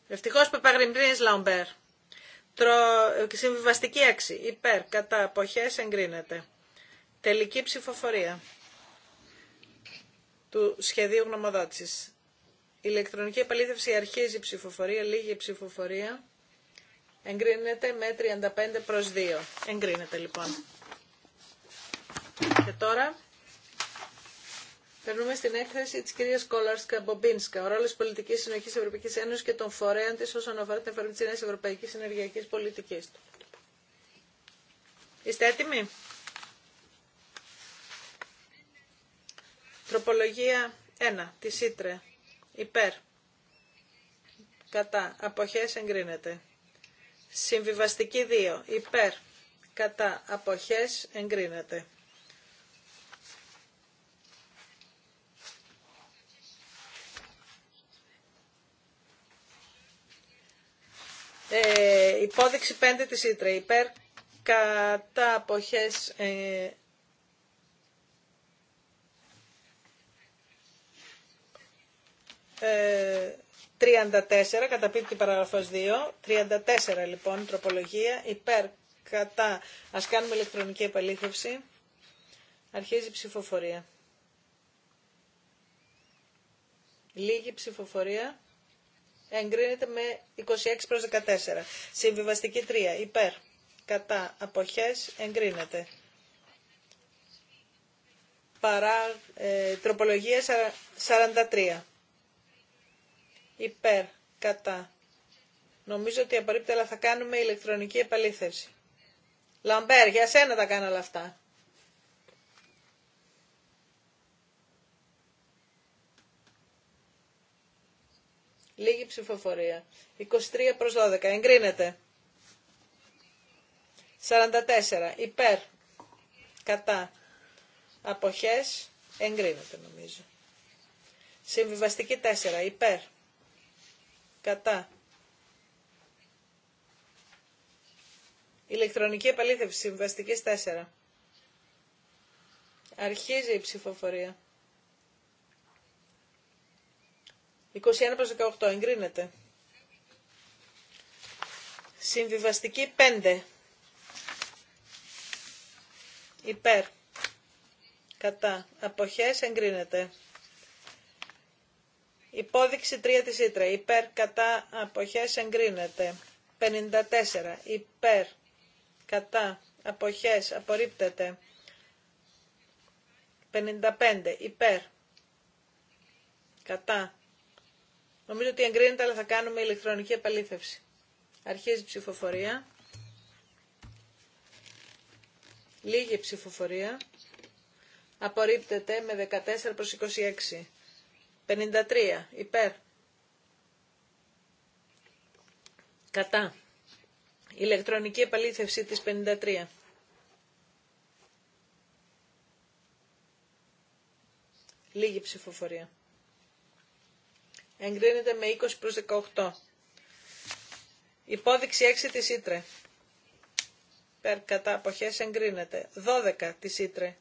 Ευτυχώς πεπαγρυμπρίνης Λαουμπέρ. Τρο... Ε, συμβιβαστική έξι Υπέρ, κατά, αποχές, εγκρίνεται. Τελική ψηφοφορία του σχεδίου γνωμοδότησης. Ηλεκτρονική επαλήθευση αρχίζει ψηφοφορία, λίγη ψηφοφορία. Εγκρίνεται με 35 προς 2. Εγκρίνεται λοιπόν. Και τώρα Περνούμε στην έκθεση τη κυρία Κόλαρσκα Μπομπίνσκα. Ο ρόλο πολιτική συνοχή Ευρωπαϊκή Ένωση και των φορέων τη όσον αφορά την εφαρμογή τη νέα Ευρωπαϊκή Ενεργειακή Πολιτική. Είστε έτοιμοι. Τροπολογία 1. Τη σύτρε. Υπέρ. Κατά. Αποχές εγκρίνεται. Συμβιβαστική 2. Υπέρ. Κατά. Αποχές εγκρίνεται. Ε, υπόδειξη 5 της Ήτρε. Υπέρ κατά αποχές ε, ε, 34, καταπίπτει παραγραφός 2, 34 λοιπόν τροπολογία, υπέρ κατά, ας κάνουμε ηλεκτρονική επαλήθευση, αρχίζει η ψηφοφορία. Λίγη ψηφοφορία εγκρίνεται με 26 προς 14. Συμβιβαστική 3 υπέρ κατά αποχές εγκρίνεται. Παρά, ε, τροπολογία 43 υπέρ κατά. Νομίζω ότι απορρίπτει αλλά θα κάνουμε ηλεκτρονική επαλήθευση. Λαμπέρ, για σένα τα κάνω όλα αυτά. Λίγη ψηφοφορία. 23 προς 12. Εγκρίνεται. 44. Υπέρ. Κατά. Αποχές. Εγκρίνεται νομίζω. Συμβιβαστική 4. Υπέρ. Κατά. Ηλεκτρονική επαλήθευση Συμβιβαστικής 4. Αρχίζει η ψηφοφορία. 21 προς 18 εγκρίνεται. Συμβιβαστική 5. Υπέρ. Κατά. Αποχές εγκρίνεται. Υπόδειξη 3 της Ήτρα. Υπέρ. Κατά. Αποχές εγκρίνεται. 54. Υπέρ. Κατά. Αποχές. Απορρίπτεται. 55. Υπέρ. Κατά. Νομίζω ότι εγκρίνεται, αλλά θα κάνουμε ηλεκτρονική επαλήθευση. Αρχίζει η ψηφοφορία. Λίγη ψηφοφορία. Απορρίπτεται με 14 προς 26. 53. Υπέρ. Κατά. Ηλεκτρονική επαλήθευση της 53. Λίγη ψηφοφορία εγκρίνεται με 20 προς 18. Υπόδειξη 6 της Ήτρε. Υπέρ κατά αποχές εγκρίνεται. 12 της Ήτρε.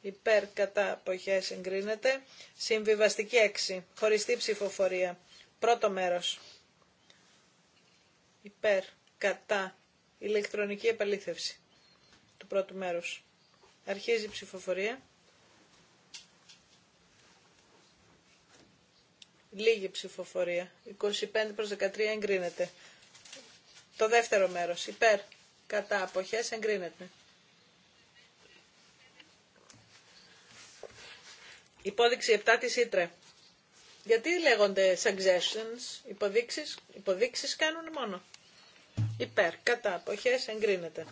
Υπέρ κατά αποχές εγκρίνεται. Συμβιβαστική 6. Χωριστή ψηφοφορία. Πρώτο μέρος. Υπέρ κατά ηλεκτρονική επαλήθευση του πρώτου μέρους. Αρχίζει η ψηφοφορία. Λίγη ψηφοφορία. 25 προς 13 εγκρίνεται. Το δεύτερο μέρος. Υπέρ. Κατά αποχές εγκρίνεται. Υπόδειξη 7 της Ήτρε. Γιατί λέγονται suggestions, υποδείξεις, υποδείξεις κάνουν μόνο. Υπέρ, κατά, αποχές, εγκρίνεται.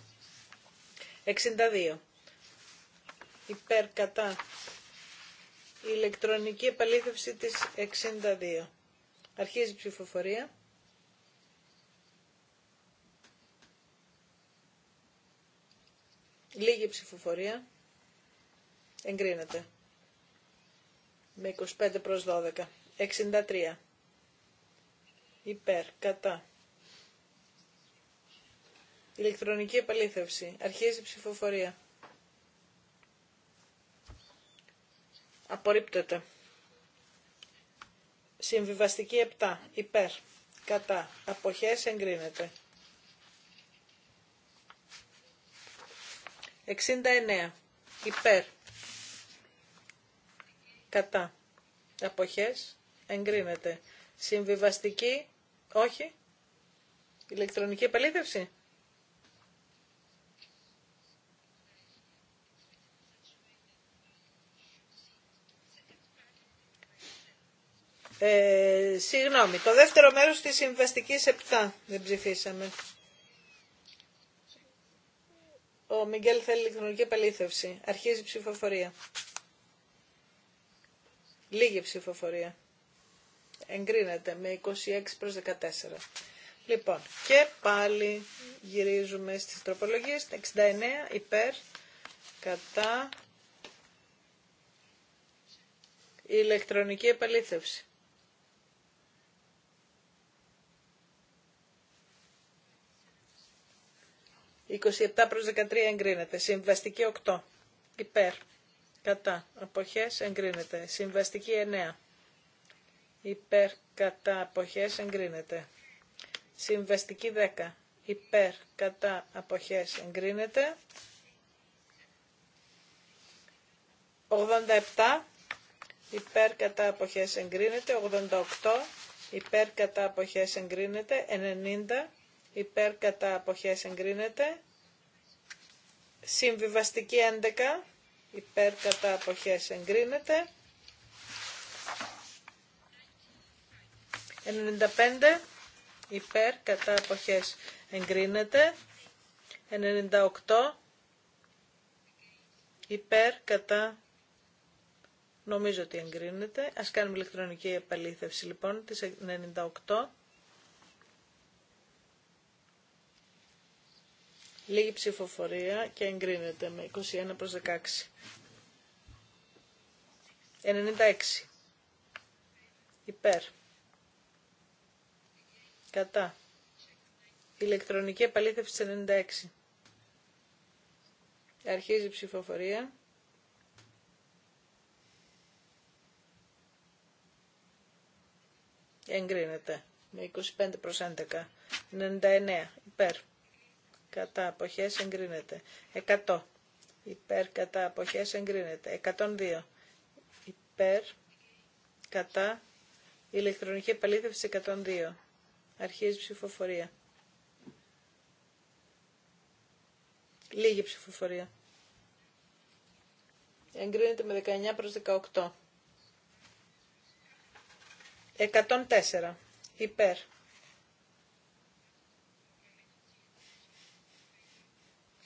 62. Υπέρ, κατά, η ηλεκτρονική επαλήθευση της 62. Αρχίζει η ψηφοφορία. Λίγη ψηφοφορία. Εγκρίνεται. Με 25 προς 12. 63. Υπέρ. Κατά. Ηλεκτρονική επαλήθευση. Αρχίζει η ψηφοφορία. Απορρίπτεται. Συμβιβαστική 7. Υπέρ. Κατά. Αποχές εγκρίνεται. 69. Υπέρ. Κατά. Αποχές εγκρίνεται. Συμβιβαστική. Όχι. Ηλεκτρονική επαλήθευση. Ε, συγγνώμη, το δεύτερο μέρος της συμβαστικής 7 δεν ψηφίσαμε. Ο Μιγγέλ θέλει ηλεκτρονική επαλήθευση. Αρχίζει η ψηφοφορία. Λίγη ψηφοφορία. Εγκρίνεται με 26 προς 14. Λοιπόν, και πάλι γυρίζουμε στις τροπολογίες. 69 υπέρ, κατά, ηλεκτρονική επαλήθευση. 27 προς 13 εγκρίνεται. Συμβαστική 8. Υπέρ. Κατά. Αποχές εγκρίνεται. Συμβαστική 9. Υπέρ. Κατά. Αποχές εγκρίνεται. Συμβαστική 10. Υπέρ. Κατά. Αποχές εγκρίνεται. 87. Υπέρ. Κατά. Αποχές εγκρίνεται. 88. Υπέρ κατά αποχές εγκρίνεται 90 υπέρ κατά αποχές εγκρίνεται. Συμβιβαστική 11 υπέρ κατά αποχές εγκρίνεται. 95 υπέρ κατά αποχές εγκρίνεται. 98 υπέρ κατά νομίζω ότι εγκρίνεται. Ας κάνουμε ηλεκτρονική επαλήθευση λοιπόν της 98. Λίγη ψηφοφορία και εγκρίνεται με 21 προς 16. 96. Υπέρ. Κατά. Ηλεκτρονική επαλήθευση 96. Αρχίζει η ψηφοφορία. Εγκρίνεται με 25 προς 11. 99. Υπέρ κατά αποχές εγκρίνεται. 100 υπέρ κατά αποχέ εγκρίνεται. 102 υπέρ κατά ηλεκτρονική επαλήθευση 102. Αρχίζει ψηφοφορία. Λίγη ψηφοφορία. Εγκρίνεται με 19 προς 18. 104. Υπέρ.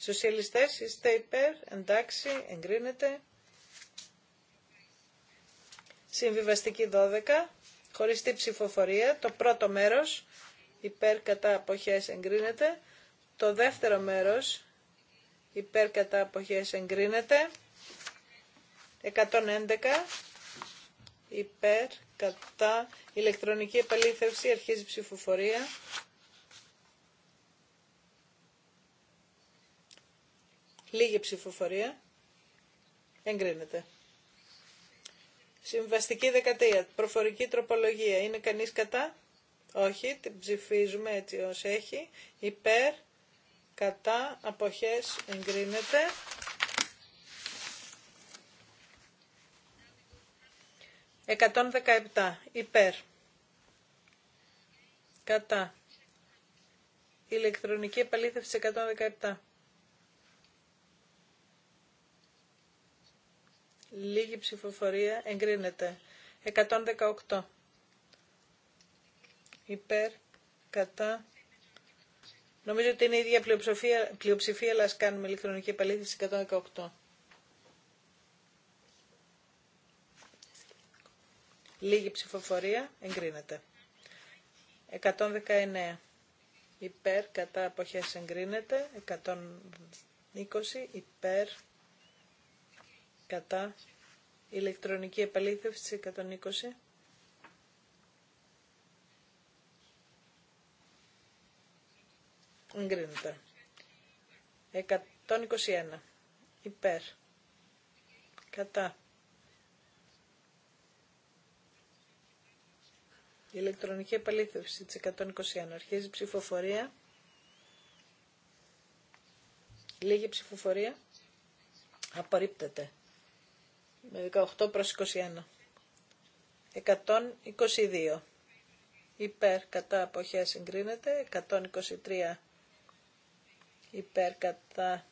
Σοσιαλιστές είστε υπέρ, εντάξει, εγκρίνεται. Συμβιβαστική 12, χωριστή ψηφοφορία, το πρώτο μέρος, υπέρ κατά αποχές εγκρίνεται. Το δεύτερο μέρος, υπέρ κατά αποχές εγκρίνεται. 111, υπέρ κατά ηλεκτρονική επαλήθευση, αρχίζει ψηφοφορία. Λίγη ψηφοφορία. Εγκρίνεται. Συμβαστική δεκατεία. Προφορική τροπολογία. Είναι κανείς κατά. Όχι. Την ψηφίζουμε έτσι ως έχει. Υπέρ. Κατά. Αποχές. Εγκρίνεται. Εκατόν δεκαεπτά. Υπέρ. Κατά. Ηλεκτρονική επαλήθευση 117. Λίγη ψηφοφορία εγκρίνεται. 118. Υπέρ, κατά. Νομίζω ότι είναι η ίδια πλειοψηφία, πλειοψηφία αλλά ας κάνουμε ηλεκτρονική επαλήθηση. 118. Λίγη ψηφοφορία εγκρίνεται. 119. Υπέρ, κατά αποχές εγκρίνεται. 120. Υπέρ, κατά ηλεκτρονική επαλήθευση 120. Εγκρίνεται. 121. Υπέρ. Κατά. Ηλεκτρονική επαλήθευση της 121. Αρχίζει ψηφοφορία. Λίγη ψηφοφορία. Απορρίπτεται με 18 προς 21. 122 υπέρ κατά αποχέα συγκρίνεται, 123 υπέρ κατά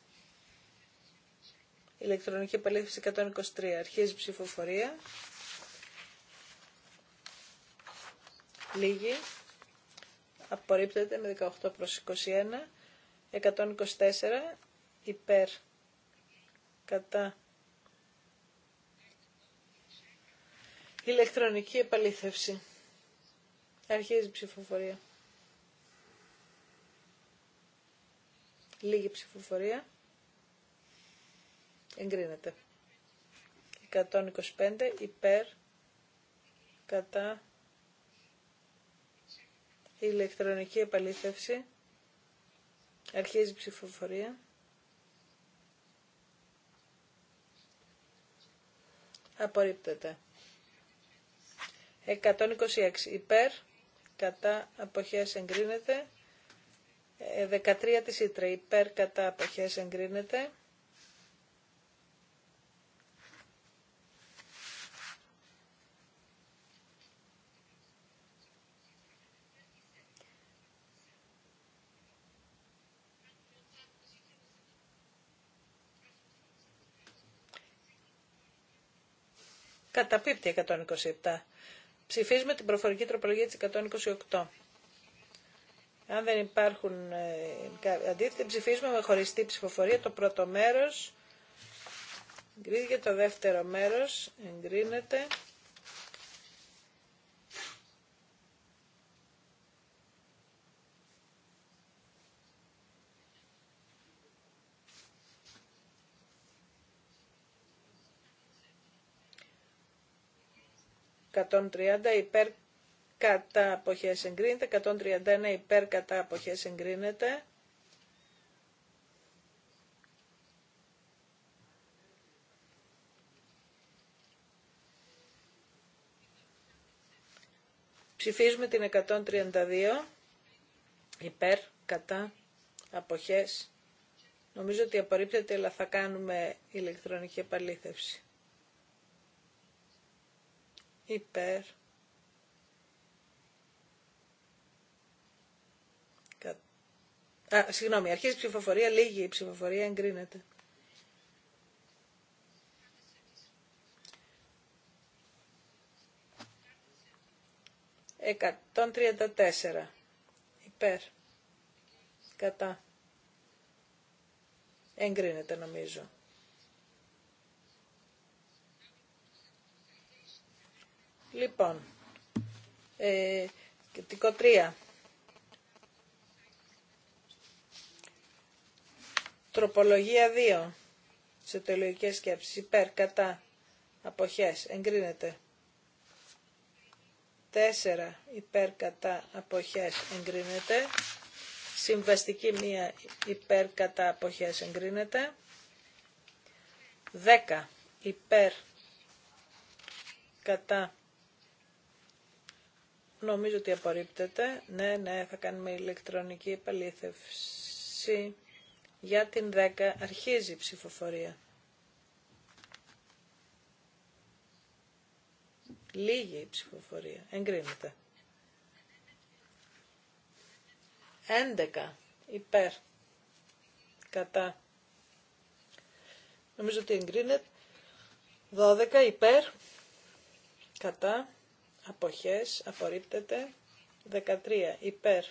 ηλεκτρονική επαλήθευση 123 αρχίζει ψηφοφορία. Λίγη. Απορρίπτεται με 18 προς 21. 124 υπέρ κατά ηλεκτρονική επαλήθευση. Αρχίζει η ψηφοφορία. Λίγη ψηφοφορία. Εγκρίνεται. 125 υπέρ κατά ηλεκτρονική επαλήθευση. Αρχίζει η ψηφοφορία. Απορρίπτεται. 126 υπέρ, κατά αποχές εγκρίνεται. 13 ε, της ίτρα υπέρ, κατά αποχές εγκρίνεται. 127. Ψηφίζουμε την προφορική τροπολογία της 128. Αν δεν υπάρχουν ε, αντίθετα, ψηφίζουμε με χωριστή ψηφοφορία το πρώτο μέρος. Εγκρίνεται το δεύτερο μέρος. Εγκρίνεται. 130 υπέρ κατά αποχές εγκρίνεται, 131 υπέρ κατά αποχές εγκρίνεται. Ψηφίζουμε την 132 υπέρ κατά αποχές. Νομίζω ότι απορρίπτεται, αλλά θα κάνουμε ηλεκτρονική επαλήθευση υπέρ Α, συγγνώμη, αρχίζει η ψηφοφορία, λίγη η ψηφοφορία, εγκρίνεται. Εκατόν τριάντα τέσσερα. Υπέρ. Κατά. Εγκρίνεται νομίζω. Λοιπόν, ε, κριτικό 3. Τροπολογία 2. Σε τελειωτικές σκέψεις. Υπέρ, κατά, αποχές. Εγκρίνεται. 4. Υπέρ, κατά, αποχές. Εγκρίνεται. Συμβαστική 1. Υπέρ, κατά, αποχές. Εγκρίνεται. 10. Υπέρ, κατά, Νομίζω ότι απορρίπτεται. Ναι, ναι, θα κάνουμε ηλεκτρονική επαλήθευση. Για την 10 αρχίζει η ψηφοφορία. Λίγη η ψηφοφορία. Εγκρίνεται. 11 υπέρ. Κατά. Νομίζω ότι εγκρίνεται. 12 υπέρ. Κατά αποχές απορρίπτεται 13 υπέρ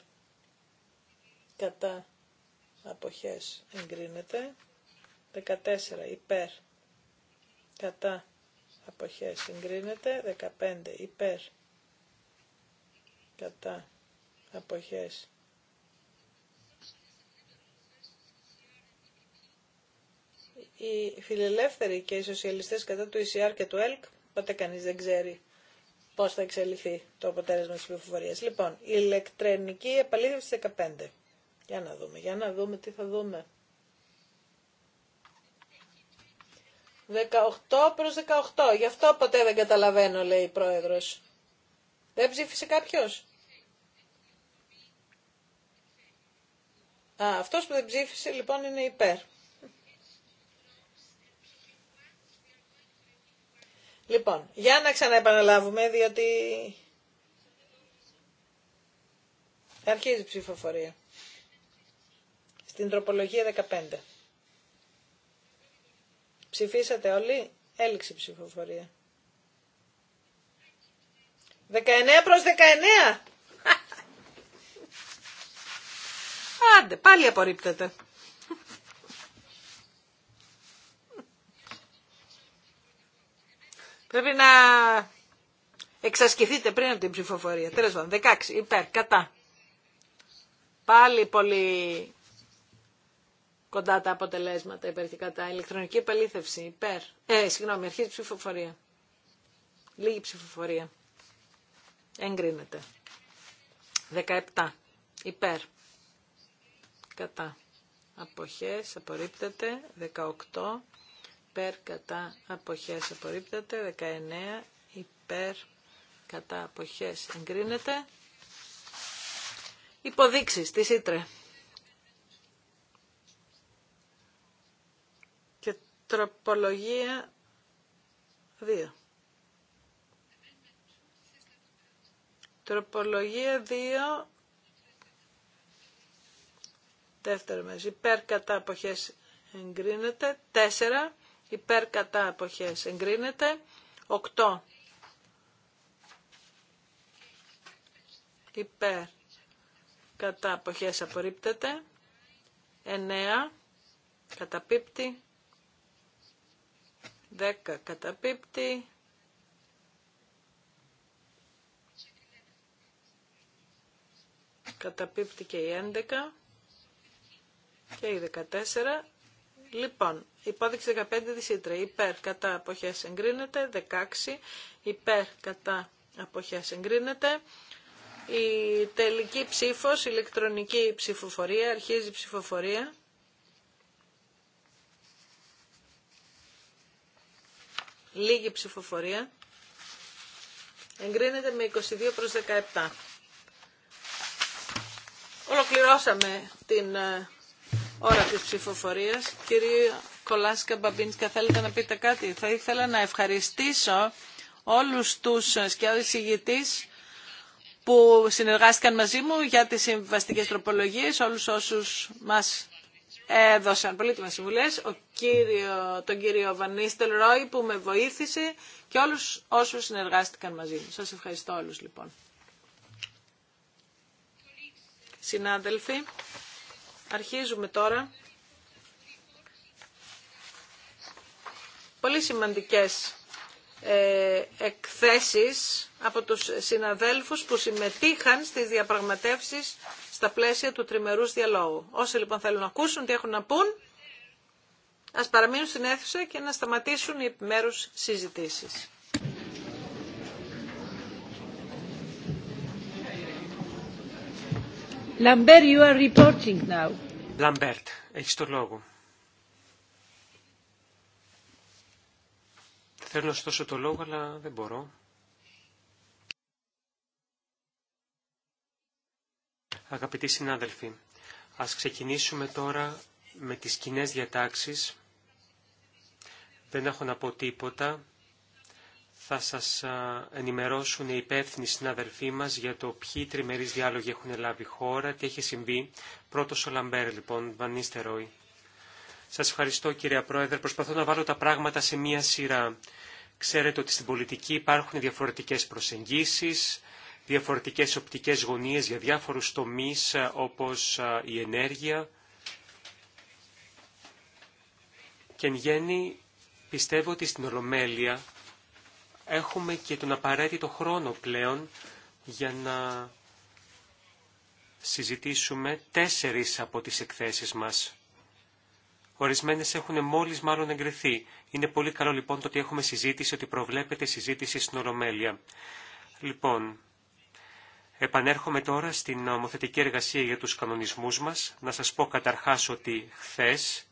κατά αποχές εγκρίνεται 14 υπέρ κατά αποχές εγκρίνεται 15 υπέρ κατά αποχές Οι φιλελεύθεροι και οι σοσιαλιστές κατά του ECR και του ΕΛΚ, ποτέ κανείς δεν ξέρει Πώ θα εξελιχθεί το αποτέλεσμα τη πληροφορία. Λοιπόν, η ηλεκτρονική επαλήθευση 15. Για να δούμε, για να δούμε τι θα δούμε. 18 προς 18. Γι' αυτό ποτέ δεν καταλαβαίνω, λέει η πρόεδρος. Δεν ψήφισε κάποιος. Α, αυτός που δεν ψήφισε λοιπόν είναι υπέρ. Λοιπόν, για να ξαναεπαναλάβουμε, διότι αρχίζει η ψηφοφορία. Στην τροπολογία 15. Ψηφίσατε όλοι, έληξε ψηφοφορία. 19 προς 19! Άντε, πάλι απορρίπτεται. Πρέπει να εξασκηθείτε πριν από την ψηφοφορία. Τέλο πάντων, 16 υπέρ, κατά. Πάλι πολύ κοντά τα αποτελέσματα υπέρ και κατά. Ηλεκτρονική επαλήθευση υπέρ. Ε, συγγνώμη, αρχίζει ψηφοφορία. Λίγη ψηφοφορία. Εγκρίνεται. 17 υπέρ. Κατά. Αποχές, απορρίπτεται. 18 υπέρ κατά αποχές απορρίπτεται, 19 υπέρ κατά αποχές εγκρίνεται. Υποδείξεις τη Ήτρε. Και τροπολογία 2. Τροπολογία 2, δεύτερο μέρος, υπέρ κατά αποχές εγκρίνεται, 4 υπέρ κατά εποχές εγκρίνεται. 8 υπέρ κατά εποχές απορρίπτεται. 9 καταπίπτει. 10 καταπίπτει. Καταπίπτει και η 11 και η 14. Λοιπόν, Υπόδειξη 15 της Υπέρ κατά αποχές εγκρίνεται. 16. Υπέρ κατά αποχές εγκρίνεται. Η τελική ψήφος, ηλεκτρονική ψηφοφορία, αρχίζει η ψηφοφορία. Λίγη ψηφοφορία. Εγκρίνεται με 22 προς 17. Ολοκληρώσαμε την ε, ώρα της ψηφοφορίας. Κυρία Κολάσκα Μπαμπίνσκα, θέλετε να πείτε κάτι. Θα ήθελα να ευχαριστήσω όλους τους σκιάδες που συνεργάστηκαν μαζί μου για τις συμβαστικέ τροπολογίες, όλους όσους μας έδωσαν πολύτιμες συμβουλές, ο κύριο, τον κύριο Βανίστελ Ρόι που με βοήθησε και όλους όσους συνεργάστηκαν μαζί μου. Σας ευχαριστώ όλους λοιπόν. Συνάδελφοι, αρχίζουμε τώρα πολύ σημαντικές ε, εκθέσεις από τους συναδέλφους που συμμετείχαν στις διαπραγματεύσεις στα πλαίσια του τριμερούς διαλόγου. Όσοι λοιπόν θέλουν να ακούσουν τι έχουν να πούν, ας παραμείνουν στην αίθουσα και να σταματήσουν οι επιμέρους συζητήσεις. Lambert, you are reporting now. Lambert, έχεις το λόγο. Θέλω να σου το λόγο, αλλά δεν μπορώ. Αγαπητοί συνάδελφοι, ας ξεκινήσουμε τώρα με τις κοινέ διατάξεις. Δεν έχω να πω τίποτα. Θα σας ενημερώσουν οι υπεύθυνοι συναδελφοί μας για το ποιοι τριμερείς διάλογοι έχουν λάβει χώρα, τι έχει συμβεί. Πρώτος ο Λαμπέρ, λοιπόν, Βανίστερόι. Σας ευχαριστώ κύριε Πρόεδρε. Προσπαθώ να βάλω τα πράγματα σε μία σειρά. Ξέρετε ότι στην πολιτική υπάρχουν διαφορετικές προσεγγίσεις, διαφορετικές οπτικές γωνίες για διάφορους τομείς ε, όπως ε, η ενέργεια. Και εν γέννη πιστεύω ότι στην Ολομέλεια έχουμε και τον απαραίτητο χρόνο πλέον για να συζητήσουμε τέσσερις από τις εκθέσεις μας. Ορισμένε έχουν μόλις μάλλον εγκριθεί. Είναι πολύ καλό λοιπόν το ότι έχουμε συζήτηση, ότι προβλέπεται συζήτηση στην Ολομέλεια. Λοιπόν, επανέρχομαι τώρα στην νομοθετική εργασία για τους κανονισμούς μας. Να σας πω καταρχάς ότι χθες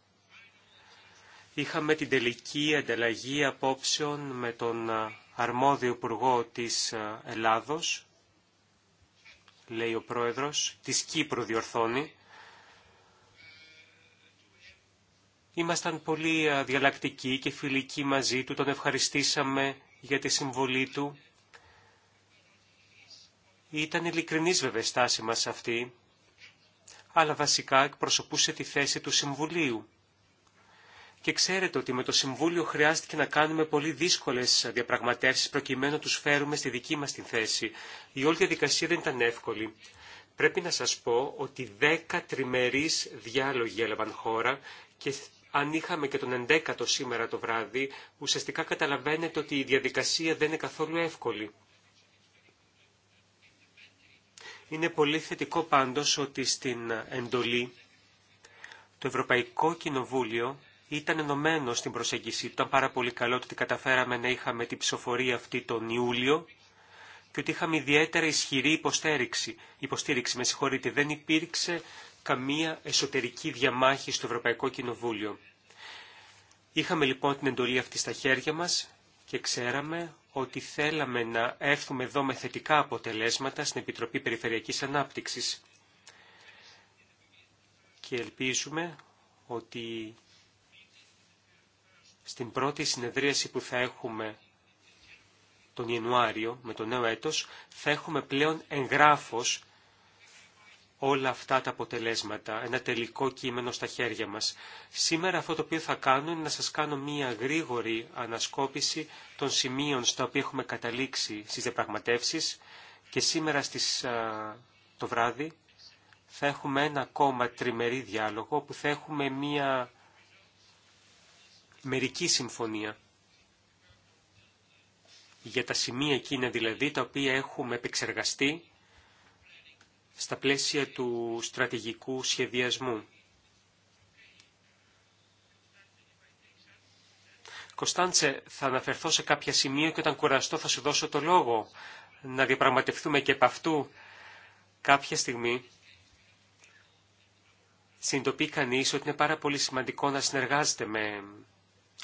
είχαμε την τελική ανταλλαγή απόψεων με τον αρμόδιο υπουργό της Ελλάδος, λέει ο πρόεδρος, της Κύπρου διορθώνει, Ήμασταν πολύ διαλλακτικοί και φιλικοί μαζί του, τον ευχαριστήσαμε για τη συμβολή του. Ήταν ειλικρινής βέβαια στάση μας αυτή, αλλά βασικά εκπροσωπούσε τη θέση του Συμβουλίου. Και ξέρετε ότι με το Συμβούλιο χρειάστηκε να κάνουμε πολύ δύσκολες διαπραγματεύσεις προκειμένου να τους φέρουμε στη δική μας την θέση. Η όλη διαδικασία δεν ήταν εύκολη. Πρέπει να σας πω ότι δέκα τριμερείς διάλογοι έλαβαν χώρα και αν είχαμε και τον 11ο σήμερα το βράδυ, ουσιαστικά καταλαβαίνετε ότι η διαδικασία δεν είναι καθόλου εύκολη. Είναι πολύ θετικό πάντως ότι στην εντολή το Ευρωπαϊκό Κοινοβούλιο ήταν ενωμένο στην προσέγγιση. Ήταν πάρα πολύ καλό ότι καταφέραμε να είχαμε την ψηφοφορία αυτή τον Ιούλιο και ότι είχαμε ιδιαίτερα ισχυρή υποστήριξη. υποστήριξη με συγχωρείτε, δεν υπήρξε καμία εσωτερική διαμάχη στο Ευρωπαϊκό Κοινοβούλιο. Είχαμε λοιπόν την εντολή αυτή στα χέρια μας και ξέραμε ότι θέλαμε να έρθουμε εδώ με θετικά αποτελέσματα στην Επιτροπή Περιφερειακής Ανάπτυξης. Και ελπίζουμε ότι στην πρώτη συνεδρίαση που θα έχουμε τον Ιανουάριο με το νέο έτος θα έχουμε πλέον εγγράφος όλα αυτά τα αποτελέσματα, ένα τελικό κείμενο στα χέρια μας. Σήμερα αυτό το οποίο θα κάνω είναι να σας κάνω μία γρήγορη ανασκόπηση των σημείων στα οποία έχουμε καταλήξει στις διαπραγματεύσει και σήμερα στις, το βράδυ θα έχουμε ένα ακόμα τριμερή διάλογο που θα έχουμε μία μερική συμφωνία για τα σημεία εκείνα δηλαδή τα οποία έχουμε επεξεργαστεί στα πλαίσια του στρατηγικού σχεδιασμού. Κωνσταντσε, θα αναφερθώ σε κάποια σημεία και όταν κουραστώ θα σου δώσω το λόγο να διαπραγματευτούμε και επ' αυτού κάποια στιγμή. Συνειδητοποιεί κανεί ότι είναι πάρα πολύ σημαντικό να συνεργάζεται με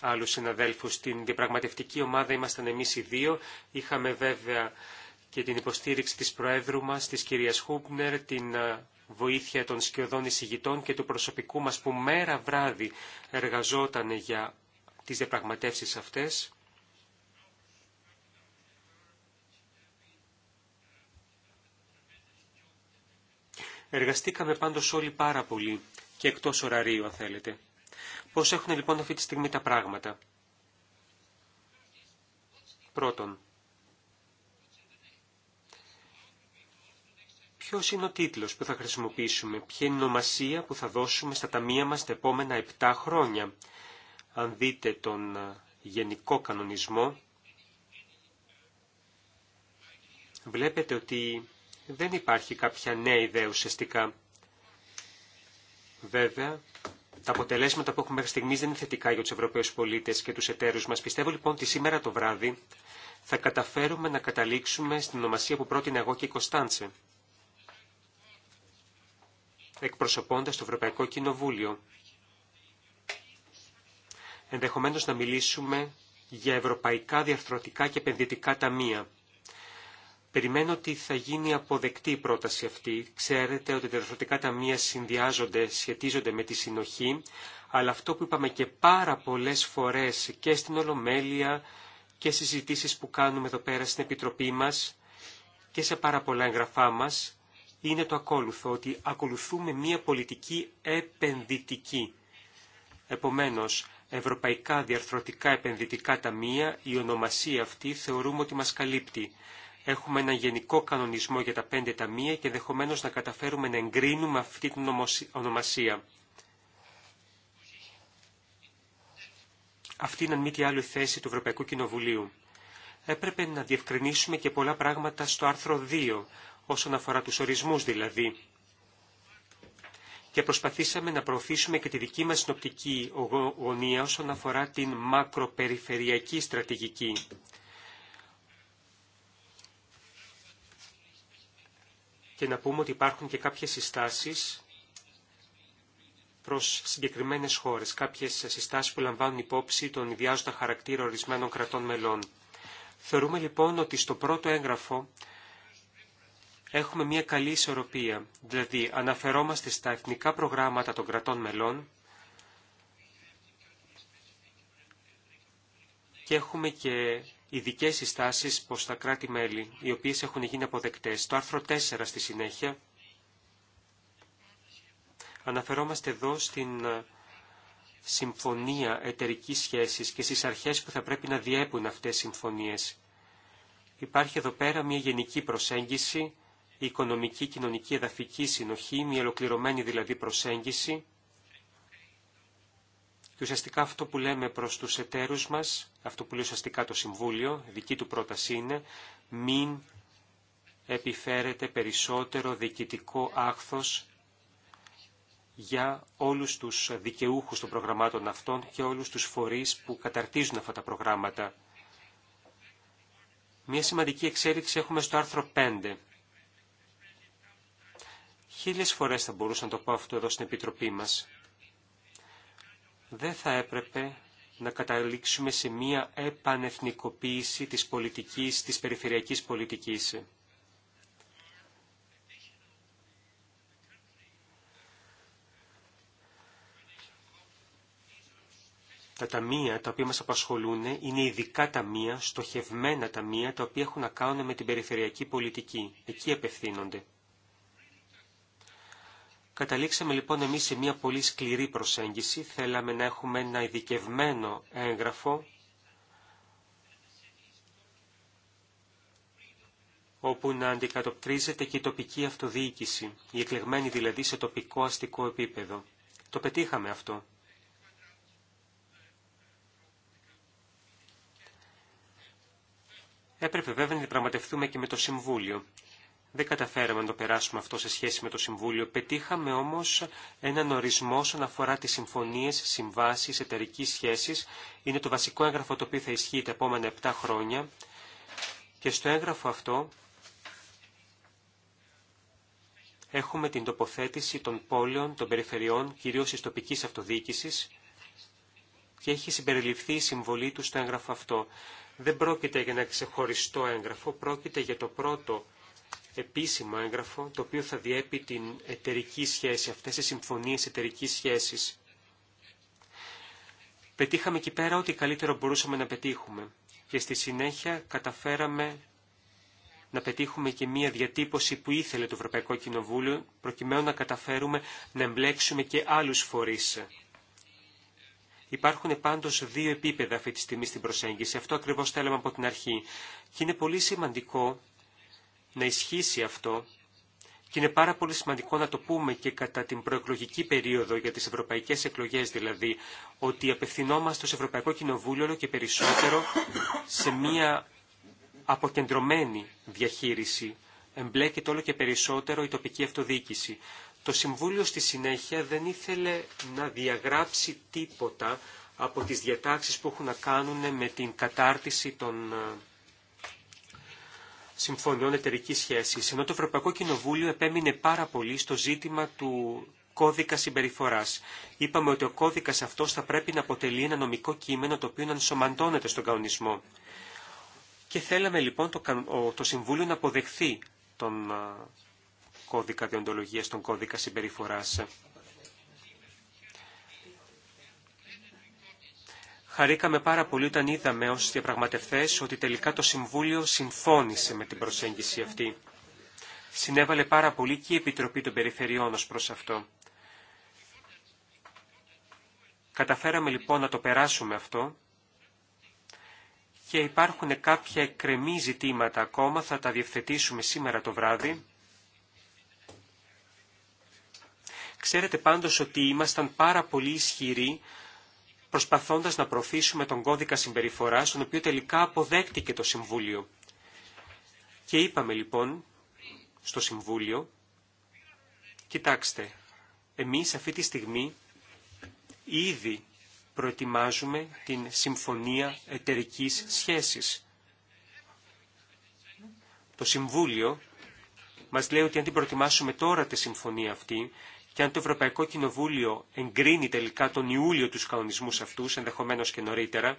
άλλους συναδέλφους. Στην διαπραγματευτική ομάδα ήμασταν εμείς οι δύο. Είχαμε βέβαια και την υποστήριξη της Προέδρου μας, της κυρίας Χούμπνερ, την ε, βοήθεια των σκιωδών εισηγητών και του προσωπικού μας που μέρα βράδυ εργαζόταν για τις διαπραγματεύσεις αυτές. Εργαστήκαμε πάντως όλοι πάρα πολύ και εκτός ωραρίου αν θέλετε. Πώς έχουν λοιπόν αυτή τη στιγμή τα πράγματα. Πρώτον, Ποιος είναι ο τίτλος που θα χρησιμοποιήσουμε, ποια είναι η ονομασία που θα δώσουμε στα ταμεία μας τα επόμενα 7 χρόνια. Αν δείτε τον ε, γενικό κανονισμό, βλέπετε ότι δεν υπάρχει κάποια νέα ιδέα ουσιαστικά. Βέβαια, τα αποτελέσματα που έχουμε μέχρι στιγμή δεν είναι θετικά για του Ευρωπαίου πολίτε και του εταίρου μα. Πιστεύω λοιπόν ότι σήμερα το βράδυ θα καταφέρουμε να καταλήξουμε στην ονομασία που πρότεινα εγώ και η Κωνσταντσε εκπροσωπώντας το Ευρωπαϊκό Κοινοβούλιο. Ενδεχομένως να μιλήσουμε για ευρωπαϊκά διαρθρωτικά και επενδυτικά ταμεία. Περιμένω ότι θα γίνει αποδεκτή η πρόταση αυτή. Ξέρετε ότι τα διαρθρωτικά ταμεία συνδυάζονται, σχετίζονται με τη συνοχή, αλλά αυτό που είπαμε και πάρα πολλές φορές και στην Ολομέλεια και στις συζητήσεις που κάνουμε εδώ πέρα στην Επιτροπή μας και σε πάρα πολλά εγγραφά μας, είναι το ακόλουθο, ότι ακολουθούμε μία πολιτική επενδυτική. Επομένως, Ευρωπαϊκά Διαρθρωτικά Επενδυτικά Ταμεία, η ονομασία αυτή θεωρούμε ότι μας καλύπτει. Έχουμε ένα γενικό κανονισμό για τα πέντε ταμεία και ενδεχομένω να καταφέρουμε να εγκρίνουμε αυτή την ονομασία. Αυτή είναι αν μη τι άλλο η θέση του Ευρωπαϊκού Κοινοβουλίου. Έπρεπε να διευκρινίσουμε και πολλά πράγματα στο άρθρο 2, όσον αφορά τους ορισμούς δηλαδή. Και προσπαθήσαμε να προωθήσουμε και τη δική μας συνοπτική γωνία όσον αφορά την μακροπεριφερειακή στρατηγική. Και να πούμε ότι υπάρχουν και κάποιες συστάσεις προς συγκεκριμένες χώρες, κάποιες συστάσεις που λαμβάνουν υπόψη τον ιδιάζοντα χαρακτήρα ορισμένων κρατών μελών. Θεωρούμε λοιπόν ότι στο πρώτο έγγραφο έχουμε μια καλή ισορροπία. Δηλαδή, αναφερόμαστε στα εθνικά προγράμματα των κρατών μελών και έχουμε και ειδικέ συστάσεις προς τα κράτη-μέλη, οι οποίες έχουν γίνει αποδεκτές. Το άρθρο 4 στη συνέχεια αναφερόμαστε εδώ στην ε, συμφωνία εταιρικής σχέσης και στις αρχές που θα πρέπει να διέπουν αυτές οι συμφωνίες. Υπάρχει εδώ πέρα μια γενική προσέγγιση η οικονομική, κοινωνική, εδαφική συνοχή, μια ολοκληρωμένη δηλαδή προσέγγιση. Και ουσιαστικά αυτό που λέμε προς τους εταίρους μας, αυτό που λέει ουσιαστικά το Συμβούλιο, δική του πρόταση είναι, μην επιφέρεται περισσότερο διοικητικό άχθος για όλους τους δικαιούχους των προγραμμάτων αυτών και όλους τους φορείς που καταρτίζουν αυτά τα προγράμματα. Μία σημαντική εξέλιξη έχουμε στο άρθρο 5. Χίλιες φορές θα μπορούσα να το πω αυτό εδώ στην Επιτροπή μας. Δεν θα έπρεπε να καταλήξουμε σε μία επανεθνικοποίηση της πολιτικής, της περιφερειακής πολιτικής. Τα ταμεία τα οποία μας απασχολούν είναι ειδικά ταμεία, στοχευμένα ταμεία, τα οποία έχουν να κάνουν με την περιφερειακή πολιτική. Εκεί απευθύνονται. Καταλήξαμε λοιπόν εμείς σε μια πολύ σκληρή προσέγγιση. Θέλαμε να έχουμε ένα ειδικευμένο έγγραφο όπου να αντικατοπτρίζεται και η τοπική αυτοδιοίκηση, η εκλεγμένη δηλαδή σε τοπικό αστικό επίπεδο. Το πετύχαμε αυτό. Έπρεπε βέβαια να διαπραγματευτούμε και με το Συμβούλιο. Δεν καταφέραμε να το περάσουμε αυτό σε σχέση με το Συμβούλιο. Πετύχαμε όμως έναν ορισμό όσον αφορά τις συμφωνίες, συμβάσεις, εταιρική σχέσεις. Είναι το βασικό έγγραφο το οποίο θα ισχύει τα επόμενα 7 χρόνια. Και στο έγγραφο αυτό έχουμε την τοποθέτηση των πόλεων, των περιφερειών, κυρίως της τοπικής αυτοδιοίκηση και έχει συμπεριληφθεί η συμβολή του στο έγγραφο αυτό. Δεν πρόκειται για ένα ξεχωριστό έγγραφο, πρόκειται για το πρώτο επίσημο έγγραφο το οποίο θα διέπει την εταιρική σχέση, αυτές οι συμφωνίες εταιρική σχέσης. Πετύχαμε εκεί πέρα ό,τι καλύτερο μπορούσαμε να πετύχουμε και στη συνέχεια καταφέραμε να πετύχουμε και μία διατύπωση που ήθελε το Ευρωπαϊκό Κοινοβούλιο προκειμένου να καταφέρουμε να εμπλέξουμε και άλλους φορείς. Υπάρχουν πάντως δύο επίπεδα αυτή τη στιγμή στην προσέγγιση. Αυτό ακριβώς θέλαμε από την αρχή. Και είναι πολύ σημαντικό να ισχύσει αυτό και είναι πάρα πολύ σημαντικό να το πούμε και κατά την προεκλογική περίοδο για τις ευρωπαϊκές εκλογές δηλαδή, ότι απευθυνόμαστε στο Ευρωπαϊκό Κοινοβούλιο όλο και περισσότερο σε μία αποκεντρωμένη διαχείριση. Εμπλέκεται όλο και περισσότερο η τοπική αυτοδιοίκηση. Το Συμβούλιο στη συνέχεια δεν ήθελε να διαγράψει τίποτα από τις διατάξεις που έχουν να κάνουν με την κατάρτιση των ε, συμφωνιών εταιρική σχέση, ενώ το Ευρωπαϊκό Κοινοβούλιο επέμεινε πάρα πολύ στο ζήτημα του κώδικα συμπεριφορά. Είπαμε ότι ο κώδικα αυτό θα πρέπει να αποτελεί ένα νομικό κείμενο το οποίο να ενσωματώνεται στον κανονισμό. Και θέλαμε λοιπόν το, το Συμβούλιο να αποδεχθεί τον κώδικα διοντολογίας, τον κώδικα συμπεριφοράς. Χαρήκαμε πάρα πολύ όταν είδαμε ως διαπραγματευτές ότι τελικά το Συμβούλιο συμφώνησε με την προσέγγιση αυτή. Συνέβαλε πάρα πολύ και η Επιτροπή των Περιφερειών ως προς αυτό. Καταφέραμε λοιπόν να το περάσουμε αυτό και υπάρχουν κάποια εκκρεμή ζητήματα ακόμα, θα τα διευθετήσουμε σήμερα το βράδυ. Ξέρετε πάντως ότι ήμασταν πάρα πολύ ισχυροί προσπαθώντας να προωθήσουμε τον κώδικα συμπεριφοράς, τον οποίο τελικά αποδέχτηκε το Συμβούλιο. Και είπαμε λοιπόν στο Συμβούλιο, κοιτάξτε, εμείς αυτή τη στιγμή ήδη προετοιμάζουμε την Συμφωνία Εταιρικής Σχέσης. Το Συμβούλιο μας λέει ότι αν την προετοιμάσουμε τώρα τη συμφωνία αυτή, και αν το Ευρωπαϊκό Κοινοβούλιο εγκρίνει τελικά τον Ιούλιο τους κανονισμούς αυτούς, ενδεχομένως και νωρίτερα,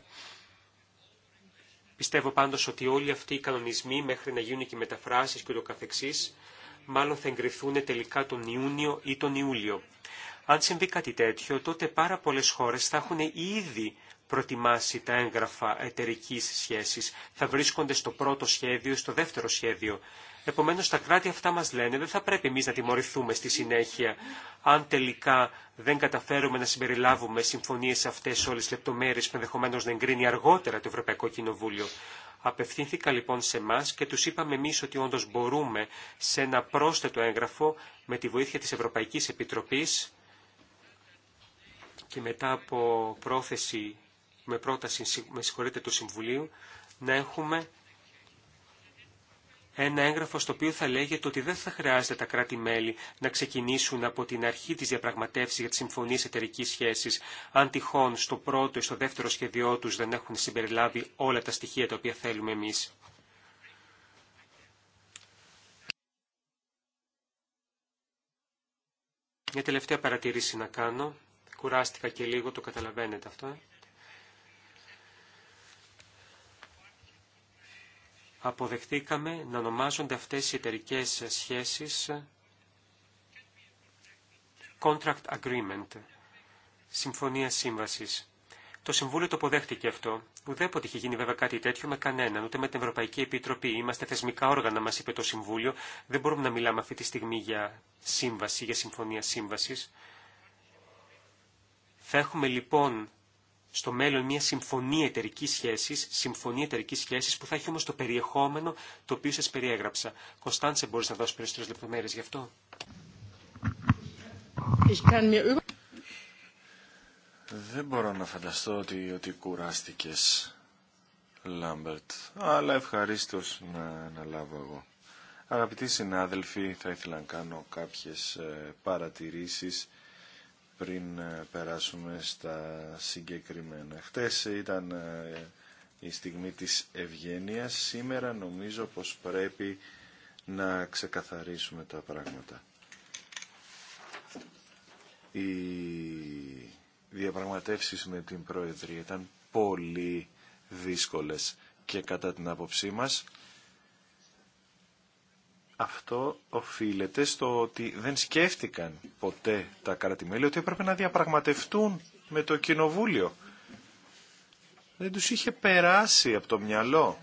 πιστεύω πάντως ότι όλοι αυτοί οι κανονισμοί μέχρι να γίνουν και οι μεταφράσεις και το καθεξής, μάλλον θα εγκριθούν τελικά τον Ιούνιο ή τον Ιούλιο. Αν συμβεί κάτι τέτοιο, τότε πάρα πολλές χώρες θα έχουν ήδη προτιμάσει τα έγγραφα εταιρική σχέσης. Θα βρίσκονται στο πρώτο σχέδιο, στο δεύτερο σχέδιο Επομένως τα κράτη αυτά μας λένε δεν θα πρέπει εμείς να τιμωρηθούμε στη συνέχεια αν τελικά δεν καταφέρουμε να συμπεριλάβουμε συμφωνίες αυτές όλες τις λεπτομέρειες που ενδεχομένω να εγκρίνει αργότερα το Ευρωπαϊκό Κοινοβούλιο. Απευθύνθηκα λοιπόν σε εμά και τους είπαμε εμείς ότι όντως μπορούμε σε ένα πρόσθετο έγγραφο με τη βοήθεια της Ευρωπαϊκής Επιτροπής και μετά από πρόθεση με πρόταση με συγχωρείτε του Συμβουλίου να έχουμε ένα έγγραφο στο οποίο θα λέγεται ότι δεν θα χρειάζεται τα κράτη-μέλη να ξεκινήσουν από την αρχή της διαπραγματεύση για τη Συμφωνία εταιρικής σχέσης, αν τυχόν στο πρώτο ή στο δεύτερο σχεδιό τους δεν έχουν συμπεριλάβει όλα τα στοιχεία τα οποία θέλουμε εμείς. Μια τελευταία παρατήρηση να κάνω. Κουράστηκα και λίγο, το καταλαβαίνετε αυτό. Ε? αποδεχτήκαμε να ονομάζονται αυτές οι εταιρικέ σχέσεις contract agreement, συμφωνία σύμβασης. Το Συμβούλιο το αποδέχτηκε αυτό. Ουδέποτε είχε γίνει βέβαια κάτι τέτοιο με κανέναν, ούτε με την Ευρωπαϊκή Επιτροπή. Είμαστε θεσμικά όργανα, μα είπε το Συμβούλιο. Δεν μπορούμε να μιλάμε αυτή τη στιγμή για σύμβαση, για συμφωνία σύμβαση. Θα έχουμε λοιπόν στο μέλλον μια συμφωνία εταιρική σχέση, συμφωνία εταιρική σχέση που θα έχει όμω το περιεχόμενο το οποίο σα περιέγραψα. Κωνσταντσε, μπορεί να δώσει περισσότερε λεπτομέρειε γι' αυτό. Δεν μπορώ να φανταστώ ότι, ότι κουράστηκε, Λάμπερτ, αλλά ευχαρίστω να λάβω εγώ. Αγαπητοί συνάδελφοι, θα ήθελα να κάνω κάποιες ε, παρατηρήσεις πριν ε, περάσουμε στα συγκεκριμένα. Χτες ήταν ε, η στιγμή της ευγένεια. Σήμερα νομίζω πως πρέπει να ξεκαθαρίσουμε τα πράγματα. Οι διαπραγματεύσεις με την πρόεδρη ήταν πολύ δύσκολες και κατά την άποψή μας αυτό οφείλεται στο ότι δεν σκέφτηκαν ποτέ τα κρατημέλη ότι έπρεπε να διαπραγματευτούν με το κοινοβούλιο. Δεν τους είχε περάσει από το μυαλό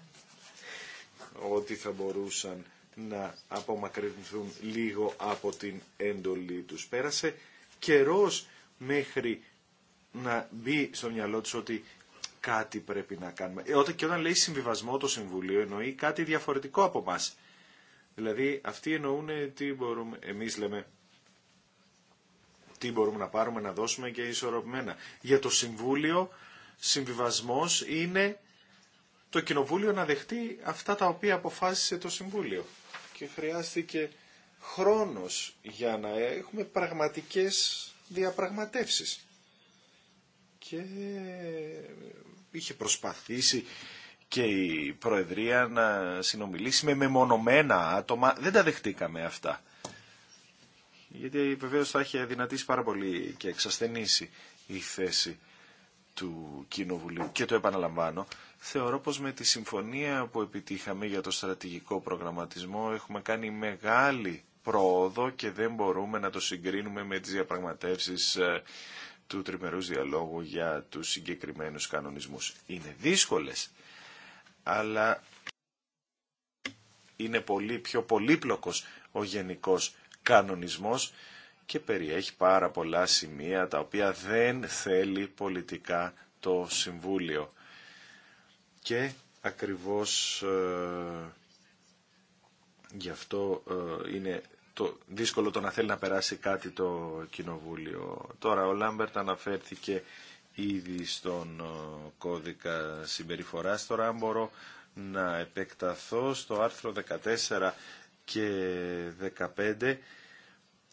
ότι θα μπορούσαν να απομακρυνθούν λίγο από την έντολή τους. Πέρασε καιρός μέχρι να μπει στο μυαλό τους ότι κάτι πρέπει να κάνουμε. Ε, και όταν λέει συμβιβασμό το Συμβουλίο εννοεί κάτι διαφορετικό από μας. Δηλαδή αυτοί εννοούν ε, τι μπορούμε, εμείς λέμε τι μπορούμε να πάρουμε να δώσουμε και ισορροπημένα. Για το Συμβούλιο συμβιβασμός είναι το Κοινοβούλιο να δεχτεί αυτά τα οποία αποφάσισε το Συμβούλιο. Και χρειάστηκε χρόνος για να έχουμε πραγματικές διαπραγματεύσεις. Και είχε προσπαθήσει και η Προεδρία να συνομιλήσει με μεμονωμένα άτομα. Δεν τα δεχτήκαμε αυτά. Γιατί βεβαίω θα έχει δυνατήσει πάρα πολύ και εξασθενήσει η θέση του Κοινοβουλίου και το επαναλαμβάνω. Θεωρώ πως με τη συμφωνία που επιτύχαμε για το στρατηγικό προγραμματισμό έχουμε κάνει μεγάλη πρόοδο και δεν μπορούμε να το συγκρίνουμε με τις διαπραγματεύσεις ε, του τριμερούς διαλόγου για τους συγκεκριμένους κανονισμούς. Είναι δύσκολες αλλά είναι πολύ πιο πολύπλοκος ο γενικός κανονισμός και περιέχει πάρα πολλά σημεία τα οποία δεν θέλει πολιτικά το Συμβούλιο. Και ακριβώς ε, γι' αυτό ε, είναι το δύσκολο το να θέλει να περάσει κάτι το Κοινοβούλιο. Τώρα ο Λάμπερτ αναφέρθηκε ήδη στον ε, κώδικα συμπεριφοράς. Τώρα μπορώ να επεκταθώ στο άρθρο 14 και 15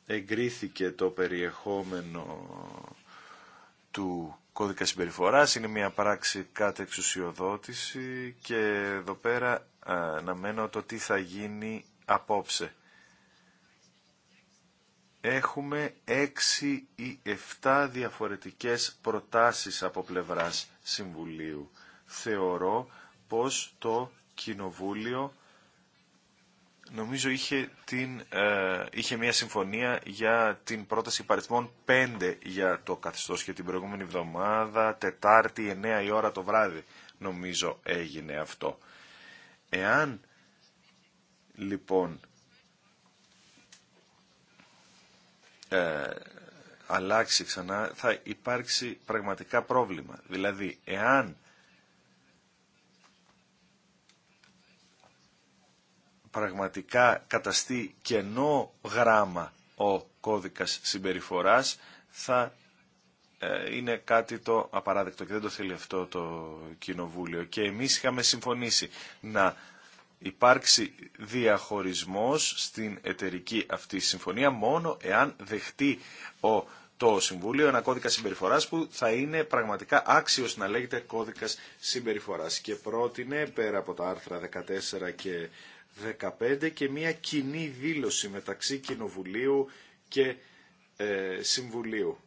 εγκρίθηκε το περιεχόμενο του κώδικα συμπεριφοράς, είναι μια πράξη κάτω εξουσιοδότηση και εδώ πέρα ε, αναμένω το τι θα γίνει απόψε έχουμε έξι ή εφτά διαφορετικές προτάσεις από πλευράς Συμβουλίου. Θεωρώ πως το Κοινοβούλιο νομίζω είχε, την, ε, είχε μια συμφωνία για την πρόταση παριθμών 5 για το καθεστώς και την προηγούμενη εβδομάδα, Τετάρτη, 9 η ώρα το βράδυ νομίζω έγινε αυτό. Εάν λοιπόν Ε, αλλάξει ξανά θα υπάρξει πραγματικά πρόβλημα. Δηλαδή, εάν πραγματικά καταστεί κενό γράμμα ο κώδικας συμπεριφοράς θα ε, είναι κάτι το απαράδεκτο και δεν το θέλει αυτό το κοινοβούλιο. Και εμείς είχαμε συμφωνήσει να υπάρξει διαχωρισμός στην εταιρική αυτή συμφωνία μόνο εάν δεχτεί ο το Συμβούλιο ένα κώδικα συμπεριφοράς που θα είναι πραγματικά άξιος να λέγεται κώδικας συμπεριφοράς και πρότεινε πέρα από τα άρθρα 14 και 15 και μια κοινή δήλωση μεταξύ Κοινοβουλίου και ε, Συμβουλίου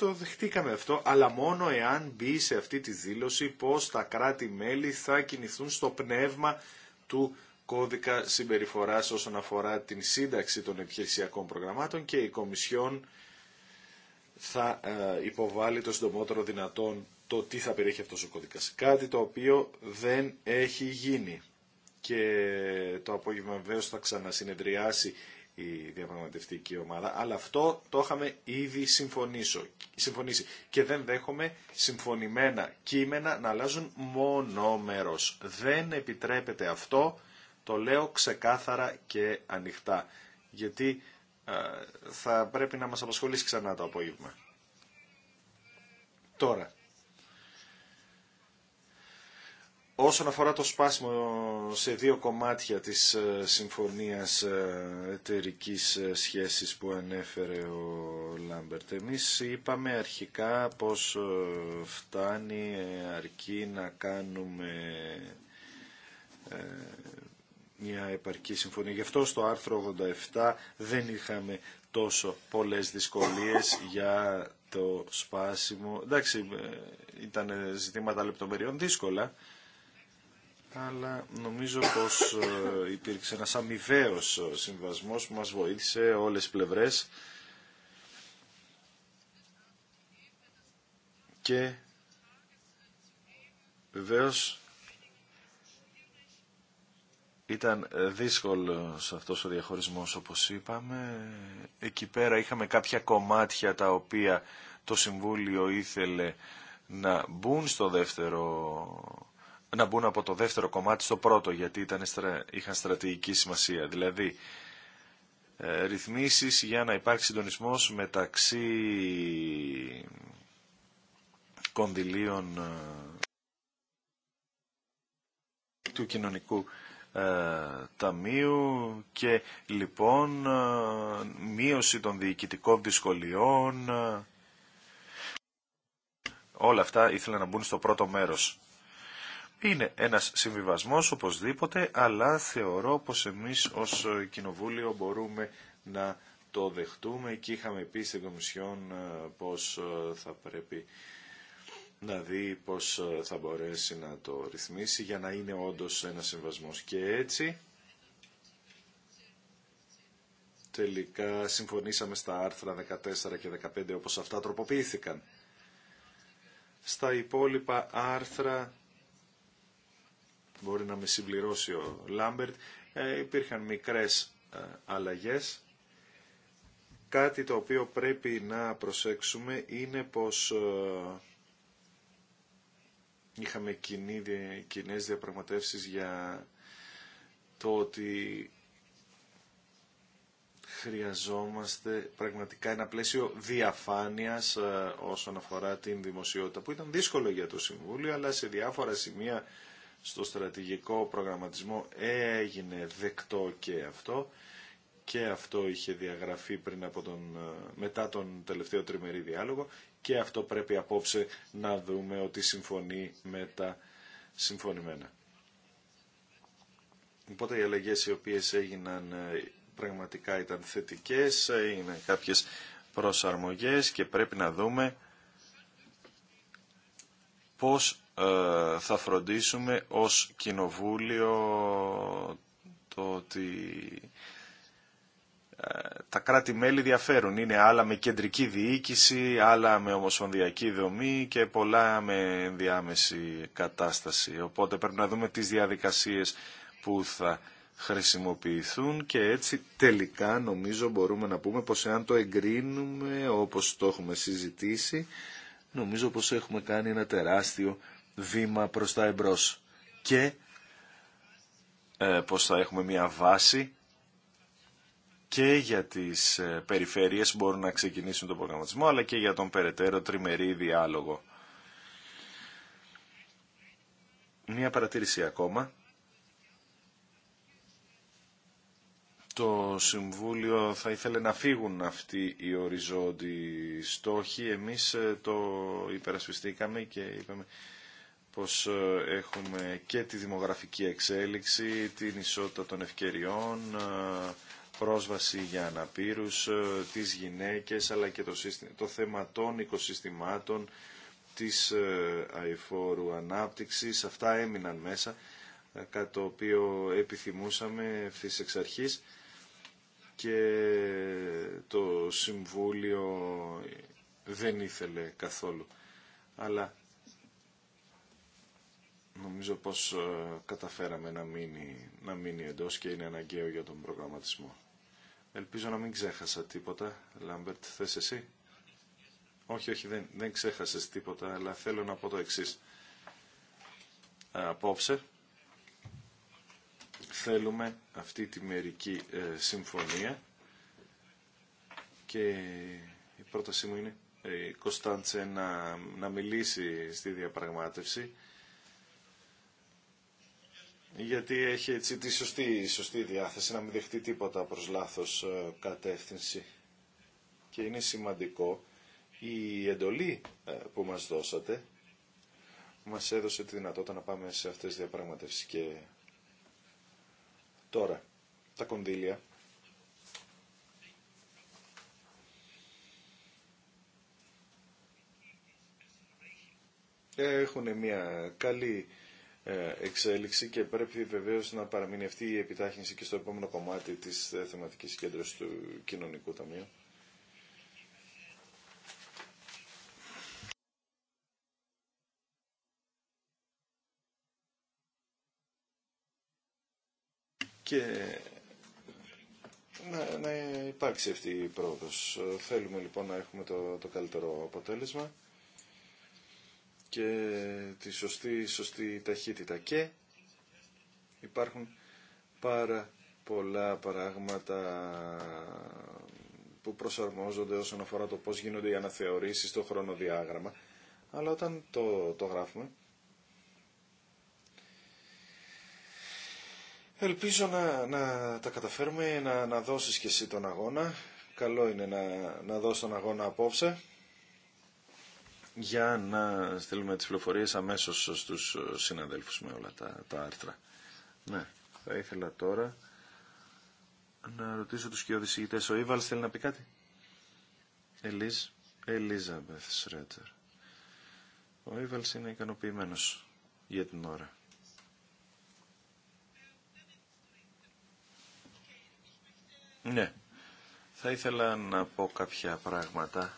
το δεχτήκαμε αυτό, αλλά μόνο εάν μπει σε αυτή τη δήλωση πως τα κράτη-μέλη θα κινηθούν στο πνεύμα του κώδικα συμπεριφοράς όσον αφορά την σύνταξη των επιχειρησιακών προγραμμάτων και η Κομισιόν θα ε, υποβάλει το συντομότερο δυνατόν το τι θα περιέχει αυτός ο κώδικας. Κάτι το οποίο δεν έχει γίνει. Και το απόγευμα βέβαια θα ξανασυνεδριάσει η διαπραγματευτική ομάδα, αλλά αυτό το είχαμε ήδη συμφωνήσει και δεν δέχομαι συμφωνημένα κείμενα να αλλάζουν μόνο μονομερός. Δεν επιτρέπεται αυτό, το λέω ξεκάθαρα και ανοιχτά, γιατί ε, θα πρέπει να μας απασχολήσει ξανά το απόγευμα. Τώρα, Όσον αφορά το σπάσιμο σε δύο κομμάτια της ε, συμφωνίας ε, εταιρική ε, σχέσης που ανέφερε ο Λάμπερτ, εμείς είπαμε αρχικά πως φτάνει αρκεί να κάνουμε μια επαρκή συμφωνία. Γι' αυτό στο άρθρο 87 δεν είχαμε τόσο πολλές δυσκολίες για το σπάσιμο. Εντάξει, ήταν ζητήματα λεπτομεριών δύσκολα αλλά νομίζω πως ε, υπήρξε ένας αμοιβαίος συμβασμός που μας βοήθησε όλες τις πλευρές και βεβαίως ήταν δύσκολος αυτός ο διαχωρισμός όπως είπαμε. Εκεί πέρα είχαμε κάποια κομμάτια τα οποία το Συμβούλιο ήθελε να μπουν στο δεύτερο να μπουν από το δεύτερο κομμάτι στο πρώτο, γιατί ήταν, είχαν στρατηγική σημασία. Δηλαδή, ε, ρυθμίσεις για να υπάρξει συντονισμός μεταξύ κονδυλίων ε, του κοινωνικού ε, ταμείου και λοιπόν μείωση των διοικητικών δυσκολιών όλα αυτά ήθελα να μπουν στο πρώτο μέρος είναι ένας συμβιβασμός οπωσδήποτε, αλλά θεωρώ πως εμείς ως Κοινοβούλιο μπορούμε να το δεχτούμε και είχαμε πει στην Κομισιόν ε, πως ε, θα πρέπει να δει πως ε, θα μπορέσει να το ρυθμίσει για να είναι όντως ένας συμβασμός. Και έτσι τελικά συμφωνήσαμε στα άρθρα 14 και 15 όπως αυτά τροποποιήθηκαν. Στα υπόλοιπα άρθρα μπορεί να με συμπληρώσει ο Λάμπερτ, ε, υπήρχαν μικρές ε, αλλαγές. Κάτι το οποίο πρέπει να προσέξουμε είναι πως ε, είχαμε κοινή, κοινές διαπραγματεύσεις για το ότι χρειαζόμαστε πραγματικά ένα πλαίσιο διαφάνειας όσον αφορά την δημοσιότητα που ήταν δύσκολο για το Συμβούλιο αλλά σε διάφορα σημεία στο στρατηγικό προγραμματισμό ε, έγινε δεκτό και αυτό και αυτό είχε διαγραφεί πριν από τον, ε, μετά τον τελευταίο τριμερή διάλογο και αυτό πρέπει απόψε να δούμε ότι συμφωνεί με τα συμφωνημένα. Οπότε οι αλλαγέ οι οποίες έγιναν ε, πραγματικά ήταν θετικές, είναι κάποιες προσαρμογές και πρέπει να δούμε πώς ε, θα φροντίσουμε ως κοινοβούλιο το ότι ε, τα κράτη-μέλη διαφέρουν. Είναι άλλα με κεντρική διοίκηση, άλλα με ομοσπονδιακή δομή και πολλά με ενδιάμεση κατάσταση. Οπότε πρέπει να δούμε τις διαδικασίες που θα χρησιμοποιηθούν και έτσι τελικά νομίζω μπορούμε να πούμε πως εάν το εγκρίνουμε όπως το έχουμε συζητήσει, νομίζω πως έχουμε κάνει ένα τεράστιο βήμα προς τα εμπρός και ε, πως θα έχουμε μια βάση και για τις ε, περιφέρειες μπορούν να ξεκινήσουν τον προγραμματισμό αλλά και για τον περαιτέρω τριμερή διάλογο. Μια παρατήρηση ακόμα. Το Συμβούλιο θα ήθελε να φύγουν αυτοί οι οριζόντιοι στόχοι. Εμείς ε, το υπερασπιστήκαμε και είπαμε πως ε, έχουμε και τη δημογραφική εξέλιξη, την ισότητα των ευκαιριών, ε, πρόσβαση για αναπήρους, ε, τις γυναίκες, αλλά και το, το θέμα των οικοσυστημάτων, της αηφόρου ανάπτυξης. Αυτά έμειναν μέσα, κάτι το οποίο επιθυμούσαμε ευθύς εξ αρχής και το Συμβούλιο δεν ήθελε καθόλου. Αλλά νομίζω πως ε, καταφέραμε να μείνει, να μείνει εντός και είναι αναγκαίο για τον προγραμματισμό. Ελπίζω να μην ξέχασα τίποτα. Λάμπερτ, θες εσύ? Όχι, όχι, δεν, δεν ξέχασες τίποτα, αλλά θέλω να πω το εξής. Ε, απόψε, θέλουμε αυτή τη μερική ε, συμφωνία και η πρότασή μου είναι η Κωνσταντσε να, να μιλήσει στη διαπραγμάτευση γιατί έχει έτσι τη σωστή, σωστή διάθεση να μην δεχτεί τίποτα προς λάθος ε, κατεύθυνση. Και είναι σημαντικό η εντολή ε, που μας δώσατε μας έδωσε τη δυνατότητα να πάμε σε αυτές τις διαπραγματεύσεις και τώρα τα κονδύλια έχουν μια καλή ε, εξέλιξη και πρέπει βεβαίως να παραμείνει αυτή η επιτάχυνση και στο επόμενο κομμάτι της ε, θεματικής κέντρωσης του Κοινωνικού Ταμείου. Και να, να υπάρξει αυτή η πρόοδος. Θέλουμε λοιπόν να έχουμε το, το καλύτερο αποτέλεσμα και τη σωστή, σωστή ταχύτητα. Και υπάρχουν πάρα πολλά πράγματα που προσαρμόζονται όσον αφορά το πώς γίνονται οι αναθεωρήσεις, στο χρονοδιάγραμμα. Αλλά όταν το, το γράφουμε, ελπίζω να, τα καταφέρουμε, να, να δώσεις και εσύ τον αγώνα. Καλό είναι να, να δώσεις τον αγώνα απόψε για να στείλουμε τις πληροφορίες αμέσως στους συναδέλφους με όλα τα, τα άρθρα. Ναι, θα ήθελα τώρα να ρωτήσω τους κοιοδησηγητές. Ο Ήβαλς θέλει να πει κάτι. Ελίζ, Ελίζαμπεθ Σρέτερ. Ο Ήβαλς είναι ικανοποιημένος για την ώρα. Ναι, θα ήθελα να πω κάποια πράγματα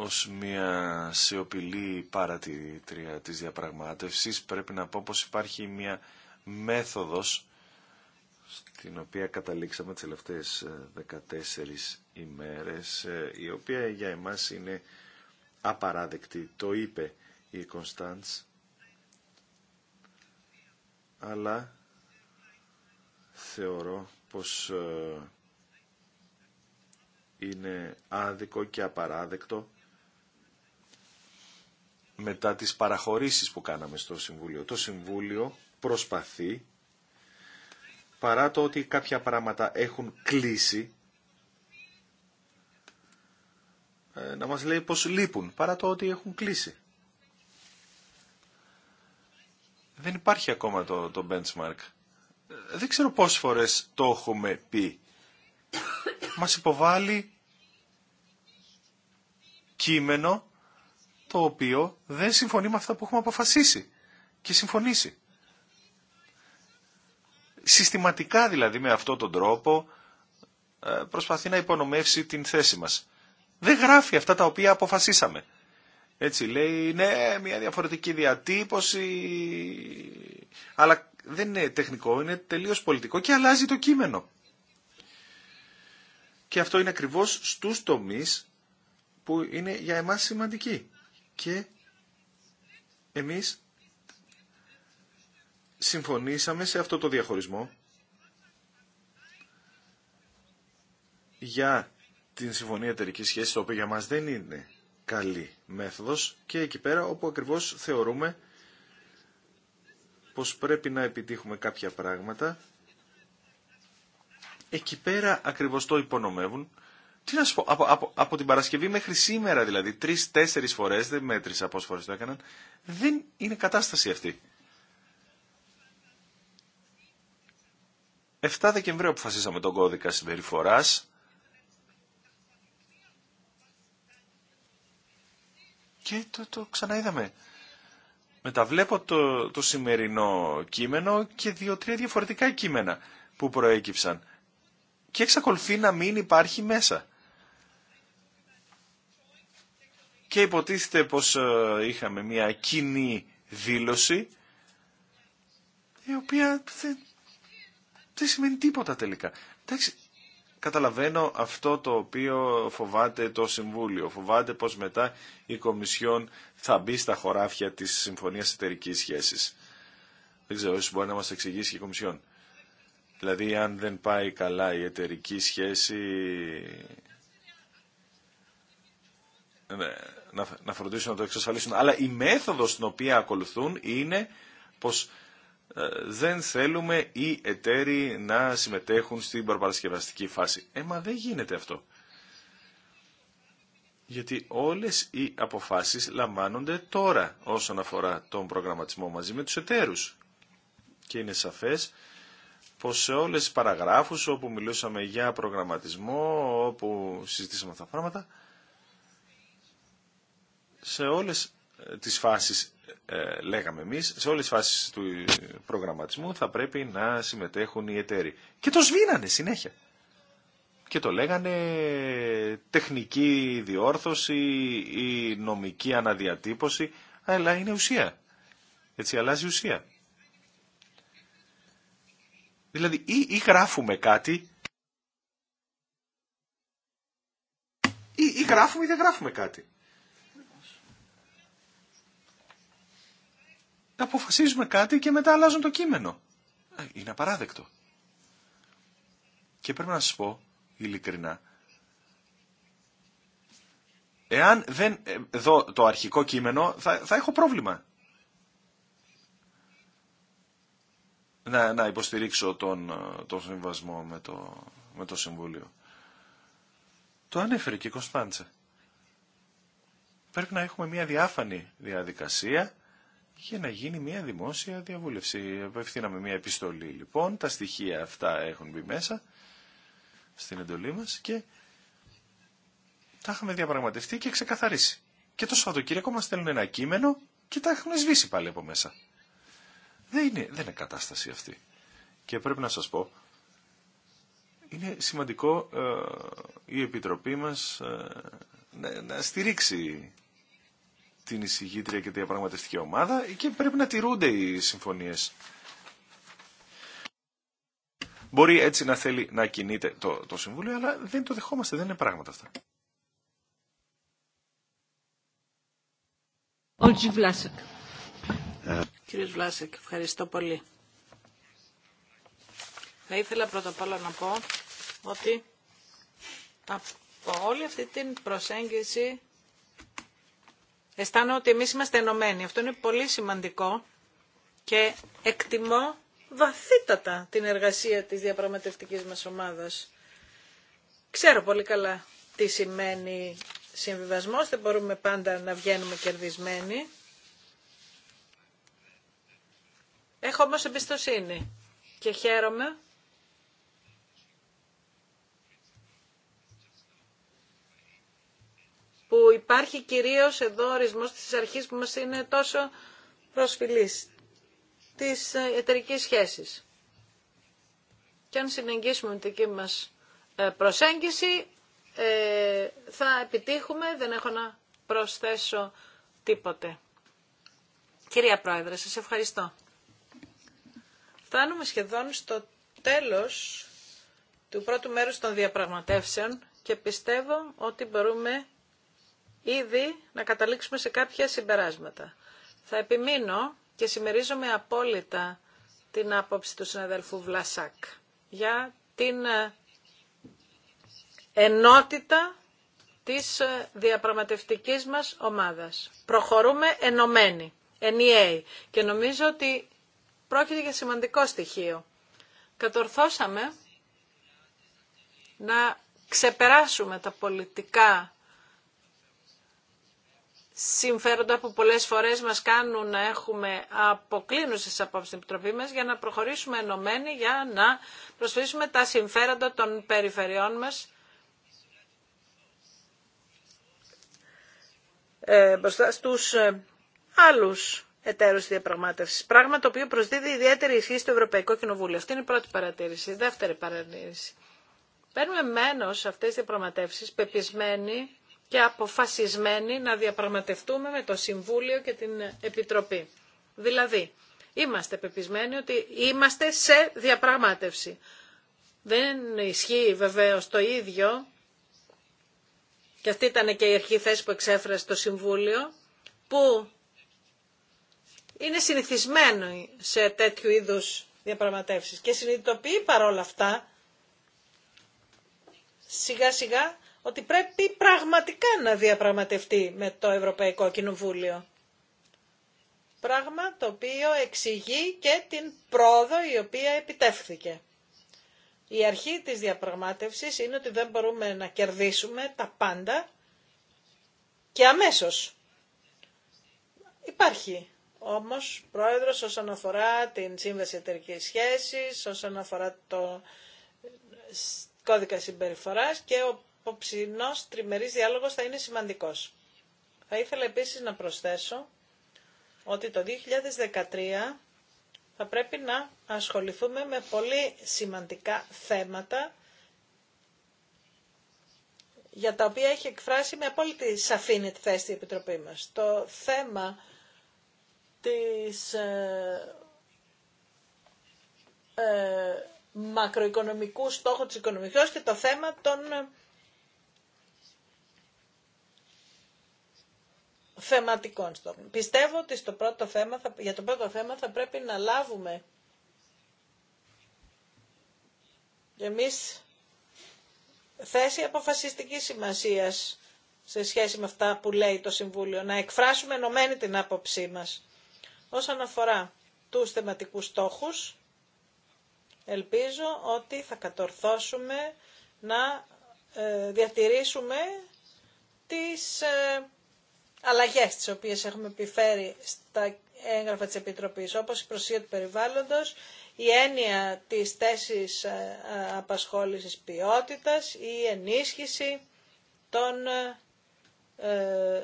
ως μια σιωπηλή παρατηρήτρια της διαπραγμάτευσης πρέπει να πω πως υπάρχει μια μέθοδος στην οποία καταλήξαμε τις τελευταίες 14 ε, ημέρες ε, η οποία για εμάς είναι απαράδεκτη. Το είπε η Κωνσταντς αλλά θεωρώ πως ε, είναι άδικο και απαράδεκτο μετά τις παραχωρήσεις που κάναμε στο Συμβούλιο. Το Συμβούλιο προσπαθεί, παρά το ότι κάποια πράγματα έχουν κλείσει, ε, να μας λέει πως λείπουν, παρά το ότι έχουν κλείσει. Δεν υπάρχει ακόμα το, το benchmark. Δεν ξέρω πόσες φορές το έχουμε πει. Μας υποβάλλει κείμενο το οποίο δεν συμφωνεί με αυτά που έχουμε αποφασίσει και συμφωνήσει. Συστηματικά δηλαδή με αυτόν τον τρόπο ε, προσπαθεί να υπονομεύσει την θέση μας. Δεν γράφει αυτά τα οποία αποφασίσαμε. Έτσι λέει, ναι, μια διαφορετική διατύπωση, αλλά δεν είναι τεχνικό, είναι τελείως πολιτικό και αλλάζει το κείμενο. Και αυτό είναι ακριβώς στους τομείς που είναι για εμάς σημαντικοί και εμείς συμφωνήσαμε σε αυτό το διαχωρισμό για την συμφωνία εταιρική σχέση, το οποίο για μας δεν είναι καλή μέθοδος και εκεί πέρα όπου ακριβώς θεωρούμε πως πρέπει να επιτύχουμε κάποια πράγματα εκεί πέρα ακριβώς το υπονομεύουν τι να σου πω, από, από, από την Παρασκευή μέχρι σήμερα δηλαδή, τρει-τέσσερι φορέ, δεν μέτρησα πόσε φορέ το έκαναν, δεν είναι κατάσταση αυτή. 7 Δεκεμβρίου αποφασίσαμε τον κώδικα συμπεριφορά. Και το, το ξαναείδαμε. Μεταβλέπω το, το σημερινό κείμενο και δύο-τρία διαφορετικά κείμενα που προέκυψαν. Και εξακολουθεί να μην υπάρχει μέσα. και υποτίθεται πως ε, είχαμε μια κοινή δήλωση η οποία δεν, σημαίνει τίποτα τελικά. Εντάξει, καταλαβαίνω αυτό το οποίο φοβάται το Συμβούλιο. Φοβάται πως μετά η Κομισιόν θα μπει στα χωράφια της Συμφωνίας Εταιρικής Σχέσης. Δεν ξέρω, ίσως μπορεί να μας εξηγήσει και η Κομισιόν. Δηλαδή, αν δεν πάει καλά η εταιρική σχέση... Ε, να φροντίσουν να το εξασφαλίσουν. Αλλά η μέθοδος την οποία ακολουθούν είναι πως ε, δεν θέλουμε οι εταίροι να συμμετέχουν στην προπαρασκευαστική φάση. Ε, μα δεν γίνεται αυτό. Γιατί όλες οι αποφάσεις λαμβάνονται τώρα όσον αφορά τον προγραμματισμό μαζί με τους εταίρους. Και είναι σαφές πως σε όλες τις παραγράφους όπου μιλούσαμε για προγραμματισμό, όπου συζητήσαμε αυτά τα πράγματα, σε όλες ε, τις φάσεις, ε, λέγαμε εμείς, σε όλες τις φάσεις του ε, προγραμματισμού θα πρέπει να συμμετέχουν οι εταίροι. Και το σβήνανε συνέχεια. Και το λέγανε τεχνική διόρθωση ή νομική αναδιατύπωση, αλλά είναι ουσία. Έτσι αλλάζει ουσία. Δηλαδή ή, γράφουμε κάτι ή, ή γράφουμε ή δεν γράφουμε κάτι. Να αποφασίζουμε κάτι και μετά αλλάζουν το κείμενο. Ε, είναι απαράδεκτο. Και πρέπει να σας πω, ειλικρινά, εάν δεν ε, δω το αρχικό κείμενο, θα, θα έχω πρόβλημα. Να, να υποστηρίξω τον, ε, τον συμβασμό με το, με το Συμβούλιο. Το ανέφερε και η Κωνσταντσα. Πρέπει να έχουμε μια διάφανη διαδικασία για να γίνει μια δημόσια διαβούλευση. Απευθύναμε μια επιστολή λοιπόν, τα στοιχεία αυτά έχουν μπει μέσα στην εντολή μας και τα είχαμε διαπραγματευτεί και ξεκαθαρίσει. Και το Σαββατοκύριακο μας στέλνουν ένα κείμενο και τα έχουν σβήσει πάλι από μέσα. Δεν είναι, δεν είναι κατάσταση αυτή. Και πρέπει να σας πω, είναι σημαντικό ε, η Επιτροπή μας ε, να, να στηρίξει την εισηγήτρια και τη διαπραγματευτική ομάδα και πρέπει να τηρούνται οι συμφωνίες. Μπορεί έτσι να θέλει να κινείται το, το Συμβούλιο, αλλά δεν το δεχόμαστε, δεν είναι πράγματα αυτά. Βλάσεκ. Κύριε Βλάσεκ, ευχαριστώ πολύ. Θα ήθελα πρώτα απ' όλα να πω ότι από όλη αυτή την προσέγγιση αισθάνομαι ότι εμείς είμαστε ενωμένοι. Αυτό είναι πολύ σημαντικό και εκτιμώ βαθύτατα την εργασία της διαπραγματευτικής μας ομάδας. Ξέρω πολύ καλά τι σημαίνει συμβιβασμός, δεν μπορούμε πάντα να βγαίνουμε κερδισμένοι. Έχω όμως εμπιστοσύνη και χαίρομαι που υπάρχει κυρίως εδώ ορισμός της αρχής που μας είναι τόσο προσφυλής, της εταιρικής σχέσης. Και αν συνεγγίσουμε την δική μας ε, προσέγγιση, ε, θα επιτύχουμε, δεν έχω να προσθέσω τίποτε. Κυρία Πρόεδρε, σας ευχαριστώ. Φτάνουμε σχεδόν στο τέλος του πρώτου μέρους των διαπραγματεύσεων και πιστεύω ότι μπορούμε ήδη να καταλήξουμε σε κάποια συμπεράσματα. Θα επιμείνω και συμμερίζομαι απόλυτα την άποψη του συναδελφού Βλασάκ για την ε, ενότητα της ε, διαπραγματευτικής μας ομάδας. Προχωρούμε ενωμένοι, ενιαίοι και νομίζω ότι πρόκειται για σημαντικό στοιχείο. Κατορθώσαμε να ξεπεράσουμε τα πολιτικά συμφέροντα που πολλές φορές μας κάνουν να έχουμε αποκλίνουσες από στην Επιτροπή μας για να προχωρήσουμε ενωμένοι για να προσφέρουμε τα συμφέροντα των περιφερειών μας ε, μπροστά στους ε, άλλους εταίρους διαπραγμάτευσης. Πράγμα το οποίο προσδίδει ιδιαίτερη ισχύ στο Ευρωπαϊκό Κοινοβούλιο. Αυτή είναι η πρώτη παρατήρηση. Η δεύτερη παρατήρηση. Παίρνουμε μένος σε αυτές τις διαπραγματεύσεις πεπισμένοι και αποφασισμένοι να διαπραγματευτούμε με το Συμβούλιο και την Επιτροπή. Δηλαδή, είμαστε πεπισμένοι ότι είμαστε σε διαπραγμάτευση. Δεν ισχύει βεβαίως το ίδιο, και αυτή ήταν και η αρχή θέση που εξέφρασε το Συμβούλιο, που είναι συνηθισμένοι σε τέτοιου είδους διαπραγματεύσεις και συνειδητοποιεί παρόλα αυτά σιγά σιγά ότι πρέπει πραγματικά να διαπραγματευτεί με το Ευρωπαϊκό Κοινοβούλιο. Πράγμα το οποίο εξηγεί και την πρόοδο η οποία επιτεύχθηκε. Η αρχή της διαπραγμάτευσης είναι ότι δεν μπορούμε να κερδίσουμε τα πάντα και αμέσως. Υπάρχει όμως πρόεδρος όσον αφορά την σύμβαση εταιρική σχέσης, όσον αφορά το κώδικα συμπεριφοράς και ο απόψινός τριμερής διάλογος θα είναι σημαντικός. Θα ήθελα επίσης να προσθέσω ότι το 2013 θα πρέπει να ασχοληθούμε με πολύ σημαντικά θέματα για τα οποία έχει εκφράσει με απόλυτη σαφήνεια τη θέση η Επιτροπή μας. Το θέμα της ε, ε, μακροοικονομικού στόχου της οικονομικής και το θέμα των ε, θεματικών στόχων. Πιστεύω ότι στο πρώτο θέμα για το πρώτο θέμα θα πρέπει να λάβουμε εμείς θέση αποφασιστικής σημασίας σε σχέση με αυτά που λέει το Συμβούλιο, να εκφράσουμε ενωμένη την άποψή μας. Όσον αφορά τους θεματικούς στόχους, ελπίζω ότι θα κατορθώσουμε να ε, διατηρήσουμε τις ε, Αλλαγέ τι οποίε έχουμε επιφέρει στα έγγραφα τη Επιτροπή, όπω η προσία του περιβάλλοντο, η έννοια τη θέση ε, ε, απασχόληση ποιότητα, η ενίσχυση των ε,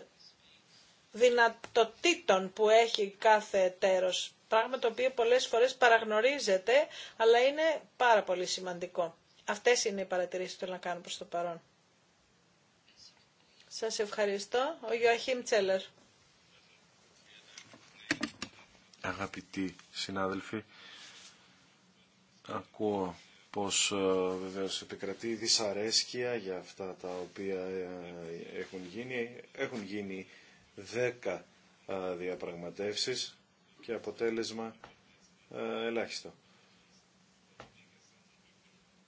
δυνατοτήτων που έχει κάθε εταίρος, πράγμα το οποίο πολλές φορές παραγνωρίζεται, αλλά είναι πάρα πολύ σημαντικό. Αυτές είναι οι παρατηρήσεις που θέλω να κάνω προς το παρόν. Σας ευχαριστώ. Ο Ιωαχήμ Τσέλερ. Αγαπητοί συνάδελφοι, ακούω πως ε, βεβαίως επικρατεί δυσαρέσκεια για αυτά τα οποία ε, έχουν γίνει. Έχουν γίνει δέκα ε, διαπραγματεύσεις και αποτέλεσμα ελάχιστο.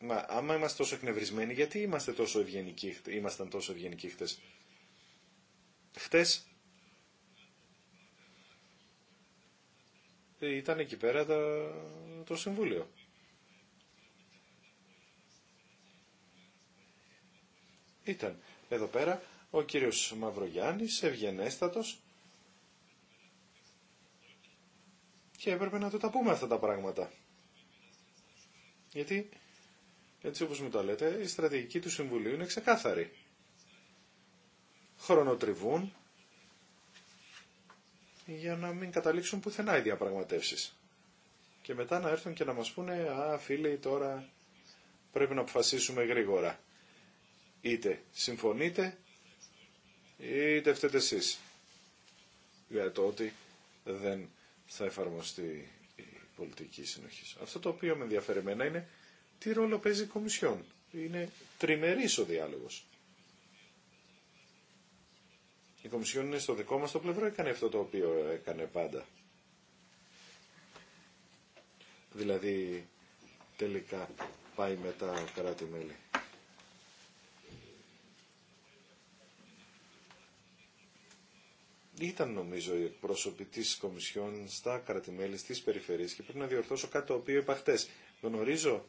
Μα άμα είμαστε τόσο εκνευρισμένοι, γιατί είμαστε τόσο ευγενικοί, ήμασταν τόσο ευγενικοί χτες. Χτες ε, ήταν εκεί πέρα το Συμβούλιο. Ήταν εδώ πέρα ο κύριος Μαυρογιάννης, ευγενέστατος, και έπρεπε να του τα πούμε αυτά τα πράγματα. Γιατί, έτσι όπως μου τα λέτε, η στρατηγική του Συμβουλίου είναι ξεκάθαρη χρονοτριβούν για να μην καταλήξουν πουθενά οι διαπραγματεύσεις. Και μετά να έρθουν και να μας πούνε «Α, φίλοι, τώρα πρέπει να αποφασίσουμε γρήγορα. Είτε συμφωνείτε, είτε φταίτε εσείς» για το ότι δεν θα εφαρμοστεί η πολιτική συνοχή. Αυτό το οποίο με ενδιαφέρει εμένα είναι τι ρόλο παίζει η Κομισιόν. Είναι τριμερής ο διάλογος. Η Κομισιόν είναι στο δικό μας το πλευρό, έκανε αυτό το οποίο έκανε πάντα. Δηλαδή τελικά πάει με τα κράτη-μέλη. Ήταν νομίζω οι εκπρόσωποι τη Κομισιόν στα κρατημέλη, στις περιφερειές και πρέπει να διορθώσω κάτι το οποίο είπα χτε. Γνωρίζω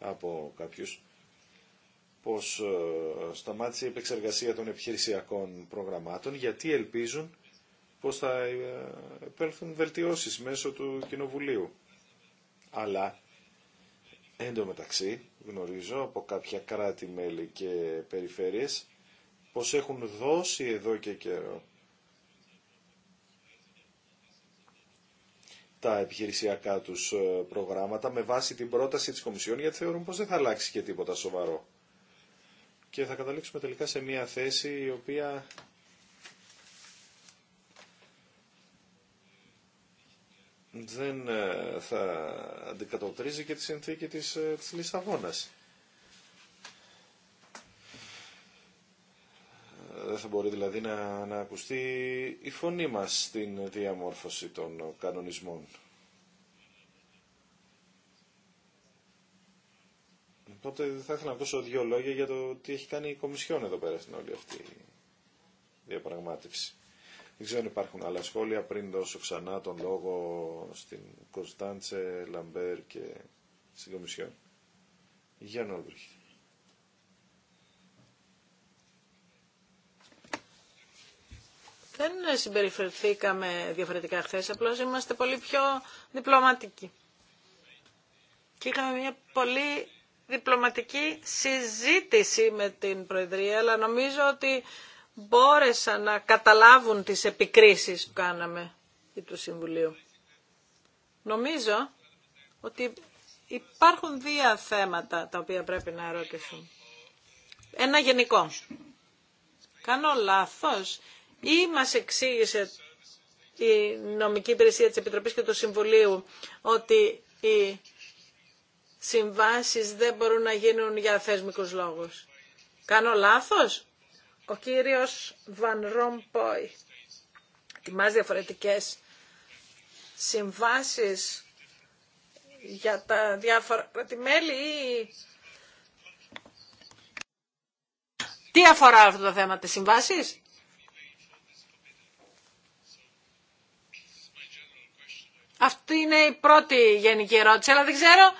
από κάποιους πως ε, σταμάτησε η επεξεργασία των επιχειρησιακών προγραμμάτων γιατί ελπίζουν πως θα ε, επέλθουν βελτιώσεις μέσω του Κοινοβουλίου. Αλλά Εν μεταξύ γνωρίζω από κάποια κράτη-μέλη και περιφέρειες πως έχουν δώσει εδώ και καιρό τα επιχειρησιακά τους ε, προγράμματα με βάση την πρόταση της Κομισιόν γιατί θεωρούν πως δεν θα αλλάξει και τίποτα σοβαρό και θα καταλήξουμε τελικά σε μια θέση η οποία δεν ε, θα αντικατοπτρίζει και τη συνθήκη της, ε, της Λισαβόνας. Δεν θα μπορεί δηλαδή να, να ακουστεί η φωνή μας στην διαμόρφωση των κανονισμών. Οπότε θα ήθελα να δώσω δύο λόγια για το τι έχει κάνει η Κομισιόν εδώ πέρα στην όλη αυτή διαπραγμάτευση. Δεν ξέρω αν υπάρχουν άλλα σχόλια πριν δώσω ξανά τον λόγο στην Κωνσταντσε, Λαμπέρ και στην Κομισιόν. Για να Δεν συμπεριφερθήκαμε διαφορετικά χθε, Απλώ είμαστε πολύ πιο διπλωματικοί. Και είχαμε μια πολύ διπλωματική συζήτηση με την Προεδρία, αλλά νομίζω ότι μπόρεσαν να καταλάβουν τις επικρίσεις που κάναμε ή του Συμβουλίου. Νομίζω ότι υπάρχουν δύο θέματα τα οποία πρέπει να ερωτηθούν. Ένα γενικό. Κάνω λάθος ή μας εξήγησε η νομική υπηρεσία της Επιτροπής και του Συμβουλίου ότι η συμβάσεις δεν μπορούν να γίνουν για θεσμικούς λόγους. Κάνω λάθος. Ο κύριος Βαν Ρομποϊ ετοιμάζει διαφορετικές συμβάσεις για τα διάφορα κρατημέλη ή... Τι αφορά αυτό το θέμα της συμβάσεις? Αυτή είναι η πρώτη γενική ερώτηση, αλλά δεν ξέρω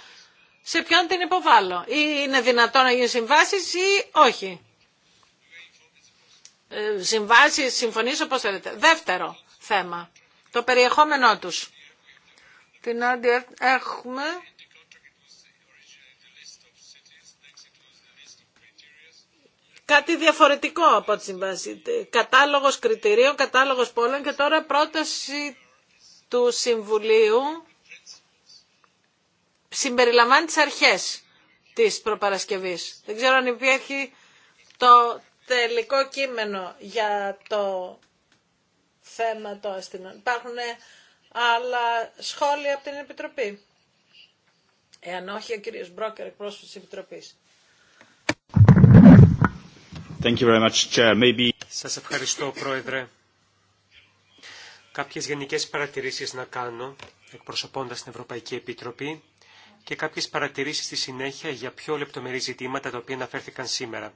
σε ποιον την υποβάλλω. Ή είναι δυνατόν να γίνουν συμβάσει ή όχι. Συμβάσει συμβάσεις, όπω θέλετε. Δεύτερο θέμα, το περιεχόμενό τους. Την Άντια έχουμε κάτι διαφορετικό από τη συμβάση. Κατάλογος κριτηρίων, κατάλογος πόλεων και τώρα πρόταση του Συμβουλίου συμπεριλαμβάνει τις αρχές της προπαρασκευής. Δεν ξέρω αν υπήρχε το τελικό κείμενο για το θέμα το αστυνομικό. Υπάρχουν άλλα σχόλια από την Επιτροπή. Εάν όχι, ο κύριος Μπρόκερ, εκπρόσωπος της Επιτροπής. Thank Σας ευχαριστώ, Πρόεδρε. Κάποιες γενικές παρατηρήσεις να κάνω, εκπροσωπώντας την Ευρωπαϊκή Επιτροπή και κάποιες παρατηρήσεις στη συνέχεια για πιο λεπτομερή ζητήματα τα οποία αναφέρθηκαν σήμερα.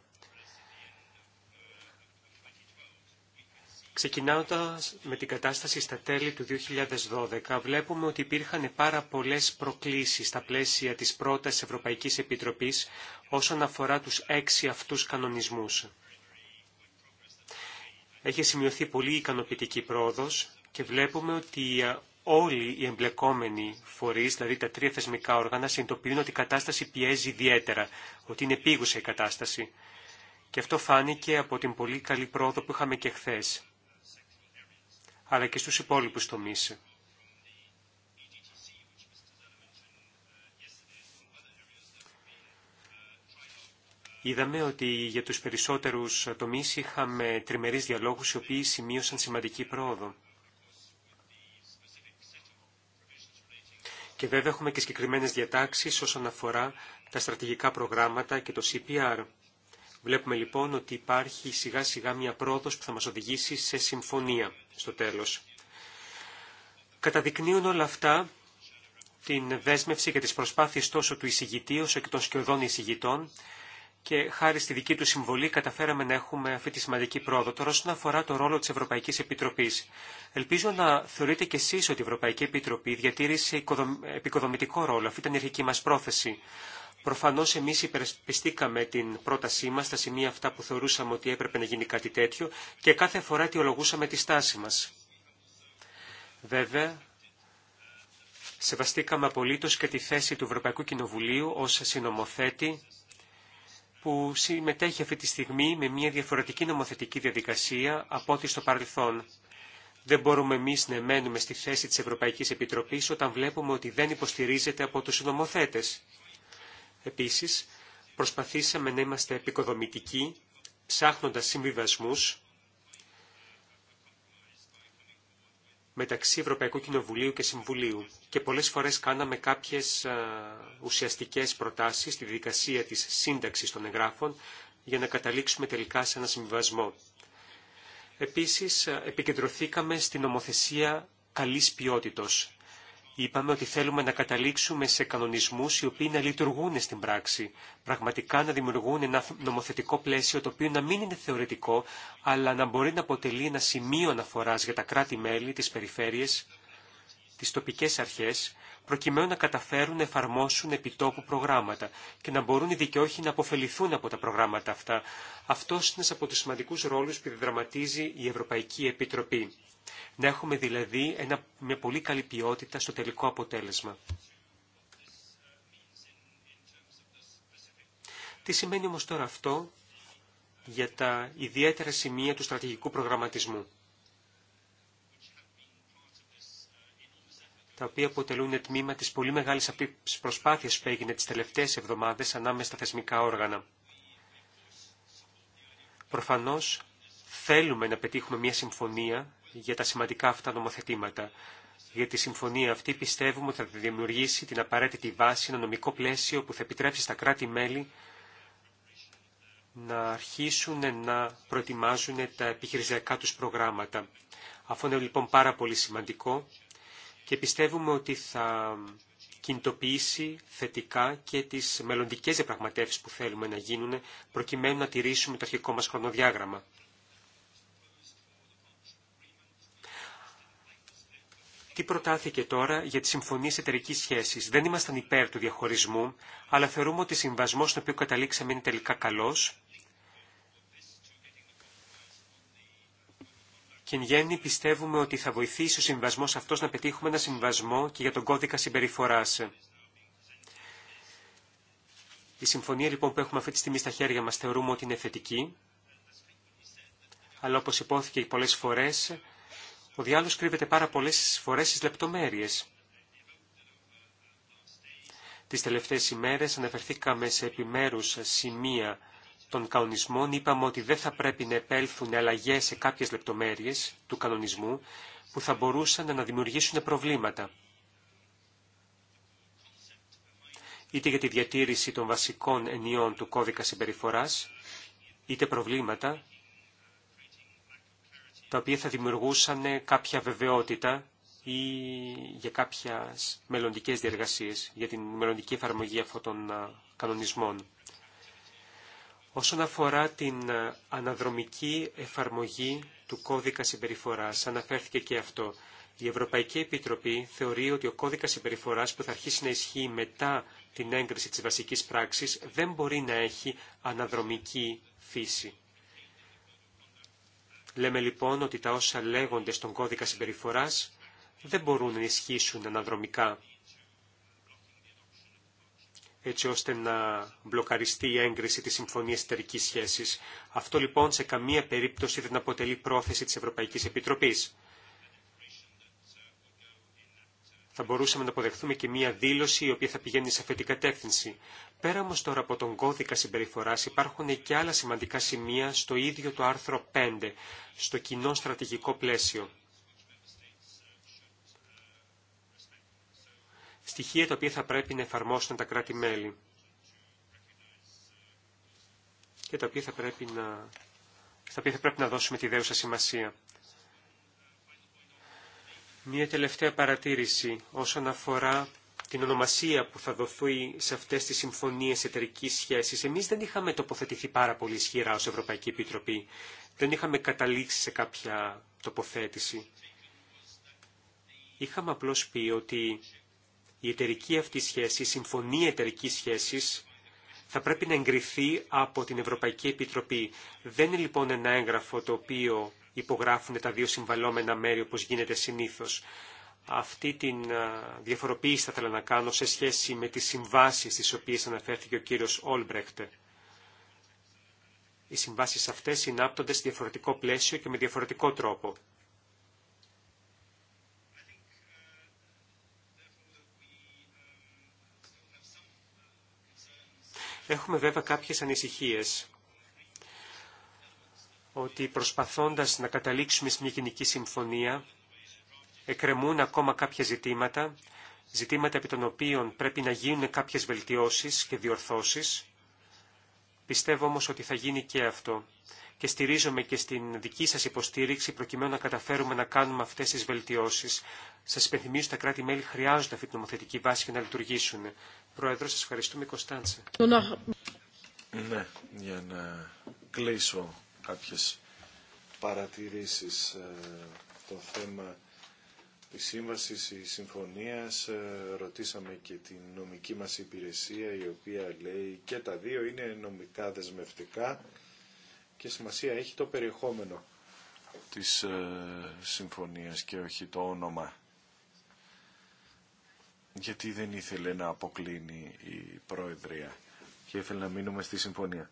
Ξεκινάοντας με την κατάσταση στα τέλη του 2012, βλέπουμε ότι υπήρχαν πάρα πολλές προκλήσεις στα πλαίσια της πρώτας Ευρωπαϊκής Επιτροπής όσον αφορά τους έξι αυτούς κανονισμούς. Έχει σημειωθεί πολύ ικανοποιητική πρόοδος και βλέπουμε ότι όλοι οι εμπλεκόμενοι φορείς, δηλαδή τα τρία θεσμικά όργανα, συνειδητοποιούν ότι η κατάσταση πιέζει ιδιαίτερα, ότι είναι επίγουσα η κατάσταση. Και αυτό φάνηκε από την πολύ καλή πρόοδο που είχαμε και χθε, αλλά και στου υπόλοιπου τομεί. Είδαμε ότι για τους περισσότερους τομείς είχαμε τριμερείς διαλόγους οι οποίοι σημείωσαν σημαντική πρόοδο. Και βέβαια έχουμε και συγκεκριμένε διατάξεις όσον αφορά τα στρατηγικά προγράμματα και το CPR. Βλέπουμε λοιπόν ότι υπάρχει σιγά σιγά μια πρόοδος που θα μας οδηγήσει σε συμφωνία στο τέλος. Καταδεικνύουν όλα αυτά την δέσμευση και τις προσπάθειες τόσο του εισηγητή όσο και των σκιωδών εισηγητών και χάρη στη δική του συμβολή καταφέραμε να έχουμε αυτή τη σημαντική πρόοδο. Τώρα, όσον αφορά το ρόλο τη Ευρωπαϊκή Επιτροπή, ελπίζω να θεωρείτε κι εσεί ότι η Ευρωπαϊκή Επιτροπή διατήρησε επικοδομητικό ρόλο. Αυτή ήταν η αρχική μα πρόθεση. Προφανώ, εμεί υπερασπιστήκαμε την πρότασή μα στα σημεία αυτά που θεωρούσαμε ότι έπρεπε να γίνει κάτι τέτοιο και κάθε φορά αιτιολογούσαμε τη στάση μα. Βέβαια, σεβαστήκαμε απολύτω και τη θέση του Ευρωπαϊκού Κοινοβουλίου ω συνομοθέτη που συμμετέχει αυτή τη στιγμή με μια διαφορετική νομοθετική διαδικασία από ό,τι στο παρελθόν. Δεν μπορούμε εμεί να μένουμε στη θέση τη Ευρωπαϊκή Επιτροπή όταν βλέπουμε ότι δεν υποστηρίζεται από του νομοθέτε. Επίση, προσπαθήσαμε να είμαστε επικοδομητικοί, ψάχνοντα συμβιβασμού μεταξύ Ευρωπαϊκού Κοινοβουλίου και Συμβουλίου και πολλές φορές κάναμε κάποιες ε, ουσιαστικές προτάσεις στη δικασία της σύνταξης των εγγράφων για να καταλήξουμε τελικά σε ένα συμβιβασμό. Επίσης, ε, επικεντρωθήκαμε στην νομοθεσία καλής ποιότητος. Είπαμε ότι θέλουμε να καταλήξουμε σε κανονισμούς οι οποίοι να λειτουργούν στην πράξη, πραγματικά να δημιουργούν ένα νομοθετικό πλαίσιο το οποίο να μην είναι θεωρητικό, αλλά να μπορεί να αποτελεί ένα σημείο αναφοράς για τα κράτη-μέλη, τις περιφέρειες, τις τοπικές αρχές, προκειμένου να καταφέρουν να εφαρμόσουν επιτόπου προγράμματα και να μπορούν οι δικαιώχοι να αποφεληθούν από τα προγράμματα αυτά. Αυτό είναι από τους σημαντικούς ρόλους που διδραματίζει η Ευρωπαϊκή Επιτροπή. Να έχουμε δηλαδή ένα, μια πολύ καλή ποιότητα στο τελικό αποτέλεσμα. Τι σημαίνει όμως τώρα αυτό για τα ιδιαίτερα σημεία του στρατηγικού προγραμματισμού. τα οποία αποτελούν τμήμα της πολύ μεγάλης προσπάθειας που έγινε τις τελευταίες εβδομάδες ανάμεσα στα θεσμικά όργανα. Προφανώς θέλουμε να πετύχουμε μια συμφωνία για τα σημαντικά αυτά νομοθετήματα. Για τη συμφωνία αυτή πιστεύουμε ότι θα δημιουργήσει την απαραίτητη βάση, ένα νομικό πλαίσιο που θα επιτρέψει στα κράτη-μέλη να αρχίσουν να προετοιμάζουν τα επιχειρησιακά τους προγράμματα. Αυτό είναι λοιπόν πάρα πολύ σημαντικό και πιστεύουμε ότι θα κινητοποιήσει θετικά και τις μελλοντικές διαπραγματεύσεις που θέλουμε να γίνουν προκειμένου να τηρήσουμε το αρχικό μας χρονοδιάγραμμα. Τι προτάθηκε τώρα για τη συμφωνία εταιρική σχέση. Δεν ήμασταν υπέρ του διαχωρισμού, αλλά θεωρούμε ότι ο συμβασμό στον οποίο καταλήξαμε είναι τελικά καλό και εν γέννη πιστεύουμε ότι θα βοηθήσει ο συμβασμός αυτός να πετύχουμε ένα συμβασμό και για τον κώδικα συμπεριφοράς. Η συμφωνία λοιπόν που έχουμε αυτή τη στιγμή στα χέρια μας θεωρούμε ότι είναι θετική, αλλά όπως υπόθηκε πολλές φορές, ο διάλογος κρύβεται πάρα πολλές φορές στις λεπτομέρειες. Τις τελευταίες ημέρες αναφερθήκαμε σε επιμέρους σημεία των κανονισμών είπαμε ότι δεν θα πρέπει να επέλθουν αλλαγέ σε κάποιες λεπτομέρειες του κανονισμού που θα μπορούσαν να δημιουργήσουν προβλήματα. Είτε για τη διατήρηση των βασικών ενιών του κώδικα συμπεριφοράς, είτε προβλήματα τα οποία θα δημιουργούσαν κάποια βεβαιότητα ή για κάποιες μελλοντικές διεργασίες, για την μελλοντική εφαρμογή αυτών των κανονισμών. Όσον αφορά την ε, αναδρομική εφαρμογή του κώδικα συμπεριφοράς, αναφέρθηκε και αυτό. Η Ευρωπαϊκή Επιτροπή θεωρεί ότι ο κώδικας συμπεριφοράς που θα αρχίσει να ισχύει μετά την έγκριση της βασικής πράξης δεν μπορεί να έχει αναδρομική φύση. Λέμε λοιπόν ότι τα όσα λέγονται στον κώδικα συμπεριφοράς δεν μπορούν να ισχύσουν αναδρομικά έτσι ώστε να μπλοκαριστεί η έγκριση της Συμφωνίας Εταιρικής Σχέσης. Αυτό λοιπόν σε καμία περίπτωση δεν αποτελεί πρόθεση της Ευρωπαϊκής Επιτροπής. Θα μπορούσαμε να αποδεχθούμε και μία δήλωση η οποία θα πηγαίνει σε αυτή την κατεύθυνση. Πέρα όμω τώρα από τον κώδικα συμπεριφορά υπάρχουν και άλλα σημαντικά σημεία στο ίδιο το άρθρο 5, στο κοινό στρατηγικό πλαίσιο. στοιχεία τα οποία θα πρέπει να εφαρμόσουν τα κράτη-μέλη και τα οποία θα πρέπει να, στα οποία θα πρέπει να δώσουμε τη δέουσα σημασία. Μία τελευταία παρατήρηση όσον αφορά την ονομασία που θα δοθεί σε αυτές τις συμφωνίες εταιρική σχέση. Εμείς δεν είχαμε τοποθετηθεί πάρα πολύ ισχυρά ως Ευρωπαϊκή Επιτροπή. Δεν είχαμε καταλήξει σε κάποια τοποθέτηση. Είχαμε απλώς πει ότι η εταιρική αυτή σχέση, η συμφωνία εταιρική σχέσης θα πρέπει να εγκριθεί από την Ευρωπαϊκή Επιτροπή. Δεν είναι λοιπόν ένα έγγραφο το οποίο υπογράφουν τα δύο συμβαλόμενα μέρη όπως γίνεται συνήθως. Αυτή τη διαφοροποίηση θα ήθελα να κάνω σε σχέση με τις συμβάσεις στις οποίες αναφέρθηκε ο κύριος Όλμπρεχτ. Οι συμβάσεις αυτές συνάπτονται σε διαφορετικό πλαίσιο και με διαφορετικό τρόπο. Έχουμε βέβαια κάποιες ανησυχίες ότι προσπαθώντας να καταλήξουμε σε μια γενική συμφωνία, εκκρεμούν ακόμα κάποια ζητήματα, ζητήματα επί των οποίων πρέπει να γίνουν κάποιες βελτιώσεις και διορθώσεις. Πιστεύω όμως ότι θα γίνει και αυτό και στηρίζομαι και στην δική σας υποστήριξη προκειμένου να καταφέρουμε να κάνουμε αυτές τις βελτιώσεις. Σας υπενθυμίζω τα κράτη-μέλη χρειάζονται αυτή την νομοθετική βάση για να λειτουργήσουν. Πρόεδρο, σας ευχαριστούμε. Κωνσταντσε. Ναι, για να κλείσω κάποιες παρατηρήσεις ε, το θέμα της σύμβασης, η συμφωνίας, ε, ρωτήσαμε και την νομική μας υπηρεσία η οποία λέει και τα δύο είναι νομικά δεσμευτικά και σημασία έχει το περιεχόμενο της ε, συμφωνίας και όχι το όνομα. Γιατί δεν ήθελε να αποκλίνει η Πρόεδρια και ήθελε να μείνουμε στη συμφωνία.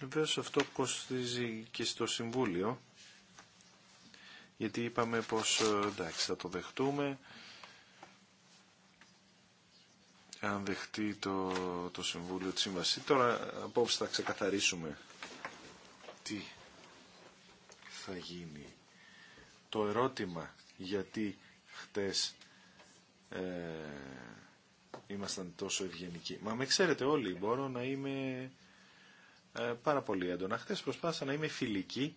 Βεβαίω αυτό κοστίζει και στο Συμβούλιο, γιατί είπαμε πως ε, εντάξει θα το δεχτούμε, αν δεχτεί το, το Συμβούλιο τη Σύμβαση. Τώρα απόψε θα ξεκαθαρίσουμε τι θα γίνει. Το ερώτημα γιατί χτες ε, ήμασταν τόσο ευγενικοί. Μα με ξέρετε όλοι, μπορώ να είμαι ε, πάρα πολύ έντονα. Χτες προσπάθησα να είμαι φιλική,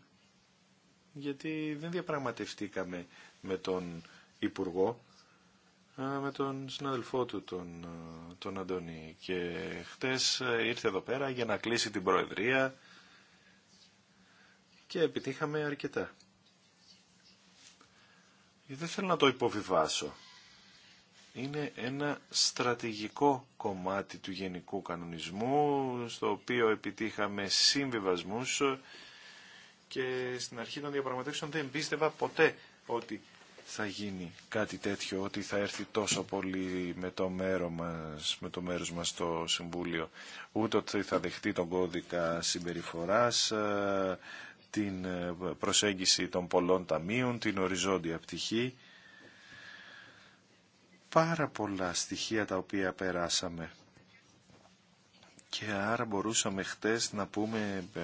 γιατί δεν διαπραγματευτήκαμε με τον Υπουργό ε, με τον συναδελφό του, τον, ε, τον Αντώνη. Και χτες ε, ήρθε εδώ πέρα για να κλείσει την Προεδρία και επιτύχαμε αρκετά. Δεν θέλω να το υποβιβάσω. Είναι ένα στρατηγικό κομμάτι του γενικού κανονισμού, στο οποίο επιτύχαμε συμβιβασμούς και στην αρχή των διαπραγματεύσεων δεν πίστευα ποτέ ότι θα γίνει κάτι τέτοιο, ότι θα έρθει τόσο πολύ με το, μέρο μας, με το μέρος μας στο Συμβούλιο, ούτε ότι θα δεχτεί τον κώδικα συμπεριφοράς, ε, την ε, προσέγγιση των πολλών ταμείων, την οριζόντια πτυχή. Πάρα πολλά στοιχεία τα οποία περάσαμε. Και άρα μπορούσαμε χτες να πούμε ε,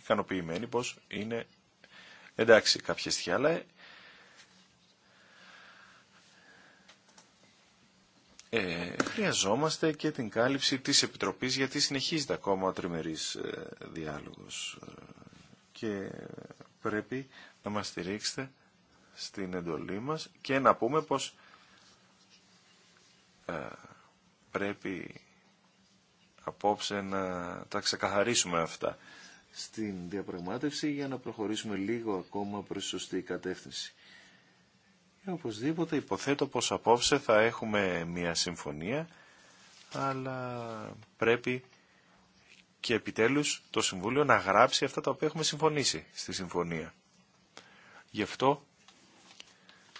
ικανοποιημένοι πως είναι εντάξει κάποια στοιχεία, ε, χρειαζόμαστε και την κάλυψη της Επιτροπής γιατί συνεχίζεται ακόμα ο τριμερής ε, διάλογος ε, και πρέπει να μας στηρίξετε στην εντολή μας και να πούμε πως ε, πρέπει απόψε να τα ξεκαθαρίσουμε αυτά στην διαπραγμάτευση για να προχωρήσουμε λίγο ακόμα προς σωστή κατεύθυνση. Ε, οπωσδήποτε υποθέτω πως απόψε θα έχουμε μια συμφωνία, αλλά πρέπει και επιτέλους το Συμβούλιο να γράψει αυτά τα οποία έχουμε συμφωνήσει στη συμφωνία. Γι' αυτό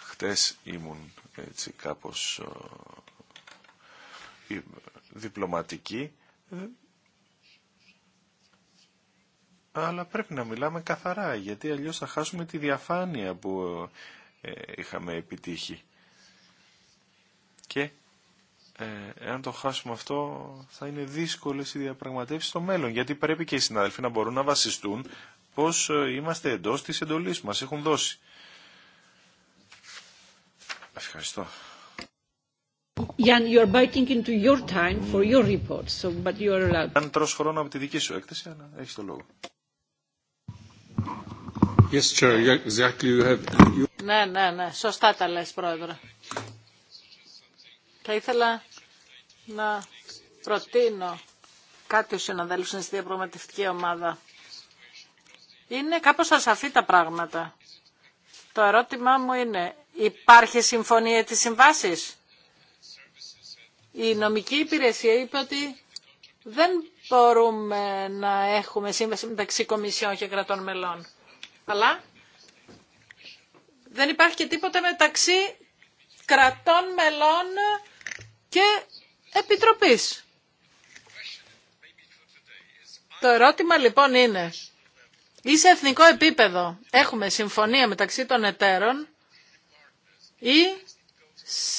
χτες ήμουν έτσι κάπως διπλωματική, ε, αλλά πρέπει να μιλάμε καθαρά, γιατί αλλιώς θα χάσουμε τη διαφάνεια που ε, είχαμε επιτύχει. Και ε, εάν το χάσουμε αυτό θα είναι δύσκολες οι διαπραγματεύσεις στο μέλλον γιατί πρέπει και οι συνάδελφοι να μπορούν να βασιστούν πως ε, είμαστε εντός της εντολής που μας έχουν δώσει. Ευχαριστώ. Jan, you are biting into your time for your report, so, but you are allowed. Αν τρως χρόνο από τη δική σου έκθεση, αλλά έχεις το λόγο. Yes, Chair, exactly. You have, ναι, ναι, ναι. Σωστά τα λες, Πρόεδρε. Θα ήθελα να προτείνω κάτι ο συναδέλφους στην διαπραγματευτική ομάδα. Είναι κάπως ασαφή τα πράγματα. Το ερώτημά μου είναι, υπάρχει συμφωνία της συμβάσης. Η νομική υπηρεσία είπε ότι δεν μπορούμε να έχουμε σύμβαση μεταξύ κομισιών και κρατών μελών. Αλλά δεν υπάρχει και τίποτα μεταξύ κρατών μελών και επιτροπής. Το ερώτημα λοιπόν είναι, ή σε εθνικό επίπεδο έχουμε συμφωνία μεταξύ των εταίρων ή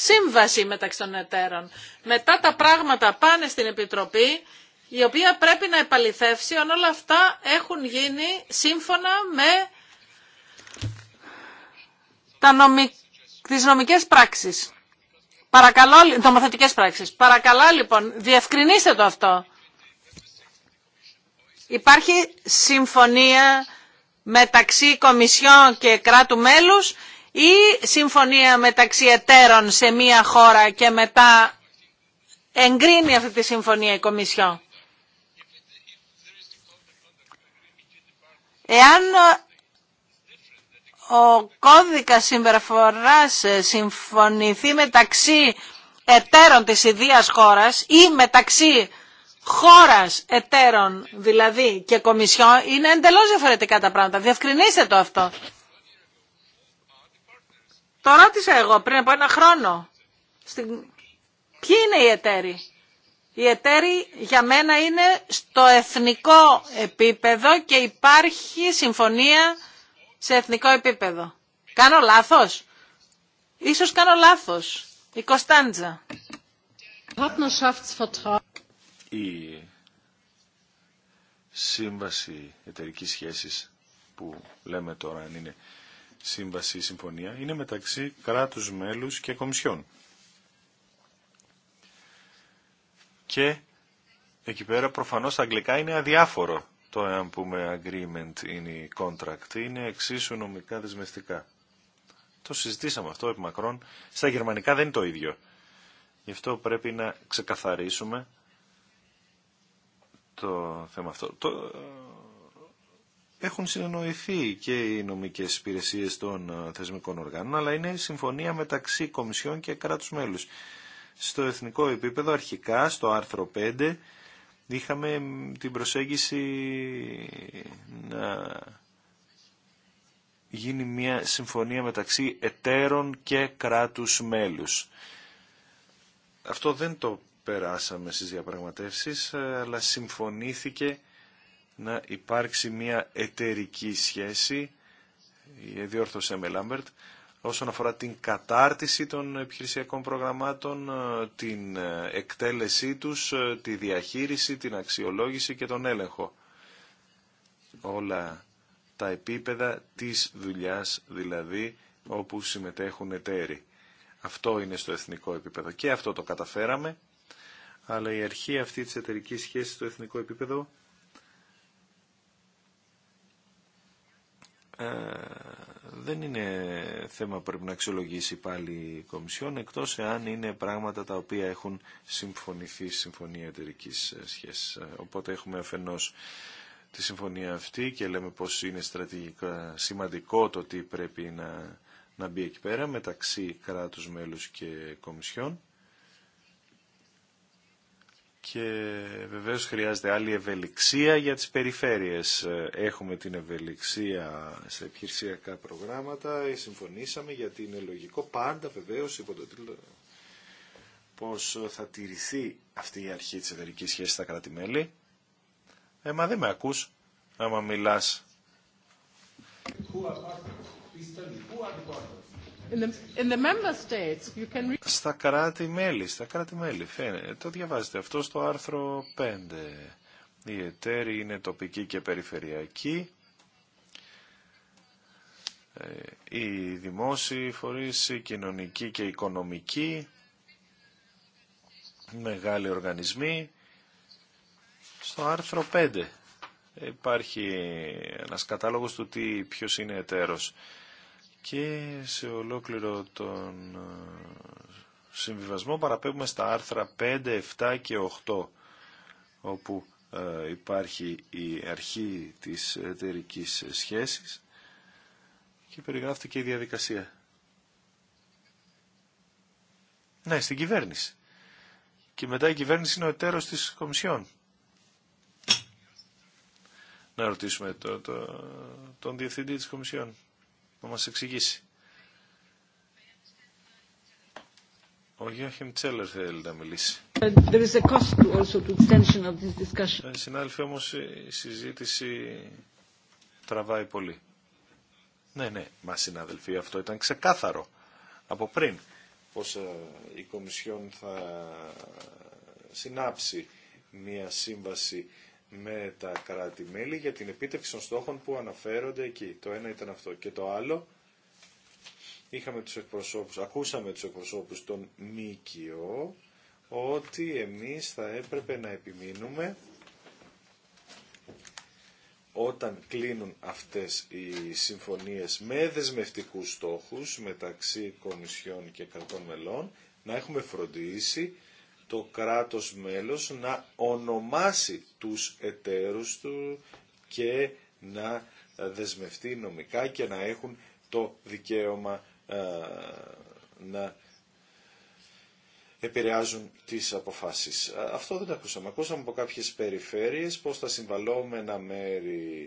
σύμβαση μεταξύ των εταίρων. Μετά τα πράγματα πάνε στην Επιτροπή, η οποία πρέπει να επαληθεύσει αν όλα αυτά έχουν γίνει σύμφωνα με τα νομι... τις νομικές πράξεις. Παρακαλώ, νομοθετικές πράξεις. Παρακαλώ λοιπόν, διευκρινίστε το αυτό. Υπάρχει συμφωνία μεταξύ Κομισιόν και κράτου μέλους ή συμφωνία μεταξύ εταίρων σε μία χώρα και μετά εγκρίνει αυτή τη συμφωνία η Κομισιόν. Εάν ο κώδικας συμπεριφοράς ε, συμφωνηθεί μεταξύ εταίρων της ιδίας χώρας ή μεταξύ χώρας εταίρων δηλαδή και κομισιόν είναι εντελώς διαφορετικά τα πράγματα. Διευκρινίστε το αυτό. Το ρώτησα εγώ πριν από ένα χρόνο. Στην... Ποιοι είναι οι εταίροι. Οι εταίροι για μένα είναι στο εθνικό επίπεδο και υπάρχει συμφωνία σε εθνικό επίπεδο. Κάνω λάθος. Ίσως κάνω λάθος. Η Κωνσταντζα. Η σύμβαση εταιρική σχέσης που λέμε τώρα αν είναι σύμβαση ή συμφωνία είναι μεταξύ κράτους μέλους και κομισιών. Και εκεί πέρα προφανώς αγγλικά είναι αδιάφορο το εάν πούμε agreement είναι η contract είναι εξίσου νομικά δεσμευτικά. Το συζητήσαμε αυτό επί μακρόν. Στα γερμανικά δεν είναι το ίδιο. Γι' αυτό πρέπει να ξεκαθαρίσουμε το θέμα αυτό. Το... Ε, έχουν συνεννοηθεί και οι νομικές υπηρεσίες των ε, θεσμικών οργάνων, αλλά είναι συμφωνία μεταξύ Κομισιών και κράτους μέλους. Στο εθνικό επίπεδο, αρχικά, στο άρθρο 5, είχαμε την προσέγγιση να γίνει μια συμφωνία μεταξύ εταίρων και κράτους μέλους. Αυτό δεν το περάσαμε στις διαπραγματεύσεις, αλλά συμφωνήθηκε να υπάρξει μια εταιρική σχέση, διόρθωσε με Λάμπερτ, όσον αφορά την κατάρτιση των επιχειρησιακών προγραμμάτων, ε, την ε, εκτέλεσή τους, ε, τη διαχείριση, την αξιολόγηση και τον έλεγχο. Όλα τα επίπεδα της δουλειάς δηλαδή όπου συμμετέχουν εταίροι. Αυτό είναι στο εθνικό επίπεδο και αυτό το καταφέραμε, αλλά η αρχή αυτή της εταιρική σχέσης στο εθνικό επίπεδο δεν είναι θέμα που πρέπει να αξιολογήσει πάλι η Κομισιόν, εκτός εάν είναι πράγματα τα οποία έχουν συμφωνηθεί στη Συμφωνία εταιρική Σχέσης. Οπότε έχουμε αφενός τη συμφωνία αυτή και λέμε πως είναι στρατηγικά σημαντικό το τι πρέπει να, να μπει εκεί πέρα μεταξύ κράτους μέλους και Κομισιόν και βεβαίως χρειάζεται άλλη ευελιξία για τις περιφέρειες. Ε, έχουμε την ευελιξία σε επιχειρησιακά προγράμματα, ε, συμφωνήσαμε γιατί είναι λογικό πάντα βεβαίως υπό πως θα τηρηθεί αυτή η αρχή της εταιρικής σχέσης στα κράτη-μέλη. Ε, μα δεν με ακούς άμα μιλάς. Στα κράτη-μέλη, στα κράτη-μέλη, φαίνεται. Το διαβάζετε αυτό στο άρθρο 5. Οι εταίροι είναι τοπικοί και περιφερειακοί. Ε, οι δημόσιοι φορείς, οι κοινωνικοί και οικονομικοί, μεγάλοι οργανισμοί. Στο άρθρο 5 υπάρχει ένας κατάλογος του τι, ποιος είναι εταίρος και σε ολόκληρο τον ε, συμβιβασμό παραπέμπουμε στα άρθρα 5, 7 και 8 όπου ε, υπάρχει η αρχή της εταιρική σχέσης και περιγράφεται και η διαδικασία. Ναι, στην κυβέρνηση. Και μετά η κυβέρνηση είναι ο εταίρος της Κομισιόν. Να ρωτήσουμε το, το, τον Διευθυντή της Κομισιόν να μας εξηγήσει. Ο Γιώχιμ Τσέλερ θέλει να μιλήσει. There is cost also to of this discussion. Ε, συνάδελφοι, όμως η συζήτηση τραβάει πολύ. Ναι, ναι, μα συνάδελφοι, αυτό ήταν ξεκάθαρο από πριν πως ε, η Κομισιόν θα συνάψει μία σύμβαση με τα κράτη-μέλη για την επίτευξη των στόχων που αναφέρονται εκεί. Το ένα ήταν αυτό. Και το άλλο, είχαμε τους εκπροσώπους, ακούσαμε τους εκπροσώπους των ΜΚΟ ότι εμείς θα έπρεπε να επιμείνουμε όταν κλείνουν αυτές οι συμφωνίες με δεσμευτικούς στόχους μεταξύ Κομισιών και κρατών μελών, να έχουμε φροντίσει το κράτος μέλος να ονομάσει τους εταίρους του και να δεσμευτεί νομικά και να έχουν το δικαίωμα ε, να επηρεάζουν τις αποφάσεις. Ε, αυτό δεν το ακούσαμε. Ακούσαμε από κάποιες περιφέρειες πώς τα συμβαλώμενα μέρη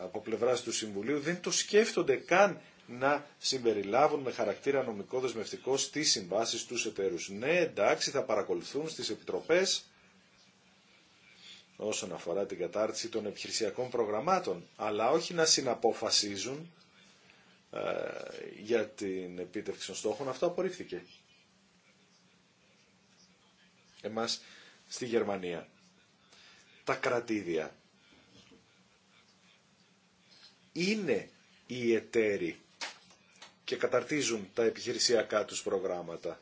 από πλευράς του Συμβουλίου δεν το σκέφτονται καν να συμπεριλάβουν με χαρακτήρα νομικό δεσμευτικό στις συμβάσεις τους εταίρους. Ναι, εντάξει, θα παρακολουθούν στις επιτροπές όσον αφορά την κατάρτιση των επιχειρησιακών προγραμμάτων, αλλά όχι να συναποφασίζουν ε, για την επίτευξη των στόχων. Αυτό απορρίφθηκε. Εμάς στη Γερμανία. Τα κρατήδια είναι οι εταίροι και καταρτίζουν τα επιχειρησιακά τους προγράμματα.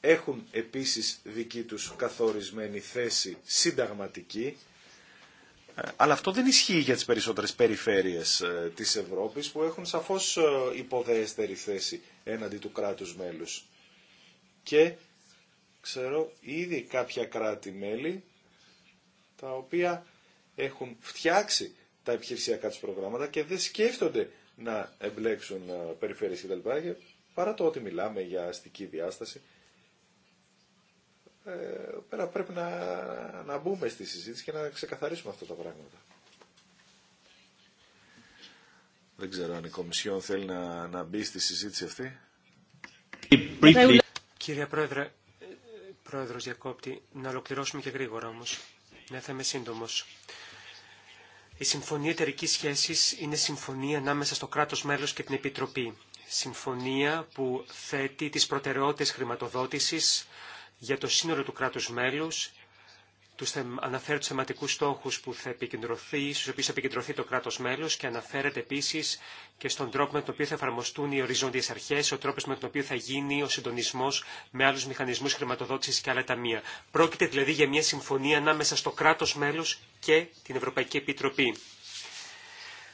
Έχουν επίσης δική τους καθορισμένη θέση συνταγματική, ε, αλλά αυτό δεν ισχύει για τις περισσότερες περιφέρειες ε, της Ευρώπης που έχουν σαφώς ε, υποδέστερη θέση έναντι του κράτους μέλους. Και ξέρω ήδη κάποια κράτη-μέλη τα οποία έχουν φτιάξει τα επιχειρησιακά τους προγράμματα και δεν σκέφτονται να εμπλέξουν ε, περιφέρειες λοιπά. Παρά το ότι μιλάμε για αστική διάσταση, ε, πέρα πρέπει να, να μπούμε στη συζήτηση και να ξεκαθαρίσουμε αυτά τα πράγματα. Δεν ξέρω αν η Κομισιόν θέλει να, να μπει στη συζήτηση αυτή. Κύριε Πρόεδρε, ε, Πρόεδρος Διακόπτη, να ολοκληρώσουμε και γρήγορα όμως. Ναι, θα είμαι σύντομος. Η Συμφωνία Εταιρική σχέση είναι συμφωνία ανάμεσα στο κράτο μέλο και την Επιτροπή. Συμφωνία που θέτει τι προτεραιότητε χρηματοδότηση για το σύνολο του κράτου μέλου, του αναφέρει του θεματικούς στόχους που θα επικεντρωθεί, στου οποίου θα επικεντρωθεί το κράτο μέλο και αναφέρεται επίση και στον τρόπο με τον οποίο θα εφαρμοστούν οι οριζόντιε αρχέ, ο τρόπο με τον οποίο θα γίνει ο συντονισμό με άλλου μηχανισμού χρηματοδότηση και άλλα ταμεία. Πρόκειται δηλαδή για μια συμφωνία ανάμεσα στο κράτο μέλο και την Ευρωπαϊκή Επιτροπή.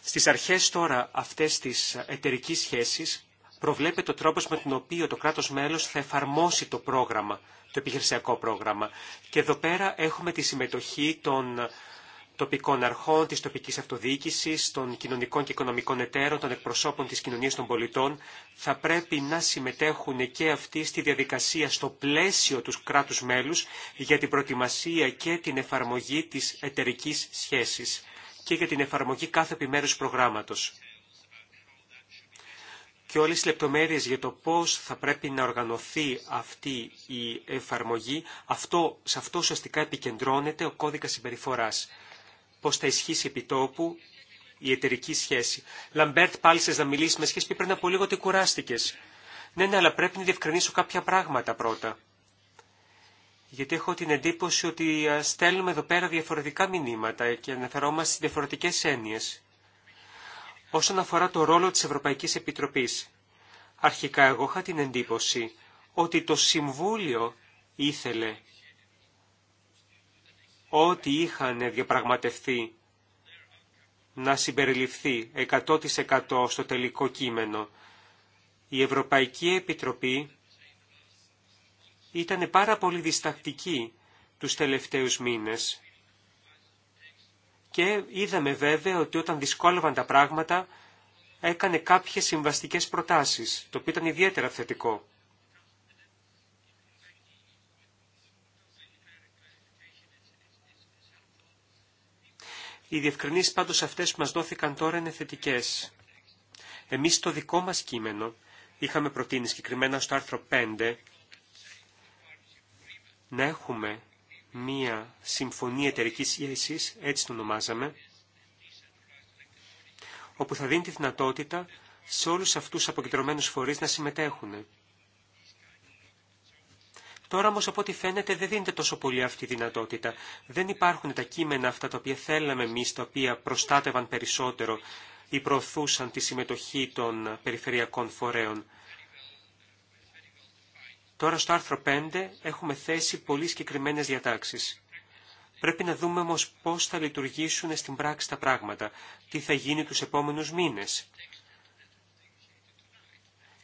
Στι αρχέ τώρα αυτέ τη εταιρική σχέση προβλέπεται ο τρόπο με τον οποίο το κράτο μέλο θα εφαρμόσει το πρόγραμμα το επιχειρησιακό πρόγραμμα. Και εδώ πέρα έχουμε τη συμμετοχή των τοπικών αρχών, της τοπικής αυτοδιοίκησης, των κοινωνικών και οικονομικών εταίρων, των εκπροσώπων της κοινωνίας των πολιτών, θα πρέπει να συμμετέχουν και αυτοί στη διαδικασία στο πλαίσιο του κράτους μέλους για την προετοιμασία και την εφαρμογή της εταιρικής σχέσης και για την εφαρμογή κάθε επιμέρους προγράμματος και όλες τις λεπτομέρειες για το πώς θα πρέπει να οργανωθεί αυτή η εφαρμογή, αυτό, σε αυτό ουσιαστικά επικεντρώνεται ο κώδικας συμπεριφοράς. Πώς θα ισχύσει επιτόπου η εταιρική σχέση. Λαμπέρτ, πάλι σας να μιλήσει με σχέση που πριν από λίγο ότι κουράστηκε. Ναι, ναι, αλλά πρέπει να διευκρινίσω κάποια πράγματα πρώτα. Γιατί έχω την εντύπωση ότι ε, στέλνουμε εδώ πέρα διαφορετικά μηνύματα και αναφερόμαστε στις διαφορετικές έννοιες όσον αφορά το ρόλο της Ευρωπαϊκής Επιτροπής. Αρχικά εγώ είχα την εντύπωση ότι το Συμβούλιο ήθελε ό,τι είχαν διαπραγματευτεί να συμπεριληφθεί 100% στο τελικό κείμενο. Η Ευρωπαϊκή Επιτροπή ήταν πάρα πολύ διστακτική τους τελευταίους μήνες και είδαμε βέβαια ότι όταν δυσκόλευαν τα πράγματα έκανε κάποιες συμβαστικές προτάσεις, το οποίο ήταν ιδιαίτερα θετικό. Οι διευκρινήσεις πάντως αυτές που μας δόθηκαν τώρα είναι θετικές. Εμείς στο δικό μας κείμενο είχαμε προτείνει συγκεκριμένα στο άρθρο 5 να έχουμε μία συμφωνία εταιρική σχέση, έτσι το ονομάζαμε, όπου θα δίνει τη δυνατότητα σε όλους αυτούς τους αποκεντρωμένους φορείς να συμμετέχουν. Τώρα όμως από ό,τι φαίνεται δεν δίνεται τόσο πολύ αυτή η δυνατότητα. Δεν υπάρχουν τα κείμενα αυτά τα οποία θέλαμε εμείς, τα οποία προστάτευαν περισσότερο ή προωθούσαν τη συμμετοχή των περιφερειακών φορέων. Τώρα στο άρθρο 5 έχουμε θέσει πολύ συγκεκριμένε διατάξεις. Πρέπει να δούμε όμως πώς θα λειτουργήσουν στην πράξη τα πράγματα, τι θα γίνει τους επόμενους μήνες.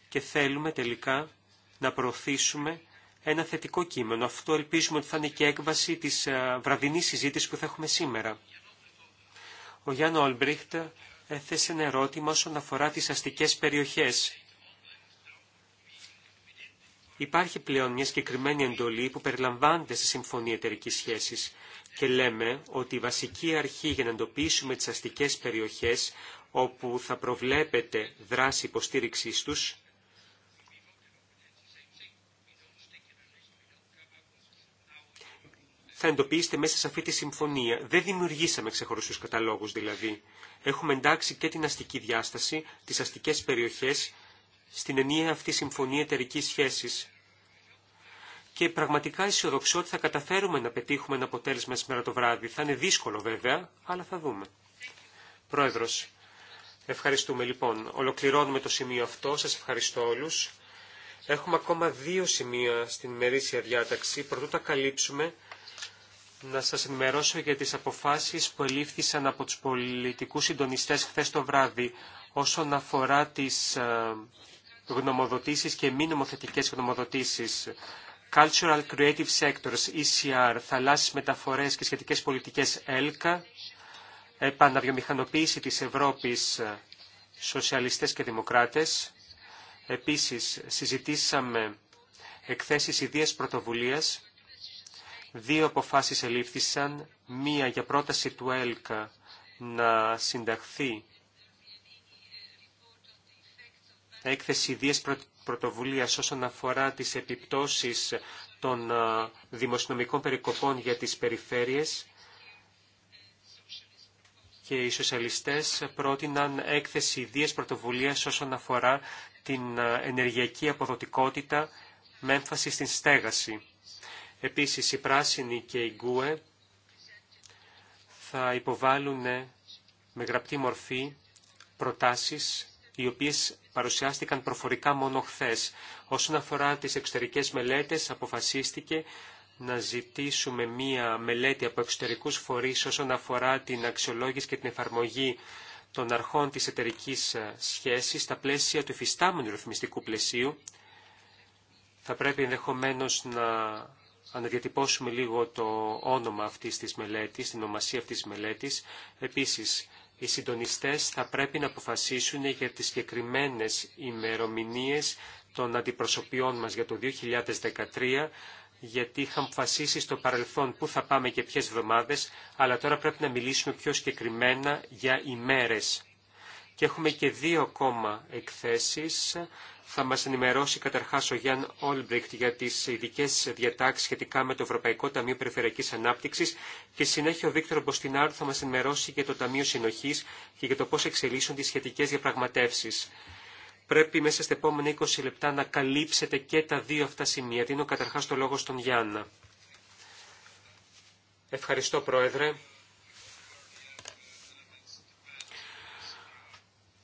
Και θέλουμε τελικά να προωθήσουμε ένα θετικό κείμενο. Αυτό ελπίζουμε ότι θα είναι και έκβαση της ε, βραδινής συζήτησης που θα έχουμε σήμερα. Ο Γιάννο Ολμπρίχτ έθεσε ένα ερώτημα όσον αφορά τις αστικές περιοχές. Υπάρχει πλέον μια συγκεκριμένη εντολή που περιλαμβάνεται στη Συμφωνία Εταιρική Σχέση και λέμε ότι η βασική αρχή για να εντοπίσουμε τι αστικέ περιοχέ όπου θα προβλέπεται δράση υποστήριξή του θα εντοπίσετε μέσα σε αυτή τη συμφωνία. Δεν δημιουργήσαμε ξεχωριστούς καταλόγους δηλαδή. Έχουμε εντάξει και την αστική διάσταση, τι αστικέ περιοχέ στην ενιαία αυτή συμφωνία εταιρική σχέσης. Και πραγματικά αισιοδοξώ ότι θα καταφέρουμε να πετύχουμε ένα αποτέλεσμα σήμερα το βράδυ. Θα είναι δύσκολο βέβαια, αλλά θα δούμε. Προεδρο, ευχαριστούμε λοιπόν. Ολοκληρώνουμε το σημείο αυτό. Σας ευχαριστώ όλου. Έχουμε ακόμα δύο σημεία στην ημερήσια διάταξη. Πρωτού τα καλύψουμε, να σας ενημερώσω για τις αποφάσεις που ελήφθησαν από τους πολιτικούς συντονιστές χθε το βράδυ όσον αφορά τις ε, γνωμοδοτήσεις και μη νομοθετικές γνωμοδοτήσεις. Cultural Creative Sectors, ECR, θαλάσσιες μεταφορές και σχετικές πολιτικές, ΕΛΚΑ, επαναβιομηχανοποίηση της Ευρώπης, σοσιαλιστές και δημοκράτες. Επίσης, συζητήσαμε εκθέσεις ιδίας πρωτοβουλίας. Δύο αποφάσεις ελήφθησαν, μία για πρόταση του ΕΛΚΑ να συνταχθεί έκθεση ιδίες πρωτοβουλίας όσον αφορά τις επιπτώσεις των ε, δημοσιονομικών περικοπών για τις περιφέρειες και οι σοσιαλιστές πρότειναν έκθεση ιδίες πρωτοβουλίας όσον αφορά την ε, ενεργειακή αποδοτικότητα με έμφαση στην στέγαση. Επίσης, οι πράσινοι και οι γκούε θα υποβάλουν με γραπτή μορφή προτάσεις οι οποίες παρουσιάστηκαν προφορικά μόνο χθε. Όσον αφορά τις εξωτερικές μελέτες, αποφασίστηκε να ζητήσουμε μία μελέτη από εξωτερικούς φορείς όσον αφορά την αξιολόγηση και την εφαρμογή των αρχών της εταιρική ε, σχέσης στα πλαίσια του υφιστάμενου ρυθμιστικού πλαισίου. Θα πρέπει ενδεχομένως να αναδιατυπώσουμε λίγο το όνομα αυτής της μελέτης, την ομασία αυτής της μελέτης. Επίσης, οι συντονιστές θα πρέπει να αποφασίσουν για τις συγκεκριμένε ημερομηνίες των αντιπροσωπιών μας για το 2013, γιατί είχαμε αποφασίσει στο παρελθόν πού θα πάμε και ποιες εβδομάδες, αλλά τώρα πρέπει να μιλήσουμε πιο συγκεκριμένα για ημέρες. Και έχουμε και δύο ακόμα εκθέσεις θα μας ενημερώσει καταρχάς ο Γιάνν Όλμπριχτ για τις ειδικέ διατάξεις σχετικά με το Ευρωπαϊκό Ταμείο Περιφερειακής Ανάπτυξης και συνέχεια ο Βίκτορ Μποστινάρου θα μας ενημερώσει για το Ταμείο Συνοχής και για το πώς εξελίσσονται οι σχετικές διαπραγματεύσεις. Πρέπει μέσα στα επόμενα 20 λεπτά να καλύψετε και τα δύο αυτά σημεία. Δίνω καταρχάς το λόγο στον Γιάννα. Ευχαριστώ Πρόεδρε.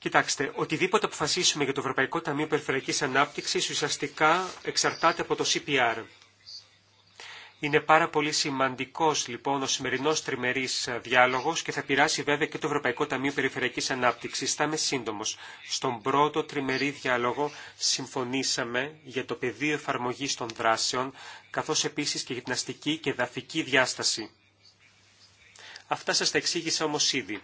Κοιτάξτε, οτιδήποτε αποφασίσουμε για το Ευρωπαϊκό Ταμείο Περιφερειακής Ανάπτυξης ουσιαστικά εξαρτάται από το CPR. Είναι πάρα πολύ σημαντικός λοιπόν ο σημερινός τριμερής διάλογος και θα πειράσει βέβαια και το Ευρωπαϊκό Ταμείο Περιφερειακής Ανάπτυξης. Θα είμαι σύντομος. Στον πρώτο τριμερή διάλογο συμφωνήσαμε για το πεδίο εφαρμογής των δράσεων, καθώς επίσης και για την αστική και δαφική διάσταση. Αυτά σα τα εξήγησα όμως ήδη.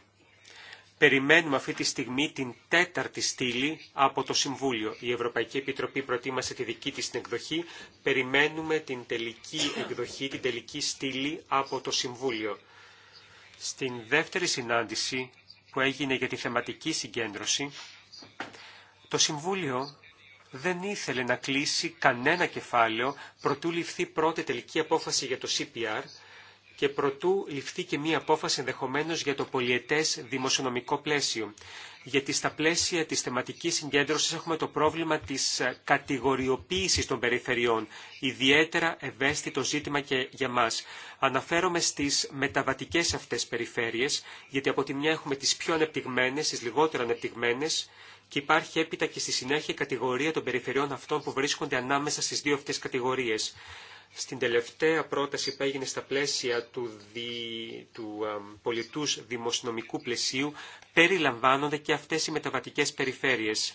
Περιμένουμε αυτή τη στιγμή την τέταρτη στήλη από το Συμβούλιο. Η Ευρωπαϊκή Επιτροπή προτίμασε τη δική της την εκδοχή. Περιμένουμε την τελική εκδοχή, την τελική στήλη από το Συμβούλιο. Στην δεύτερη συνάντηση που έγινε για τη θεματική συγκέντρωση, το Συμβούλιο δεν ήθελε να κλείσει κανένα κεφάλαιο προτού ληφθεί πρώτη τελική απόφαση για το CPR, και προτού ληφθεί και μία απόφαση ενδεχομένω για το πολιετές δημοσιονομικό πλαίσιο. Γιατί στα πλαίσια της θεματικής συγκέντρωσης έχουμε το πρόβλημα της ε, κατηγοριοποίησης των περιφερειών, ιδιαίτερα ευαίσθητο ζήτημα και για μας. Αναφέρομαι στις μεταβατικές αυτές περιφέρειες, γιατί από τη μια έχουμε τις πιο ανεπτυγμένες, τις λιγότερο ανεπτυγμένες, και υπάρχει έπειτα και στη συνέχεια η κατηγορία των περιφερειών αυτών που βρίσκονται ανάμεσα στις δύο αυτές κατηγορίες. Στην τελευταία πρόταση που έγινε στα πλαίσια του, δι... του πολιτούς δημοσιονομικού πλαισίου περιλαμβάνονται και αυτές οι μεταβατικές περιφέρειες.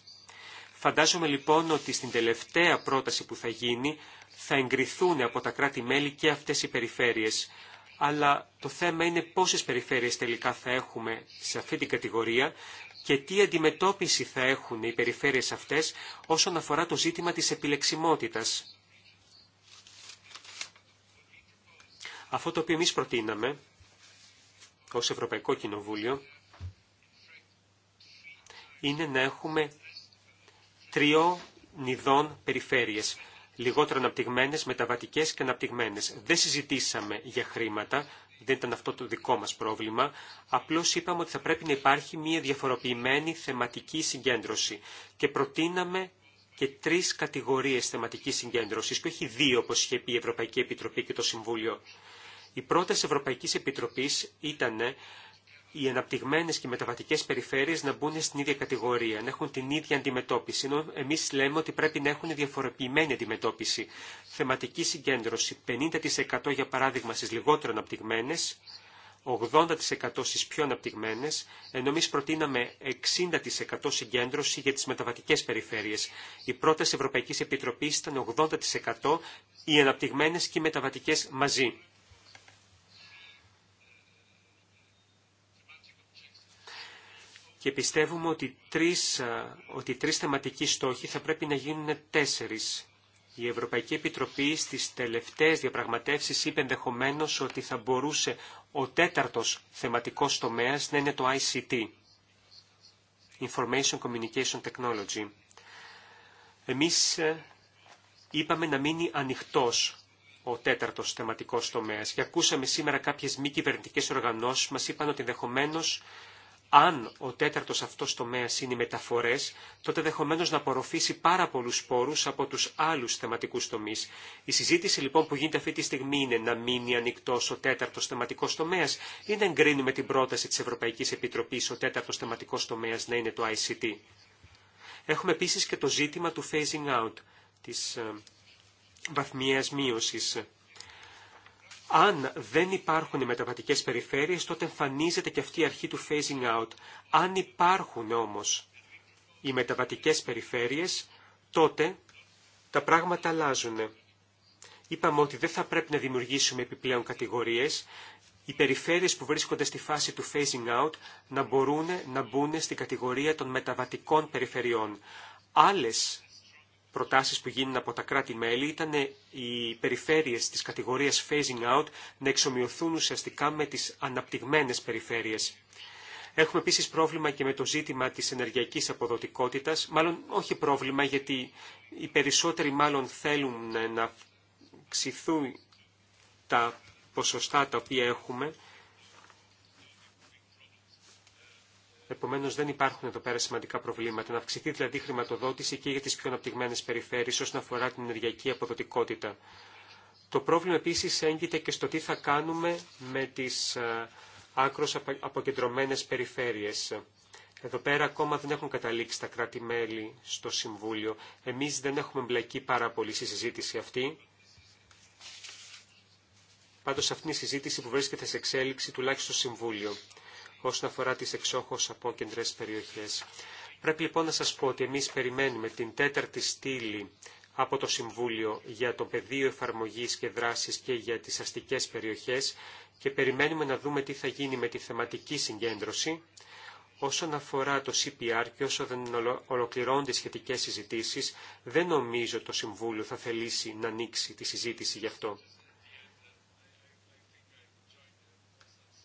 Φαντάζομαι λοιπόν ότι στην τελευταία πρόταση που θα γίνει θα εγκριθούν από τα κράτη-μέλη και αυτές οι περιφέρειες. Αλλά το θέμα είναι πόσες περιφέρειες τελικά θα έχουμε σε αυτή την κατηγορία και τι αντιμετώπιση θα έχουν οι περιφέρειες αυτές όσον αφορά το ζήτημα της επιλεξιμότητας. Αυτό το οποίο εμείς προτείναμε ως Ευρωπαϊκό Κοινοβούλιο είναι να έχουμε τριών νηδών περιφέρειες, λιγότερο αναπτυγμένες, μεταβατικές και αναπτυγμένες. Δεν συζητήσαμε για χρήματα, δεν ήταν αυτό το δικό μας πρόβλημα, απλώς είπαμε ότι θα πρέπει να υπάρχει μια διαφοροποιημένη θεματική συγκέντρωση και προτείναμε και τρεις κατηγορίες θεματικής συγκέντρωσης και όχι δύο όπως είχε πει η Ευρωπαϊκή Επιτροπή και το Συμβούλιο. Η πρόταση Ευρωπαϊκής Επιτροπής ήταν οι αναπτυγμένες και μεταβατικές περιφέρειες να μπουν στην ίδια κατηγορία, να έχουν την ίδια αντιμετώπιση, ενώ εμείς λέμε ότι πρέπει να έχουν διαφοροποιημένη αντιμετώπιση. Θεματική συγκέντρωση 50% για παράδειγμα στις λιγότερο αναπτυγμένες, 80% στις πιο αναπτυγμένες, ενώ εμείς προτείναμε 60% συγκέντρωση για τις μεταβατικές περιφέρειες. Η πρόταση Ευρωπαϊκής Επιτροπής ήταν 80% οι αναπτυγμένες και οι μεταβατικές μαζί. και πιστεύουμε ότι τρεις, ότι τρεις θεματικοί στόχοι θα πρέπει να γίνουν τέσσερις. Η Ευρωπαϊκή Επιτροπή στις τελευταίες διαπραγματεύσεις είπε ενδεχομένω ότι θα μπορούσε ο τέταρτος θεματικός τομέας να είναι το ICT, Information Communication Technology. Εμείς ε, είπαμε να μείνει ανοιχτός ο τέταρτος θεματικός τομέας και ακούσαμε σήμερα κάποιες μη κυβερνητικές οργανώσεις μας είπαν ότι ενδεχομένω αν ο τέταρτος αυτός τομέας είναι οι μεταφορές, τότε δεχομένως να απορροφήσει πάρα πολλούς σπόρους από τους άλλους θεματικούς τομείς. Η συζήτηση λοιπόν που γίνεται αυτή τη στιγμή είναι να μείνει ανοιχτό ο τέταρτος θεματικός τομέας ή να εγκρίνουμε την πρόταση της Ευρωπαϊκής Επιτροπής ο τέταρτος θεματικός τομέας να είναι το ICT. Έχουμε επίσης και το ζήτημα του phasing out, της ε, βαθμιαίας μείωσης αν δεν υπάρχουν οι μεταβατικές περιφέρειες, τότε εμφανίζεται και αυτή η αρχή του phasing out. Αν υπάρχουν όμως οι μεταβατικές περιφέρειες, τότε τα πράγματα αλλάζουν. Είπαμε ότι δεν θα πρέπει να δημιουργήσουμε επιπλέον κατηγορίες. Οι περιφέρειες που βρίσκονται στη φάση του phasing out να μπορούν να μπουν στην κατηγορία των μεταβατικών περιφερειών. Άλλες προτάσεις που γίνουν από τα κράτη-μέλη ήταν οι περιφέρειες της κατηγορίας phasing out να εξομοιωθούν ουσιαστικά με τις αναπτυγμένες περιφέρειες. Έχουμε επίσης πρόβλημα και με το ζήτημα της ενεργειακής αποδοτικότητας, μάλλον όχι πρόβλημα γιατί οι περισσότεροι μάλλον θέλουν να αυξηθούν τα ποσοστά τα οποία έχουμε Επομένω, δεν υπάρχουν εδώ πέρα σημαντικά προβλήματα. Να αυξηθεί δηλαδή η χρηματοδότηση και για τι πιο αναπτυγμένε περιφέρειε όσον αφορά την ενεργειακή αποδοτικότητα. Το πρόβλημα επίση έγκυται και στο τι θα κάνουμε με τι ε, άκρω αποκεντρωμένε περιφέρειε. Εδώ πέρα ακόμα δεν έχουν καταλήξει τα κράτη-μέλη στο Συμβούλιο. Εμεί δεν έχουμε μπλακεί πάρα πολύ στη συζήτηση αυτή. Πάντω αυτή είναι η συζήτηση που βρίσκεται σε εξέλιξη τουλάχιστον στο Συμβούλιο όσον αφορά τις εξόχως απόκεντρες περιοχές. Πρέπει λοιπόν να σας πω ότι εμείς περιμένουμε την τέταρτη στήλη από το Συμβούλιο για το πεδίο εφαρμογής και δράσης και για τις αστικές περιοχές και περιμένουμε να δούμε τι θα γίνει με τη θεματική συγκέντρωση όσον αφορά το CPR και όσο δεν ολοκληρώνται οι σχετικές συζητήσεις, δεν νομίζω το Συμβούλιο θα θελήσει να ανοίξει τη συζήτηση γι' αυτό.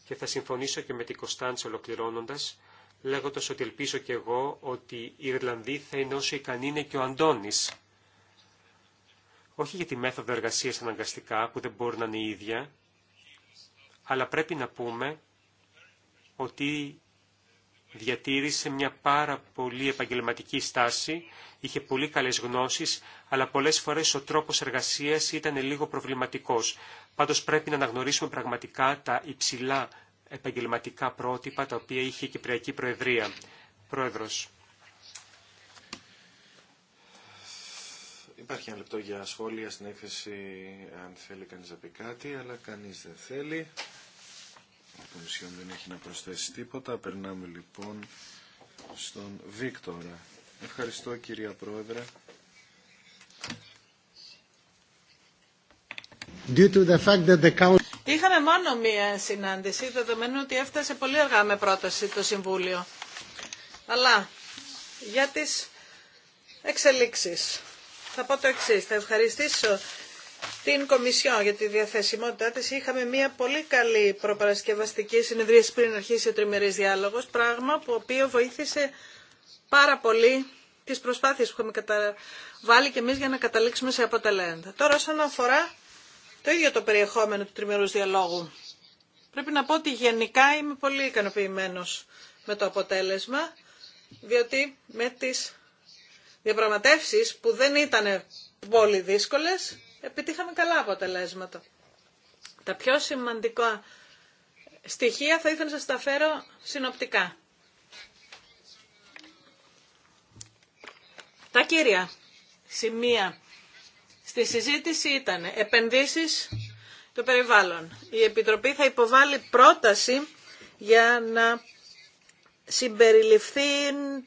και θα συμφωνήσω και με την Κωνσταντς ολοκληρώνοντας, λέγοντας ότι ελπίζω και εγώ ότι οι Ιρλανδοί θα είναι όσο ικανοί είναι και ο Αντώνης. Όχι για τη μέθοδο εργασίας αναγκαστικά που δεν μπορεί να είναι η ίδια, αλλά πρέπει να πούμε ότι διατήρησε μια πάρα πολύ επαγγελματική στάση, είχε πολύ καλές γνώσεις, αλλά πολλές φορές ο τρόπος εργασίας ήταν λίγο προβληματικός. Πάντως πρέπει να αναγνωρίσουμε πραγματικά τα υψηλά επαγγελματικά πρότυπα τα οποία είχε η Κυπριακή Προεδρία. Πρόεδρος. Υπάρχει ένα λεπτό για σχόλια στην έκθεση αν θέλει κανείς να πει κάτι, αλλά κανείς δεν θέλει. Η Κομισιόν δεν έχει να προσθέσει τίποτα. Περνάμε λοιπόν στον Βίκτορα. Ευχαριστώ κυρία Πρόεδρε. Due to the fact that the council. Είχαμε μόνο μία συνάντηση, δεδομένου ότι έφτασε πολύ αργά με πρόταση το Συμβούλιο. Αλλά για τις εξελίξεις θα πω το εξής. Θα ευχαριστήσω την Κομισιόν για τη διαθεσιμότητά της. Είχαμε μια πολύ καλή προπαρασκευαστική συνεδρίαση πριν αρχίσει ο τριμερής διάλογος, πράγμα που οποίο βοήθησε πάρα πολύ τις προσπάθειες που είχαμε καταβάλει και εμείς για να καταλήξουμε σε αποτελέσματα. Τώρα όσον αφορά το ίδιο το περιεχόμενο του τριμερούς διαλόγου. Πρέπει να πω ότι γενικά είμαι πολύ ικανοποιημένο με το αποτέλεσμα, διότι με τις διαπραγματεύσεις που δεν ήταν πολύ δύσκολες, Επιτύχαμε καλά αποτελέσματα. Τα πιο σημαντικά στοιχεία θα ήθελα να σας τα φέρω συνοπτικά. Τα κύρια σημεία στη συζήτηση ήταν επενδύσεις το περιβάλλον. Η Επιτροπή θα υποβάλει πρόταση για να συμπεριληφθεί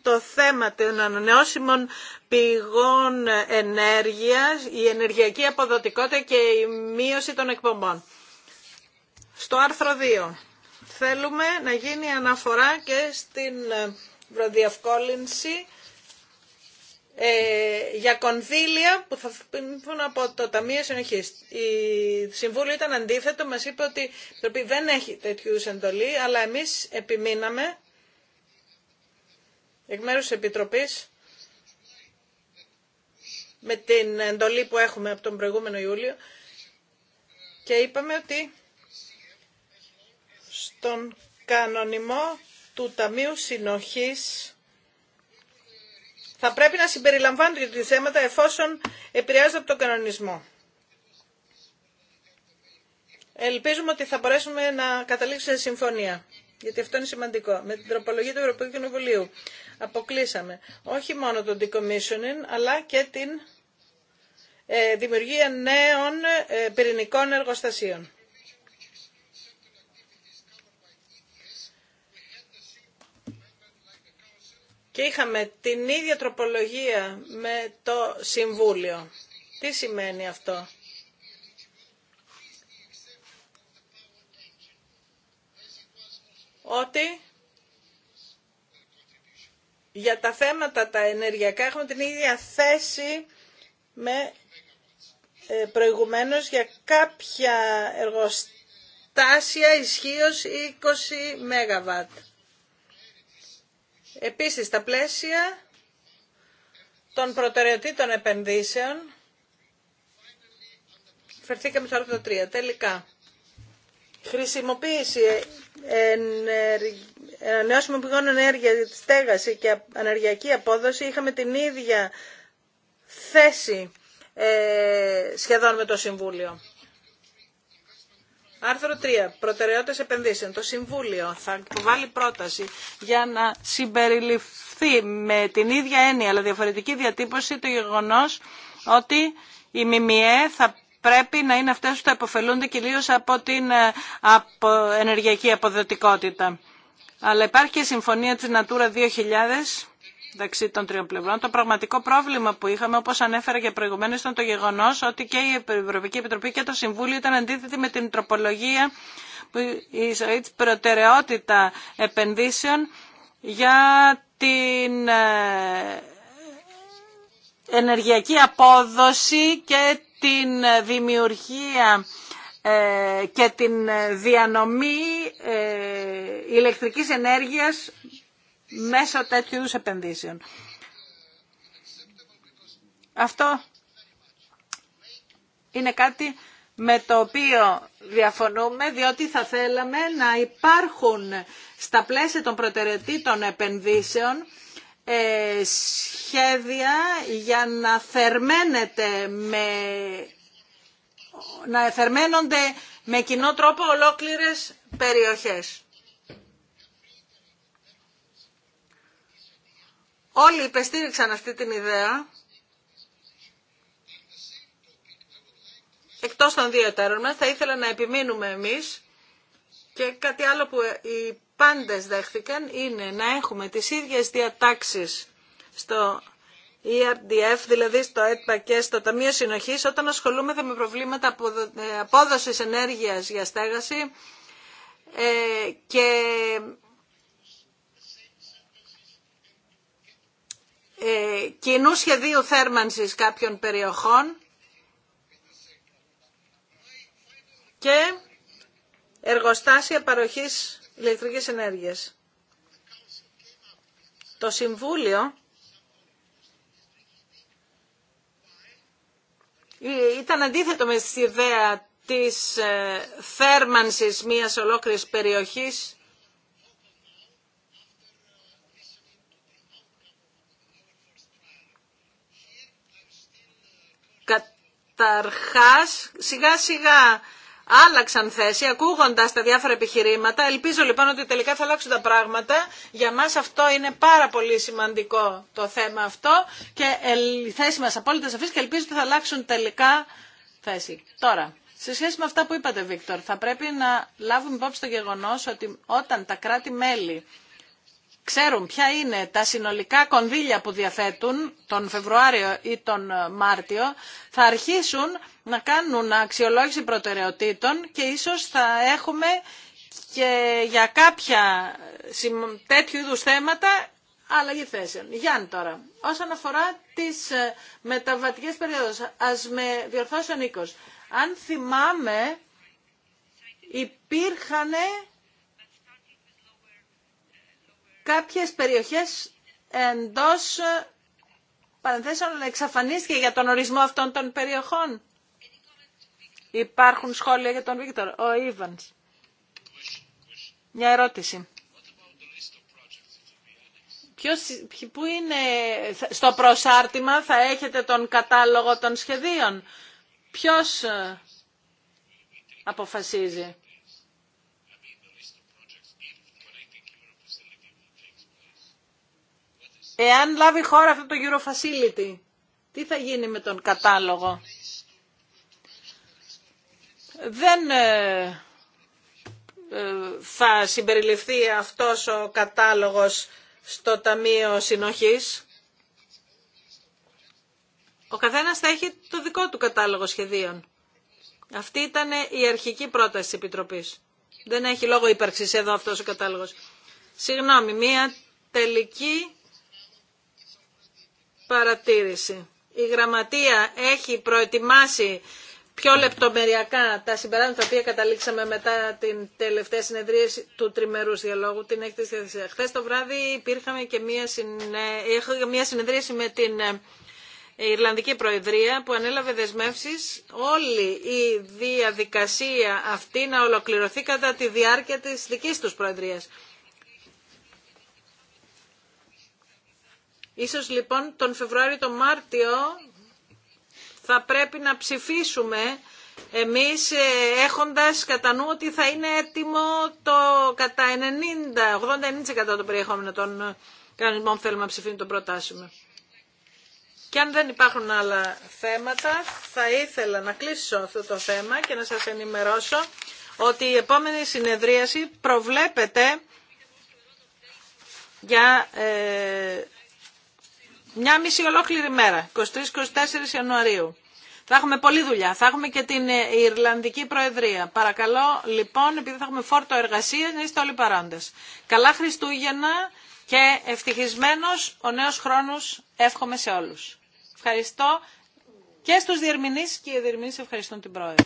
το θέμα των ανανεώσιμων πηγών ενέργειας, η ενεργειακή αποδοτικότητα και η μείωση των εκπομπών. Στο άρθρο 2 θέλουμε να γίνει αναφορά και στην ε, ε για κονδύλια που θα πίνουν από το Ταμείο Συνοχή. Η συμβουλή ήταν αντίθετο, μας είπε ότι η δεν έχει τέτοιου εντολή, αλλά εμείς επιμείναμε εκ μέρους της Επιτροπής με την εντολή που έχουμε από τον προηγούμενο Ιούλιο και είπαμε ότι στον κανονισμό του Ταμείου Συνοχής θα πρέπει να συμπεριλαμβάνονται τα θέματα εφόσον επηρεάζονται από τον κανονισμό. Ελπίζουμε ότι θα μπορέσουμε να καταλήξουμε σε συμφωνία γιατί αυτό είναι σημαντικό, με την τροπολογία του Ευρωπαϊκού Κοινοβουλίου αποκλείσαμε όχι μόνο τον decommissioning, αλλά και την ε, δημιουργία νέων ε, πυρηνικών εργοστασίων. Και είχαμε την ίδια τροπολογία με το Συμβούλιο. Τι σημαίνει αυτό. ότι για τα θέματα τα ενεργειακά έχουν την ίδια θέση με ε, προηγουμένως για κάποια εργοστάσια ισχύως 20 ΜΒ. Επίσης, τα πλαίσια των προτεραιοτήτων επενδύσεων, φερθήκαμε στο άρθρο 3. Τελικά, χρησιμοποίηση ε, ανανεώσιμων πηγών ενέργεια, στέγαση και ανεργειακή απόδοση είχαμε την ίδια θέση ε, σχεδόν με το Συμβούλιο. Άρθρο 3. Προτεραιότητε επενδύσεων. Το Συμβούλιο θα βάλει πρόταση για να συμπεριληφθεί με την ίδια έννοια αλλά διαφορετική διατύπωση το γεγονό ότι η ΜΜΕ θα πρέπει να είναι αυτές που θα υποφελούνται κυρίως από την ε, ενεργειακή αποδοτικότητα. Αλλά υπάρχει και η συμφωνία της Natura 2000 μεταξύ των τριών πλευρών. Το πραγματικό πρόβλημα που είχαμε, όπω ανέφερα και προηγουμένω, ήταν το γεγονό ότι και η Ευρωπαϊκή Επιτροπή και το Συμβούλιο ήταν αντίθετοι με την τροπολογία που προτεραιότητα επενδύσεων για την ε, ενεργειακή απόδοση και την δημιουργία ε, και την διανομή ε, ηλεκτρικής ενέργειας μέσω τέτοιου επενδύσεων. Αυτό είναι κάτι με το οποίο διαφωνούμε, διότι θα θέλαμε να υπάρχουν στα πλαίσια των προτεραιοτήτων επενδύσεων ε, σχέδια για να θερμαίνεται με να θερμαίνονται με κοινό τρόπο ολόκληρες περιοχές. Όλοι υπεστήριξαν αυτή την ιδέα, εκτός των δύο εταίρων μας, θα ήθελα να επιμείνουμε εμείς και κάτι άλλο που ε, πάντες δέχθηκαν είναι να έχουμε τις ίδιες διατάξεις στο ERDF, δηλαδή στο ΕΤΠΑ και στο Ταμείο Συνοχής, όταν ασχολούμαστε με προβλήματα ε, απόδοσης ενέργειας για στέγαση ε, και ε, κοινού σχεδίου θέρμανσης κάποιων περιοχών και εργοστάσια παροχής ηλεκτρικής ενέργειας. Το Συμβούλιο ήταν αντίθετο με τη ιδέα της ε, θέρμανσης μιας ολόκληρης περιοχής Καταρχάς, σιγά σιγά άλλαξαν θέση ακούγοντα τα διάφορα επιχειρήματα. Ελπίζω λοιπόν ότι τελικά θα αλλάξουν τα πράγματα. Για μας αυτό είναι πάρα πολύ σημαντικό το θέμα αυτό και η θέση μας απόλυτα σαφής και ελπίζω ότι θα αλλάξουν τελικά θέση. Τώρα, σε σχέση με αυτά που είπατε Βίκτορ, θα πρέπει να λάβουμε υπόψη το γεγονό ότι όταν τα κράτη-μέλη ξέρουν ποια είναι τα συνολικά κονδύλια που διαθέτουν τον Φεβρουάριο ή τον ε, Μάρτιο, θα αρχίσουν να κάνουν αξιολόγηση προτεραιοτήτων και ίσως θα έχουμε και για κάποια ε, τέτοιου είδους θέματα αλλαγή θέσεων. Γιάννη τώρα, όσον αφορά τις ε, μεταβατικές περιόδους, ας με διορθώσει ο Νίκος. Αν θυμάμαι, υπήρχαν κάποιες περιοχές εντός ε, παρενθέσεων εξαφανίστηκε για τον ορισμό αυτών των περιοχών. Υπάρχουν σχόλια για τον Βίκτορ, ο Ιβανς. Μια ερώτηση. Ποιος, πού είναι, στο προσάρτημα θα έχετε τον κατάλογο των σχεδίων. Ποιος ε, αποφασίζει. Εάν λάβει χώρα αυτό το Euro Facility, τι θα γίνει με τον κατάλογο. Δεν ε, ε, θα συμπεριληφθεί αυτός ο κατάλογος στο Ταμείο Συνοχής. Ο καθένας θα έχει το δικό του κατάλογο σχεδίων. Αυτή ήταν η αρχική πρόταση της Επιτροπής. Δεν έχει λόγο ύπαρξης εδώ αυτός ο κατάλογος. Συγγνώμη, μία τελική παρατήρηση. Η Γραμματεία έχει προετοιμάσει πιο λεπτομεριακά τα συμπεράσματα τα οποία καταλήξαμε μετά την τελευταία συνεδρίαση του τριμερού διαλόγου. Την έχετε Χθε το βράδυ υπήρχαμε και μια, μια συνεδρίαση με την ε, Ιρλανδική Προεδρία που ανέλαβε δεσμεύσεις όλη η διαδικασία αυτή να ολοκληρωθεί κατά τη διάρκεια της δικής τους Προεδρίας. Ίσως λοιπόν τον Φεβρουάριο-τον Μάρτιο θα πρέπει να ψηφίσουμε εμείς ε, έχοντας κατά νου ότι θα είναι έτοιμο το κατά 90, 80-90% το περιεχόμενο των κανονισμών που θέλουμε να ψηφίσουμε τον μαρτιο θα πρεπει να ψηφισουμε εμεις εχοντας κατα νου οτι θα ειναι ετοιμο το κατα 90 80 90 το των κανονισμων που θελουμε να ψηφισουμε το προτασουμε Και αν δεν υπάρχουν άλλα θέματα, θα ήθελα να κλείσω αυτό το θέμα και να σας ενημερώσω ότι η επόμενη συνεδρίαση προβλέπεται για ε, μια μισή ολόκληρη μέρα, 23-24 Ιανουαρίου. Θα έχουμε πολλή δουλειά. Θα έχουμε και την ε, Ιρλανδική Προεδρία. Παρακαλώ, λοιπόν, επειδή θα έχουμε φόρτο εργασία, να είστε όλοι παρόντε. Καλά Χριστούγεννα και ευτυχισμένος ο νέο χρόνο εύχομαι σε όλου. Ευχαριστώ και στου διερμηνείς και οι διερμηνεί ευχαριστούν την Πρόεδρο.